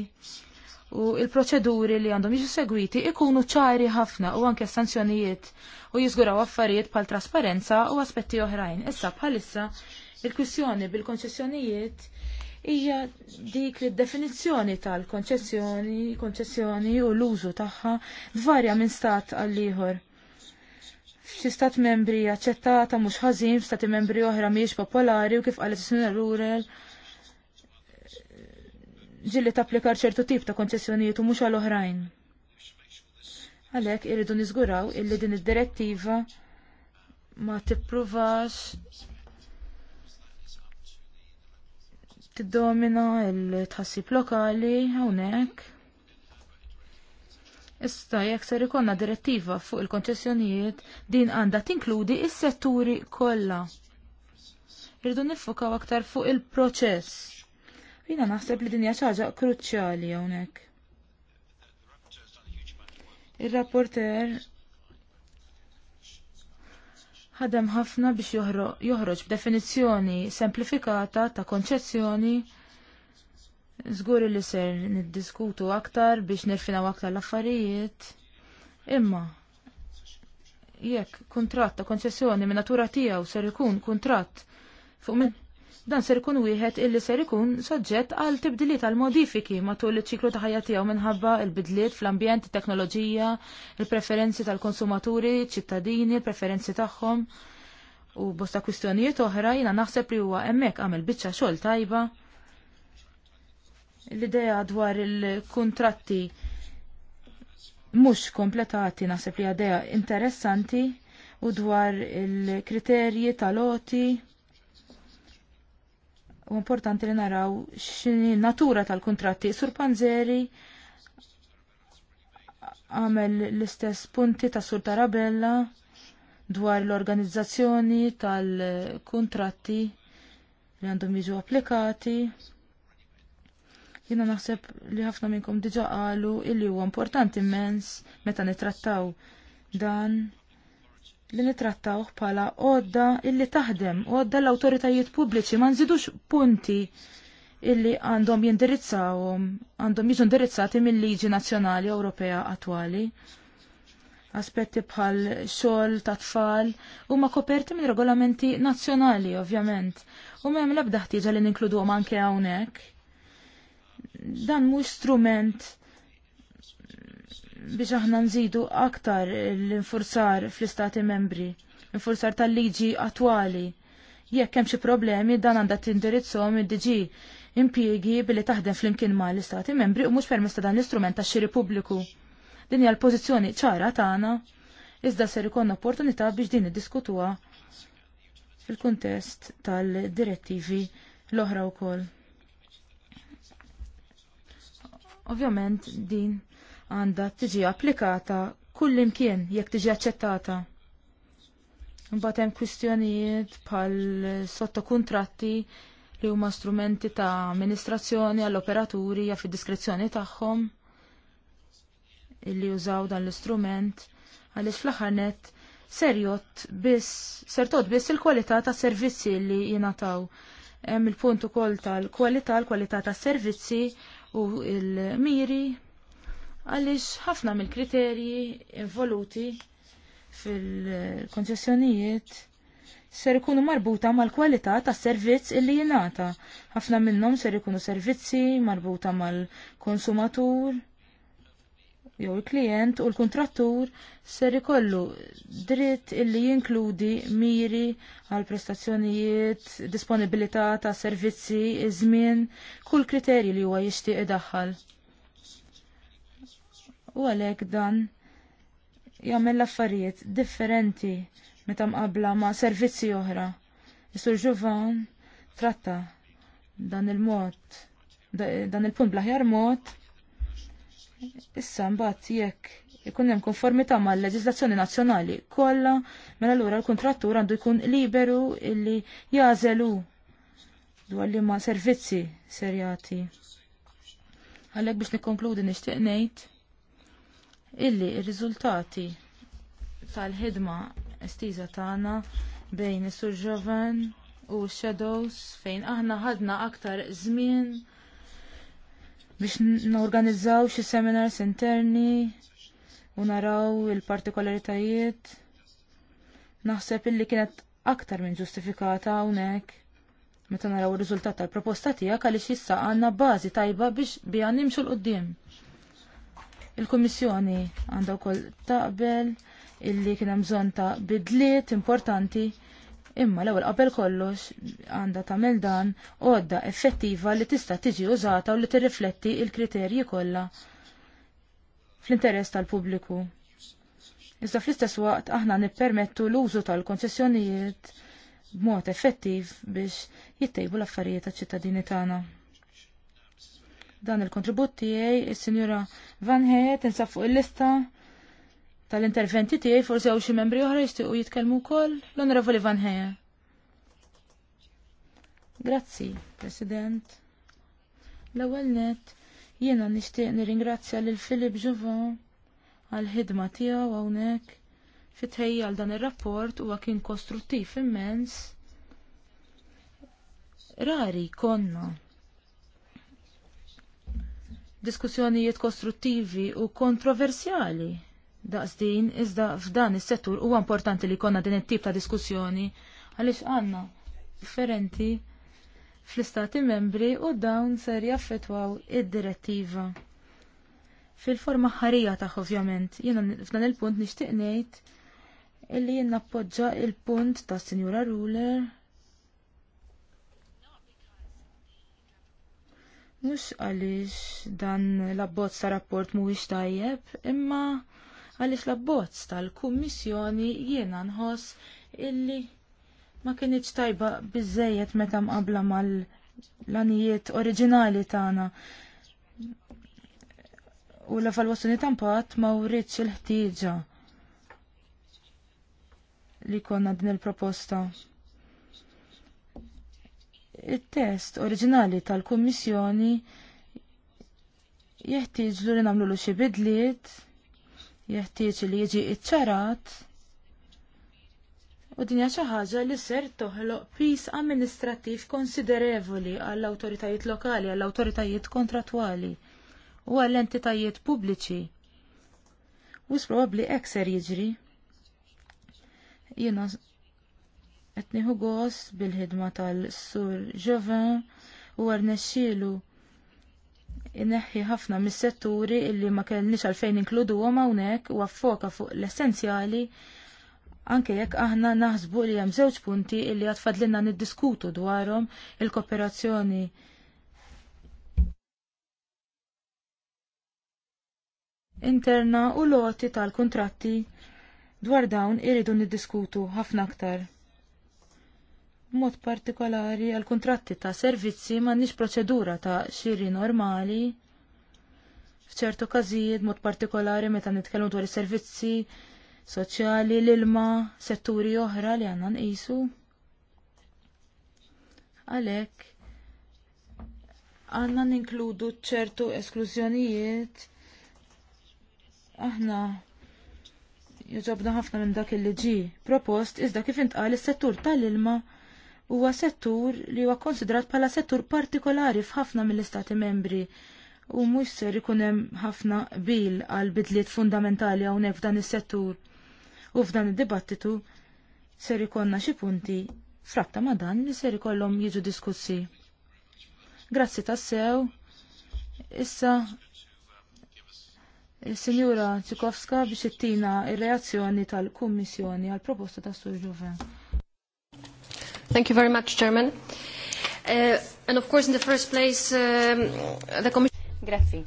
u il-proċeduri li għandhom jiġu segwiti ikunu ċari ħafna u anke sanzjonijiet u jiżguraw affarijiet bħal trasparenza u aspetti oħrajn. Issa bħalissa il-kwissjoni bil-konċessjonijiet hija dik li definizzjoni tal-konċessjoni, konċessjoni u l-użu tagħha varja minn stat għal ieħor. F'xi stat membri aċċettata mhux ħażin, f'stati membri oħra mhijiex popolari u kif qalet is-Sinjor Rural ġilli tapplikar ċertu tip ta' konċessjonijiet u mhux għal oħrajn. Għalhekk irridu niżguraw illi din id-direttiva ma tippruvax tiddomina il tħassib lokali hawnhekk. Issa jekk ser ikonna direttiva fuq il-konċessjonijiet din għandha tinkludi s-setturi kollha. Irdu niffokaw aktar fuq il-proċess Jina naħseb li dinja ċaġa kruċjali hawnhekk. Ir-rapporter ħadem ħafna biex joħroġ b'definizzjoni semplifikata ta' konċezzjoni Zgur li ser niddiskutu aktar biex nirfinaw aktar l-affarijiet. Imma, jekk kuntratt ta' konċessjoni minn natura tiegħu ser ikun kuntratt fuq minn dan ser ikun wieħed illi ser ikun soġġett għal tibdiliet għal modifiki matul iċ-ċiklu ta' ħajja tiegħu minħabba l-bidliet fl-ambjent, it-teknoloġija, il-preferenzi tal-konsumaturi, ċittadini, il-preferenzi tagħhom. U bosta kwistjonijiet oħra jiena naħseb li huwa hemmhekk għamel biċċa xogħol tajba. L-idea dwar il-kuntratti mhux kompletati naħseb li għadeja interessanti u dwar il-kriterji tal-oti U importanti li naraw x'inhi natura tal-kuntratti. Sur Panzeri għamel l-istess punti ta' Sur Tarabella dwar l-organizzazzjoni tal-kuntratti li għandhom jiġu applikati. Jina naħseb li ħafna minnkom diġa qalu illi huwa importanti immens meta nitrattaw dan li nitrattawh bħala għodda illi taħdem, għodda l-autoritajiet pubbliċi ma nżidux punti illi għandhom jindirizzawhom, għandhom jiġu indirizzati mill-liġi nazzjonali Ewropea attwali. Aspetti bħal xogħol ta' tfal huma koperti minn regolamenti nazzjonali ovvjament. U m'hemm l-ebda ħtieġa li ninkluduhom anke hawnhekk. Dan mhux strument biex aħna nżidu aktar l-infurzar fl-istati membri, l-infurzar tal-liġi attwali. Jekk hemm xi problemi dan għandha tindirizzhom id-diġi impjiegi billi taħdem flimkien ma l-istati membri u mhux permess ta' dan l-istrument ta' xiri pubbliku. Din hija l-pożizzjoni ċara tagħna, iżda ser ikun opportunità biex din iddiskutuha fil-kuntest tal-direttivi l-oħra wkoll. Ovvjament din għandha tiġi applikata kullimkien jekk tiġi aċċettata. Mbagħad hemm kwistjonijiet bħal sottokuntratti li huma strumenti ta' amministrazzjoni għall operaturi ja fid diskrezzjoni tagħhom illi jużaw dan l-istrument għaliex fl-aħħar serjot biss sertot biss il-kwalità tas servizzi li jingħataw. Hemm il-punt ukoll tal-kwalità, l-kwalità tas servizzi u l-miri għaliex ħafna mill-kriterji involuti fil-konċessjonijiet ser ikunu marbuta mal-kwalità tas servizz illi jingħata. Ħafna minnhom ser ikunu servizzi marbuta mal-konsumatur jew il-klient u l-kontrattur ser ikollu dritt illi jinkludi miri għal prestazzjonijiet, disponibilità ta' servizzi, iż-żmien, kull kriterji li huwa jixtieq idaħħal u għalhekk dan jagħmel l-affarijiet differenti meta mqabbla ma' servizzi oħra. Isur Ġuvan tratta dan il-mod, dan il-punt bl-aħjar mod, issa mbagħad jekk ikun hemm konformità mal-leġiżlazzjoni nazzjonali kollha, mela allura l-kuntrattur għandu jkun liberu illi jażelu dwar li ma' servizzi serjati. Għalhekk biex nikkonkludi nixtieq ngħid illi r-riżultati tal-ħidma estiża tagħna bejn is-Sur Jovan u Shadows fejn aħna ħadna aktar żmien biex norganizzaw xi seminars interni u naraw il-partikolaritajiet. Naħseb illi kienet aktar minn ġustifikata hawnhekk meta naraw ir-riżultat tal-proposta tiegħek għaliex issa għandna bażi tajba biex biha nimxu l-qudiem. Il-Kummissjoni għandha wkoll taqbel illi kien hemm bżonn ta' bidliet importanti imma l-ewwel qabel kollox għandha tagħmel dan għodda effettiva li tista' tiġi użata u li tirrifletti l-kriterji kollha fl-interess tal-pubbliku. Iżda fl-istess waqt aħna nippermettu l-użu tal-konċessjonijiet b'mod effettiv biex jittejbu l-affarijiet tal-ċittadini tagħna dan il-kontribut tiegħi il sinjura Van Heje, insab fuq il-lista tal-interventi tiegħi forsi hawn xi membri oħra jistgħu jitkellmu wkoll l-Onorevoli Van Heje. Grazzi, President. L-ewwel net jiena nixtieq nirringrazzja lil Filip Juvon għal-ħidma tiegħu hawnhekk fit għal dan ir-rapport huwa kien kostruttiv immens. Rari konna diskussjonijiet kostruttivi u kontroversjali. Daqsdin, iżda f'dan is-settur huwa importanti li jkollna din it-tip ta' diskussjoni għaliex għandna differenti fl-istati membri u dawn ser jaffetwaw id-direttiva. Fil-forma ħarija ta' ovvjament, jiena f'dan il-punt nixtieq ngħid illi jien nappoġġa il-punt ta' Sinjura Ruler Mhux għaliex dan l-abbozz ta' rapport mhuwiex tajjeb, imma għaliex l-abbozz tal-Kummissjoni jiena nħoss illi ma kienieċ tajba biżejjed meta mqabbla mal-lanijiet oriġinali tagħna. U l-evalwazzjoni ta' ma writx il-ħtieġa li konna din il-proposta. Il-test oriġinali tal-Kummissjoni jeħtieġ li nagħmlu xi bidliet, jeħtieġ li jiġi iċċarat u dinja xi ħaġa li ser toħloq pis amministrattiv konsiderevoli għall awtoritajiet lokali, għall awtoritajiet kontratwali u għall entitajiet pubbliċi. U probabbli hekk ser jiġri. Jiena Etniħu gos bil-ħidma tal-sur Jovin u għarnexxielu inneħħi ħafna mis-setturi illi ma kellniex għalfejn inkluduhom hawnhekk u affoka fuq l-essenzjali anke jekk aħna naħsbu li hemm żewġ punti illi għad fadlinna niddiskutu dwarhom il-kooperazzjoni interna u loti tal-kontratti dwar dawn iridu niddiskutu ħafna aktar mod partikolari għal kontratti ta' servizzi m'għandniex proċedura ta' xiri normali. F'ċertu każijiet mod partikolari meta nitkellmu dwar is-servizzi soċjali, l-ilma, setturi oħra li għandna nqisu. Għalhekk għandna ninkludu ċertu esklużjonijiet aħna joġobna ħafna minn dak il-liġi propost iżda kif intqal is-settur tal-ilma huwa settur li huwa konsidrat bħala settur partikolari f'ħafna mill-istati membri u mhux ser ikun hemm ħafna bil għal bidliet fundamentali hawnhekk f'dan is-settur. U f'dan id-dibattitu ser ikonna xi punti frabta ma' dan li ser ikollhom jiġu diskussi. Grazzi tassew. Issa il-Sinjura Tsikowska biex ittina r reazzjoni tal-Kummissjoni għal proposta ta' Sur Ġuven. Thank you very much, Chairman. Uh, and of course, in the first place, um, the Commission... Grazie.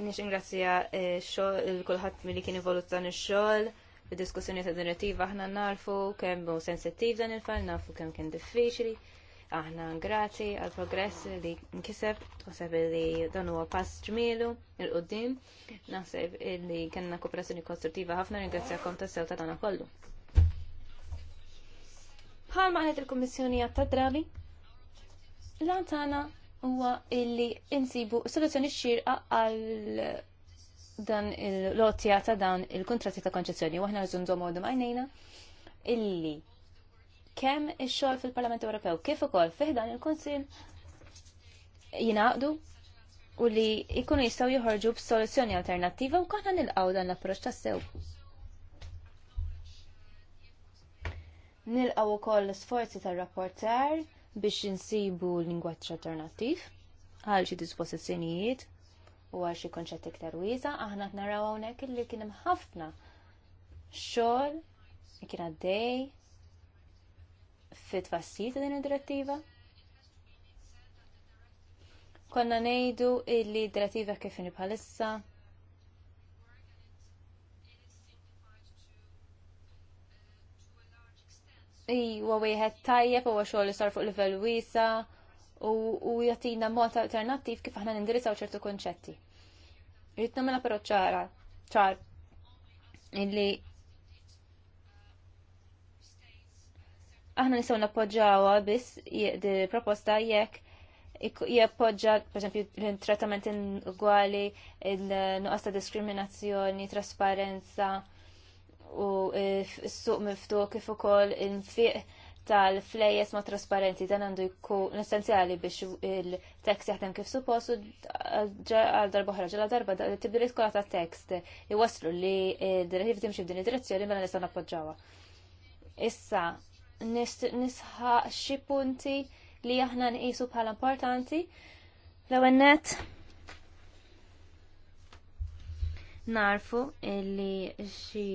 Nix ingrazzja eh, il mill-li kien involut dan il-xol, il-diskussjoni ta' direttiva, aħna narfu kemm bu sensittiv dan il-fall, narfu kemm kien diffiċli, aħna grati għal-progress li nkiseb, naħseb li dan huwa pass ġmielu il-qoddim, naħseb li kellna kooperazzjoni konstruttiva ħafna ringrazzjakom tas-sew ta' dan kollu. Bħalma għalet il-Kommissjoni għattadrali, l-antana huwa illi insibu soluzzjoni xirqa għal dan il-lotja ta' dan il-kontratti ta' konċezzjoni. Waħna rżun domodu għajnejna illi kemm ix-xogħol fil-Parlament Ewropew kif ukoll fih dan il-Kunsill jingħaqdu u li jkunu jistgħu joħorġu b'soluzzjoni alternattiva u konna nilqgħu dan l-approċċ tas-sew. Nilqaw ukoll l-sforzi tar-rapporter biex insibu lingwaġġ alternattiv għal xi dispożizzjonijiet u għal xi konċett iktar wiesa, aħna qed naraw hawnhekk illi kien hemm ħafna xogħol li kien għaddej fit tfassir ta' din id-direttiva. Konna ngħidu illi d direttiva kif inhi bħalissa Iwa wieħed tajjeb huwa xogħol li sar fuq livell wiesa u jagħtina mod alternattiv kif aħna nindirizzaw ċertu konċetti. Rrid nagħmel però ċara ċar illi aħna nistgħu nappoġġawha biss proposta jekk jappoġġa, per esempio, trattamenti ugwali, il-nuqqas ta' diskriminazzjoni, trasparenza, u eh, s-suq miftu kif ukoll infiq tal-flejjes ma trasparenti dan għandu jkun essenzjali biex il-tekst jaħdem kif suppost u għal darba ħra ġala darba tibdiliet kolla ta' tekst iwaslu li d-direttiv timxie f'din id-direzzjoni mela nistgħu nappoġġawha. Issa nisħaq xi punti li aħna nqisu bħala importanti l-ewwel nett narfu illi xi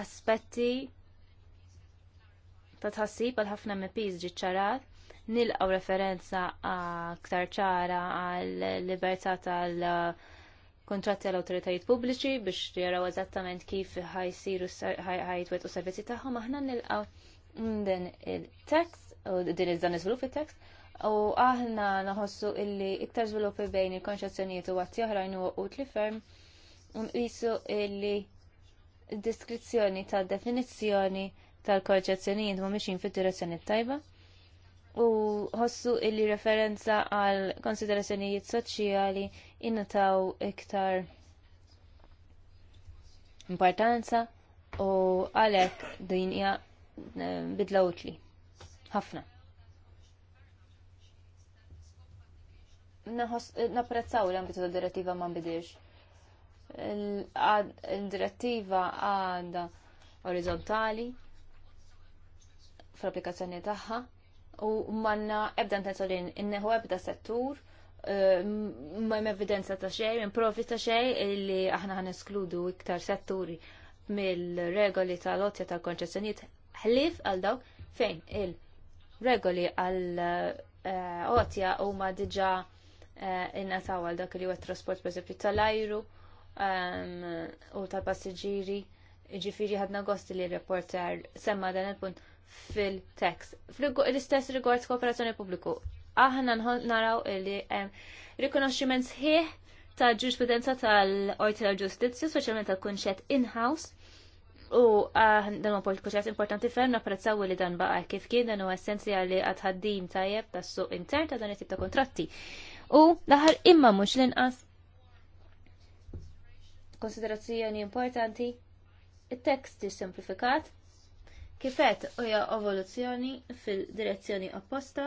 aspetti ta' tħassib għal ħafna MPs ċarat, nilqaw referenza aktar ċara għal libertà tal kontratti għal awtoritajiet pubbliċi biex jaraw eżattament kif ħajsiru ħajtwetu u servizzi tagħhom aħna nilqaw din il-tekst u din iż-dan iżvilupp it-tekst u aħna naħossu illi iktar żviluppi bejn il-konċezzjonijiet u għatti oħrajn u utli ferm u nqisu illi diskrizzjoni tad definizzjoni tal-konċezzjonijiet ma miexin fid-direzzjoni tajba u ħossu illi referenza għal konsiderazzjonijiet soċjali innataw iktar importanza u għalhekk din hija ehm, bidla utli. Ħafna. Naprezzaw l-ambitu tad direttiva ma nbidilx il-direttiva għanda orizontali fl-applikazzjoni tagħha u manna ebda intenzjoni inneħu ebda settur eh, ma' evidenza ta' xej, minn profi ta' xej li aħna ħan eskludu iktar setturi mill-regoli tal-lotja tal-konċessjoniet ħlif għal dawk fejn il-regoli għal eh, otja u ma' diġa eh, innataw għal dak li huwa trasport per tal-ajru u tal-passiġġieri. Ġifiri ħadna gosti li reporter semma dan il-punt fil text L-istess rigward kooperazzjoni pubbliku. Aħna naraw li rikonoxximent sħiħ ta' ġurisprudenza tal-Qorti tal-Ġustizzja, specialment tal-kunċett in-house, U ah, dan huwa politiku ċert importanti ferm napprezzaw li dan baqa kif kien dan huwa essenzjali għad ħaddim tajjeb tas-suq intern ta' dan it-tip ta' kontratti. U l-aħħar imma mhux l-inqas konsiderazzjoni importanti, il-tekst simplifikat, kifet ja evoluzzjoni fil-direzzjoni opposta,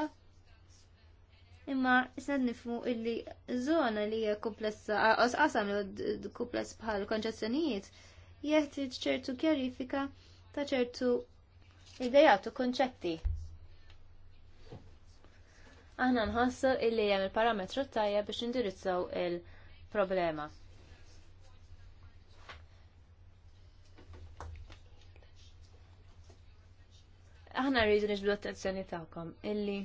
imma isnad nifmu illi zona li hija komplessa, għasam li kumpless bħal konċazzjonijiet jeħtieġ ċertu kjarifika ta' ċertu idejat u konċetti. Aħna nħossu illi hemm il-parametru tajja biex indirizzaw il-problema. il problema aħna rridu niġbdu attenzjoni tagħkom illi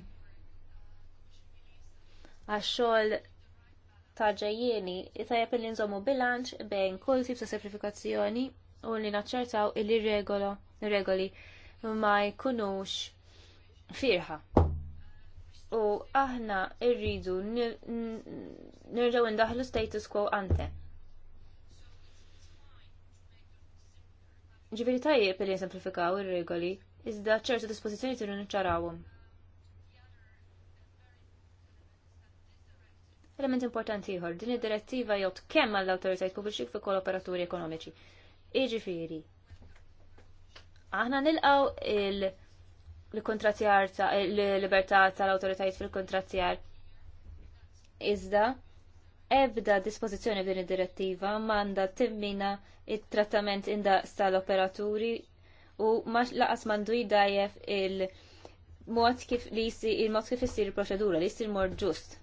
għax-xogħol ta' ġejjieni itajjeb illi nżommu bilanċ bejn kull tip ta' semplifikazzjoni u li naċċertaw illi regola regoli ma jkunux firħa. U aħna rridu nirġgħu ndaħlu status quo ante. Ġifieri tajjeb illi nsemplifikaw ir-regoli iżda ċertu dispożizzjoni tiru niċċarawhom. Element importanti ieħor, din id-direttiva jgħot kemm għall awtoritajiet pubbliċi fi kol operaturi ekonomiċi. Iġifieri. Aħna nilqgħu il-kontrazzjar l-libertà tal-awtoritajiet fil-kontrazzjar. Iżda ebda dispożizzjoni f'din id-direttiva m'għandha timmina it-trattament indaqs tal-operaturi u max laqas mandu jdajjef il-mod kif li il-mod kif issir il-proċedura li jissir mor ġust.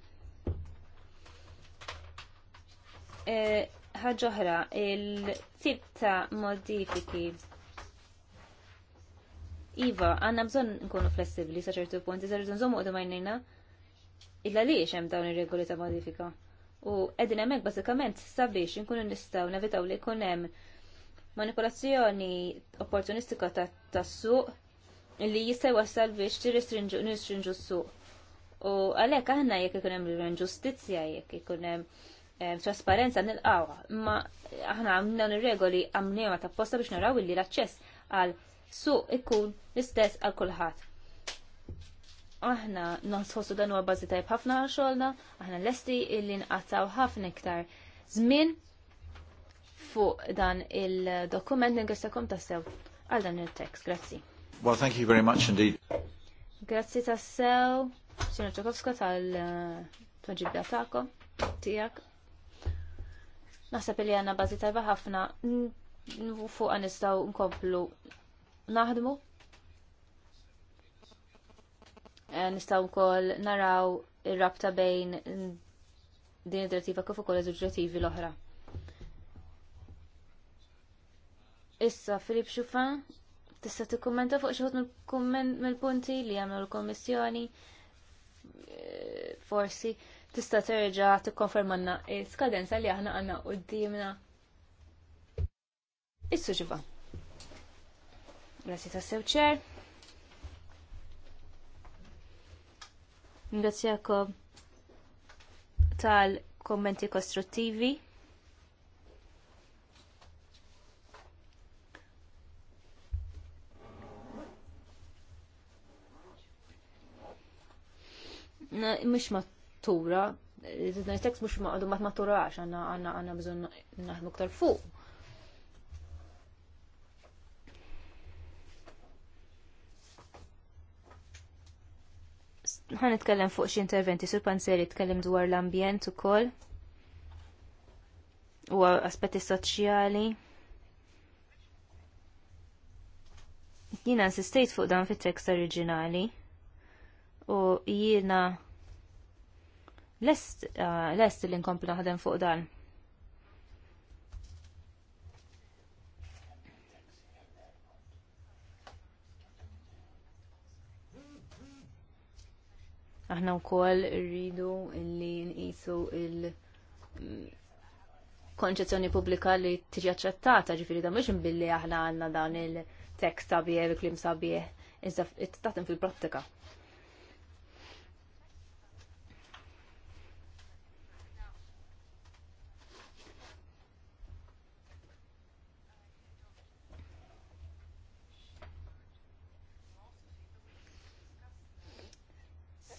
E, oħra, il-tip ta' modifiki Iva, għanna bżon nkunu flessibli sa' ċertu punti, sa' ċertu nżommu għadu majnina illa li hemm dawn ir-regoli ta' modifika. U qegħdin hemmhekk bażikament sabiex inkunu nistgħu nevitaw li jkun hemm manipolazzjoni opportunistika tas-suq li jista' jwassal biex tirrestrinġu s-suq. U għalhekk aħna jekk ikun hemm ġustizzja jekk ikun hemm eh, trasparenza nilqawha, imma aħna ir regoli għamnewa ta' posta biex naraw li l-aċċess għal suq ikun l-istess għal kulħadd. Aħna nħossu dan huwa bażi tajb ħafna għal xogħolna, aħna lesti illi nqattaw ħafna iktar żmien fuq dan il-dokument ningrissakom tassew għal dan il-tekst. Grazzi. Well, thank you very much indeed. Grazzi tassew, Sina Tchaikovska tal-tħoġibda eh, ta'kom, tijak. Naħseb li għanna bazi tajba ħafna fuq għanistaw nkomplu naħdmu. Eh, nistaw kol naraw ir-rabta bejn din id-direttiva kif ukoll eżurġettivi l-oħra. Issa, Filip Xufa, tista tikkummenta fuq xħut ħodt mill-punti li għamlu l komissjoni eh, Forsi tista terġa' tikkonfermanna l-skadenza li aħna għandna dimna Issu ġiva. Grazie ta' sewċer Grazie Ringrazzjakom tal-kommenti kostruttivi. mhux matura, iż-żidna tekst mhux maqdu ma għax, għandna għandna għandna bżonn naħdmu aktar fuq. ħan nitkellem fuq xi interventi sur panzeri itkellem dwar l-ambjent ukoll u aspetti soċjali. Jina nsistejt fuq dan fit-tekst oriġinali u jiena lest ah, lest li nkomplu naħdem fuq dan. aħna wkoll rridu illi nqisu il konċezzjoni pubblika li tiġi aċċettata, ġifieri da mhux billi aħna għandna dan il-tekst sabiħ, il-klim sabiħ, iżda it fil-prattika.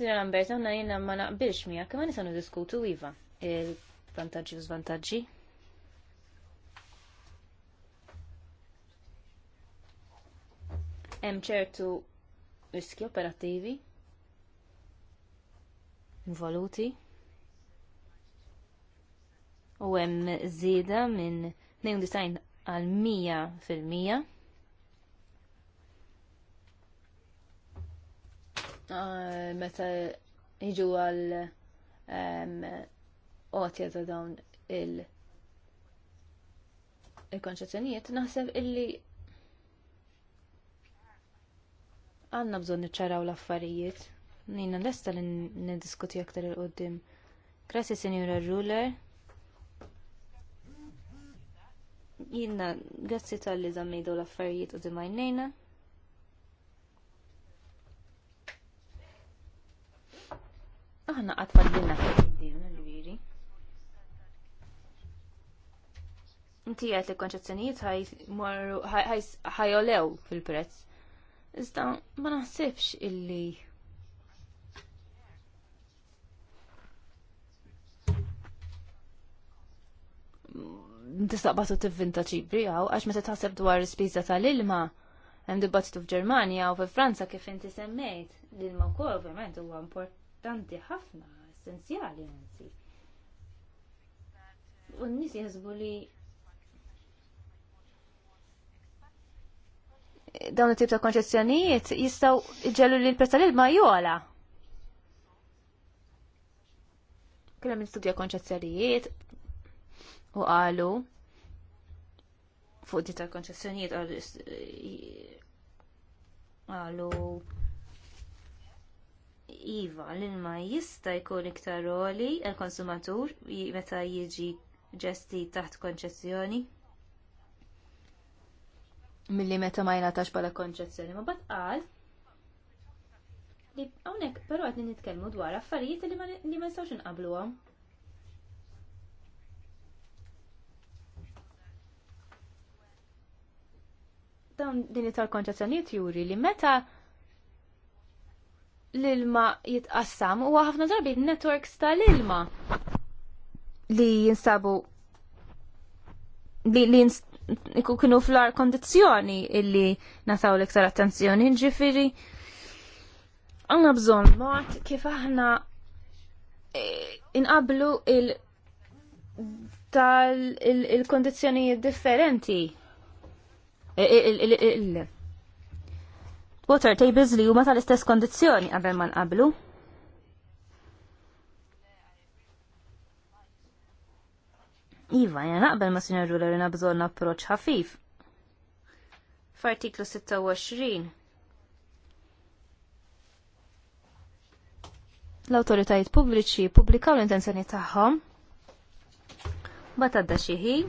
Sinja Lambert, għanna jena ma naqbilx mija, kema nisanu diskutu iva il-vantagġi u zvantagġi. Hemm ċertu riski operattivi involuti u hemm żieda minn 92 għal 100 fil-mija Ah, meta jiġu għal qotja ta' dawn il- il-konċezzjonijiet, naħseb illi għanna bżon niċċaraw l-affarijiet. Nina l-esta li nidiskuti aktar il-qoddim. Grazie, Signora Ruler. Jina, grazzi tal-li zammidu l-affarijiet u dimajnejna. aħna għatfadlina fil din l-viri. Inti għet li konċezzjonijiet ħajolew fil-prezz. Iżda ma naħsibx illi tistaqbatu t-vinta ċibri għaw, għax ma t-tħaseb dwar spiża tal-ilma, hemm dibattitu f'Ġermanja u fil-Franza kif inti semmejt, l-ilma wkoll ovvjament huwa import importanti ħafna, essenzjali anzi. U n-nis jazbu li dawn it-tip ta' konċessjonijiet jistaw iġġellu li l pressalil ma juħala. Kena Kellha minn studja konċessjonijiet u qalu fuq di ta' konċessjonijiet għalu. Iva, l-inma jista' jkun iktar roli għal-konsumatur meta jiġi ġesti taħt konċessjoni. Milli meta ma jingħatax bħala konċessjoni, ma bad qal li hawnhekk però qed nitkellmu dwar affarijiet li ma nistgħux inqabbluhom. Dawn din it-tal konċessjonijiet juri li meta l-ilma jitqassam u ħafna drabi networks tal-ilma li jinsabu li, li kienu fl-ar kondizjoni illi nataw l-iktar attenzjoni ġifiri għanna bżon mod kif aħna eh, inqablu il tal il differenti eh, il-, il, il, il water tables li huma tal-istess kondizzjoni qabel ma nqablu. Iva, jena naqbel ma sinjor Ruler jena bżon approċ ħafif. F'artiklu 26. L-autoritajiet pubbliċi publikaw l-intenzjoni tagħhom. Bata d xi ħin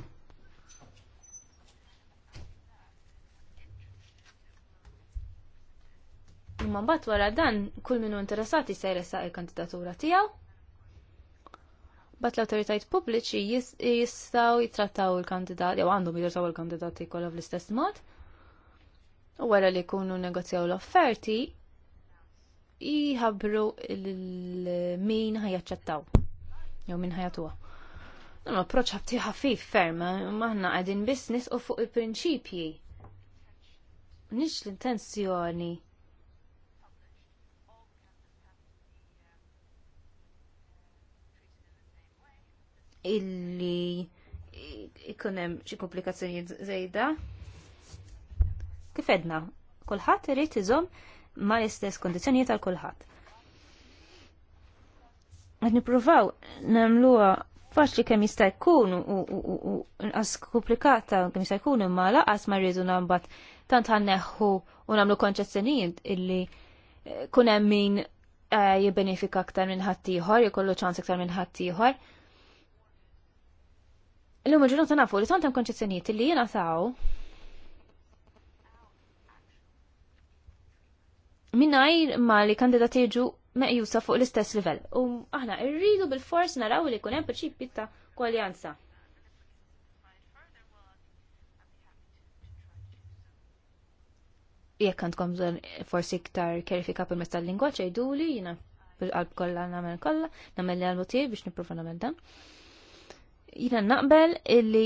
Imma mbagħad wara dan kull hu interessati se jressaq il-kandidatura tiegħu. Bat l awtoritajiet pubbliċi jistgħu jitrattaw il-kandidat jew għandhom jitrattaw il-kandidati kollha fl-istess mod. U wara li jkunu negozjaw l-offerti jħabbru min ħajjaċċettaw jew min ħajatuha. Dan l-approċċ ħabti ħafif ferm, maħna għadin biss u fuq il-prinċipji. Nix l-intenzjoni illi ikun hemm xi komplikazzjonijiet żejda. Kif edna, kulħadd irid iżomm ma l-istess għal kulħadd. Qed nippruvaw nagħmluha faċli kemm jista' jkun u għas komplikata kemm jista' jkun imma laqas ma rridu nambat tant għanneħu u nagħmlu konċezzjonijiet illi eh, kunem hemm min eh, jibbenefika aktar minn ħaddieħor, jkollu ċans aktar minn ħaddieħor. ieħor Illum il-ġurnata nafu li tantem hemm konċezzjonijiet li jingħataw minnajr ma li kandidat jiġu meqjusa fuq l-istess livell. U aħna rridu bil-fors naraw li jkun hemm prinċipji ta' kwaljanza. Jekk għandkom forsi iktar kerifika permezz tal-lingwaġġ jgħiduli jiena għalb kollha nagħmel kollha, nagħmel li għal biex niprofa namel dan jina naqbel illi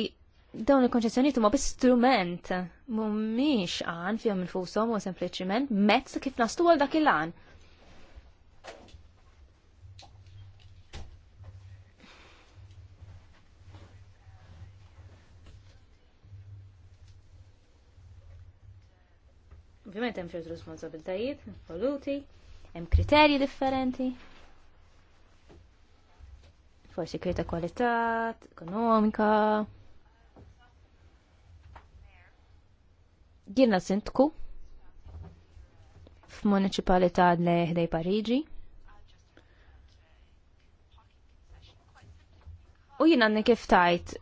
dawn il konċessjoni tumma b strument mhumiex għan fihom infushom u sempliciment mezz kif nastu għal dak il-għan. Ovvijament hemm xi responsabiltajiet, voluti, hemm kriterji differenti forsi krieta kwalità, ekonomika. Jiena sintku f'municipalità li ħdej Pariġi. U jien għandni kif tajt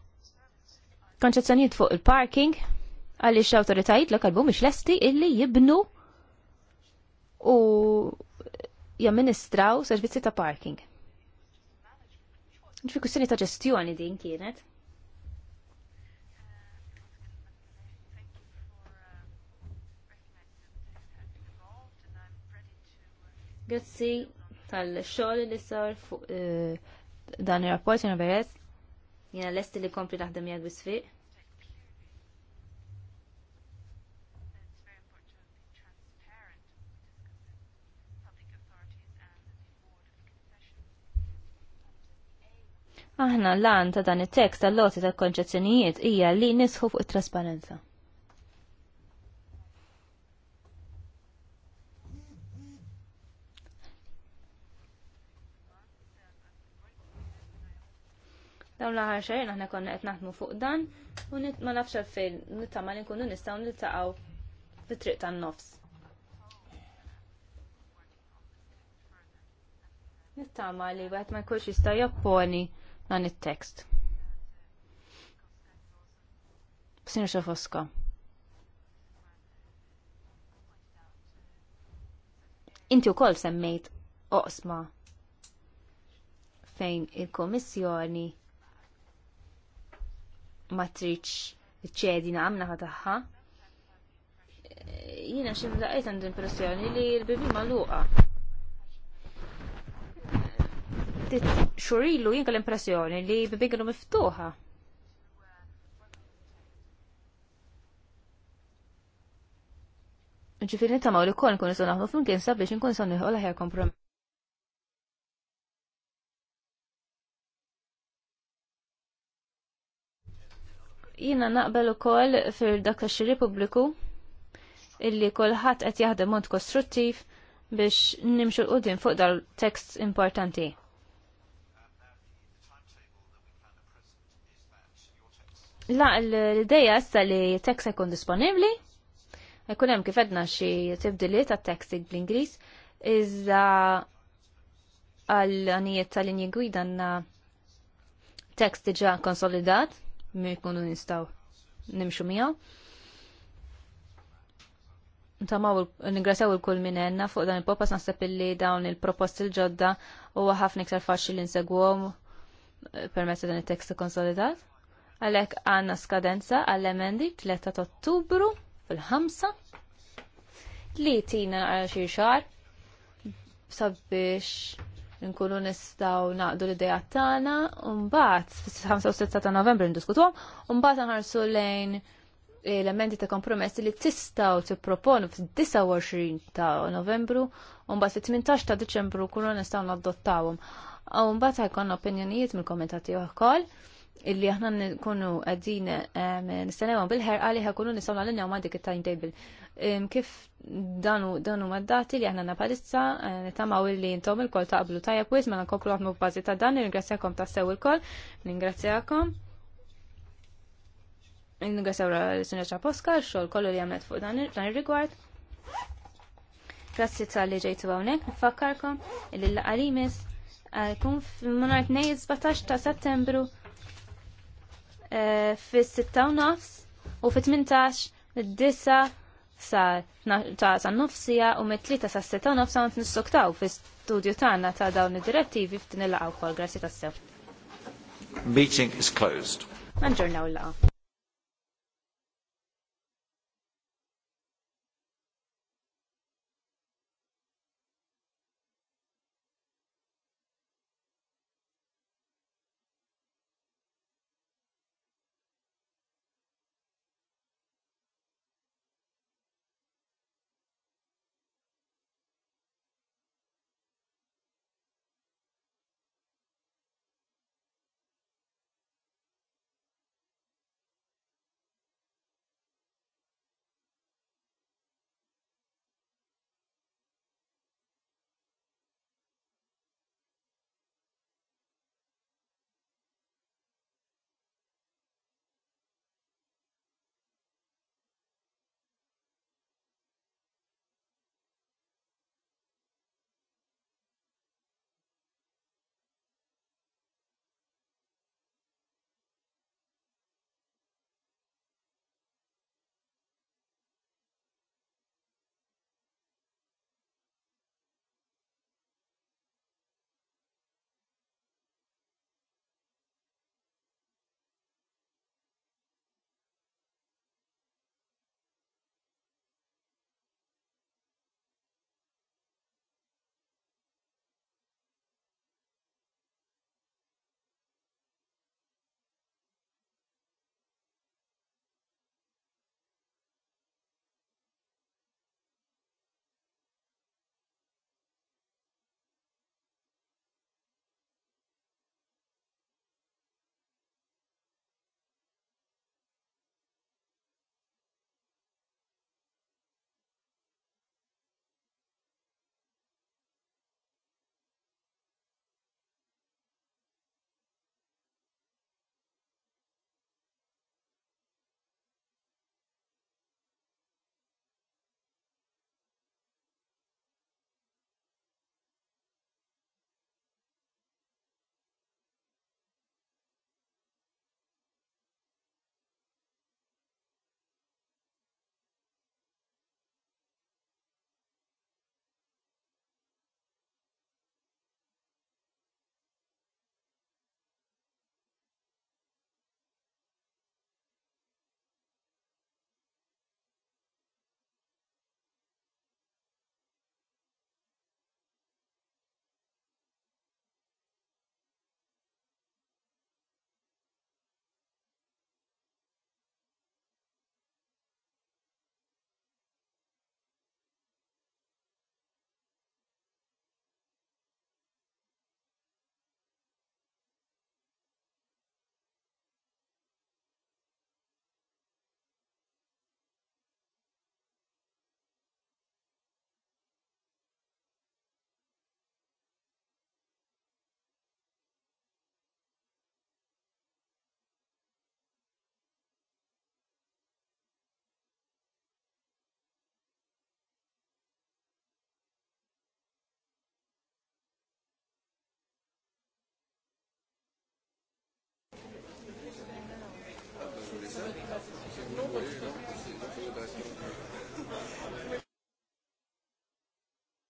konċezzjonijiet fuq il-parking għaliex l-awtoritajiet lokalbu mhumiex lesti illi jibnu u jamministraw servizzi ta' parking. Ġifi kwistjoni ta' ġestjoni din kienet. Grazzi tal xol li sar fuq eh, dan il rapport jena beres. Jena l lesti li kompli naħdem jgħad bisfiq. Aħna l-għan ta' dan it-tekst tal-loti ta' konċezzjonijiet hija li nisħu fuq it-trasparenza. Dawn l-aħħar xejn aħna konna qed naħdmu fuq dan u ma nafx fejn nittama li nkunu nistgħu niltaqgħu fit-triq tan-nofs. Nittama li wieħed ma jkunx jista' jopponi dan it-tekst. Sinur Foska. Inti u koll semmejt oqsma fejn il-komissjoni ma triċ ċedi namna taħħa jina ximdaqajt għandu impressjoni li l-bibi maluqa xurilu jinka l-impressjoni li bibiglu miftuħa. Ġifiri u li kol nkun nisan naħdu flimkien sabiex nkun nisun nħu laħja kompromiss. Jina naqbel u kol fil dak xiri publiku illi kolħat qed jaħdem mod kostruttiv biex nimxu l-qudin fuq dal-tekst importanti. La, l-ideja issa li tekst jkun disponibli, jkun hemm kif edna xi tibdiliet ta' tekst bl-Ingliż, iżda għal għanijiet tal-linji gwida għanna tekst diġa konsolidat, mi jkunu nistaw nimxu miegħu. Ntamaw ingrasaw il-kull minn fuq dan il-popas nasab illi dawn il-proposti l-ġodda u ħafna ktar faċli li insegwom eh, permezz dan il-tekst konsolidat għalek għanna skadenza għall-emendi 3 ottubru fil-5 li tina għal xi xar sabiex nkunu nistaw naqdu l-ideja tagħna u mbagħad fis-5 6 ta' Novembru ndiskutuhom u mbagħad nħarsu lejn l-emendi ta' kompromessi li tistaw tipproponu f-29 ta' novembru un bat f-18 ta' deċembru kunu nistaw naddottawum. Un bat ħajkon opinjonijiet mill komentati uħkoll illi aħna nkunu għaddin nistenewhom bil ħer li ħakunu nisawna l ma dik it-timetable. Kif danu danu mad li aħna napalissa nitamaw illi intom il-kol taqblu tajja kwis ma mela nkomplu għafmu b'bażi ta' dan, ringrazzjakom ta' sew il-kol, ringrazzjakom. Ringrazzjaw l-Sinja Poskar, xogħol kollu li għamlet fuq dan ir-rigward. Grazzi tal-li ġejtu għawnek, nfakkarkom il-laqalimis għalkun f'munar 17 ta' settembru Eh, fis-6 nofs u fi 18 id-disa sa ta' sa' nofsija u mit-3 sa' 6 nofs għant nissoktaw fi studio tagħna ta' dawn id-direttivi f'din il-laqgħa wkoll. Grazzi sew Meeting is closed. Nġurnaw il-laqgħa.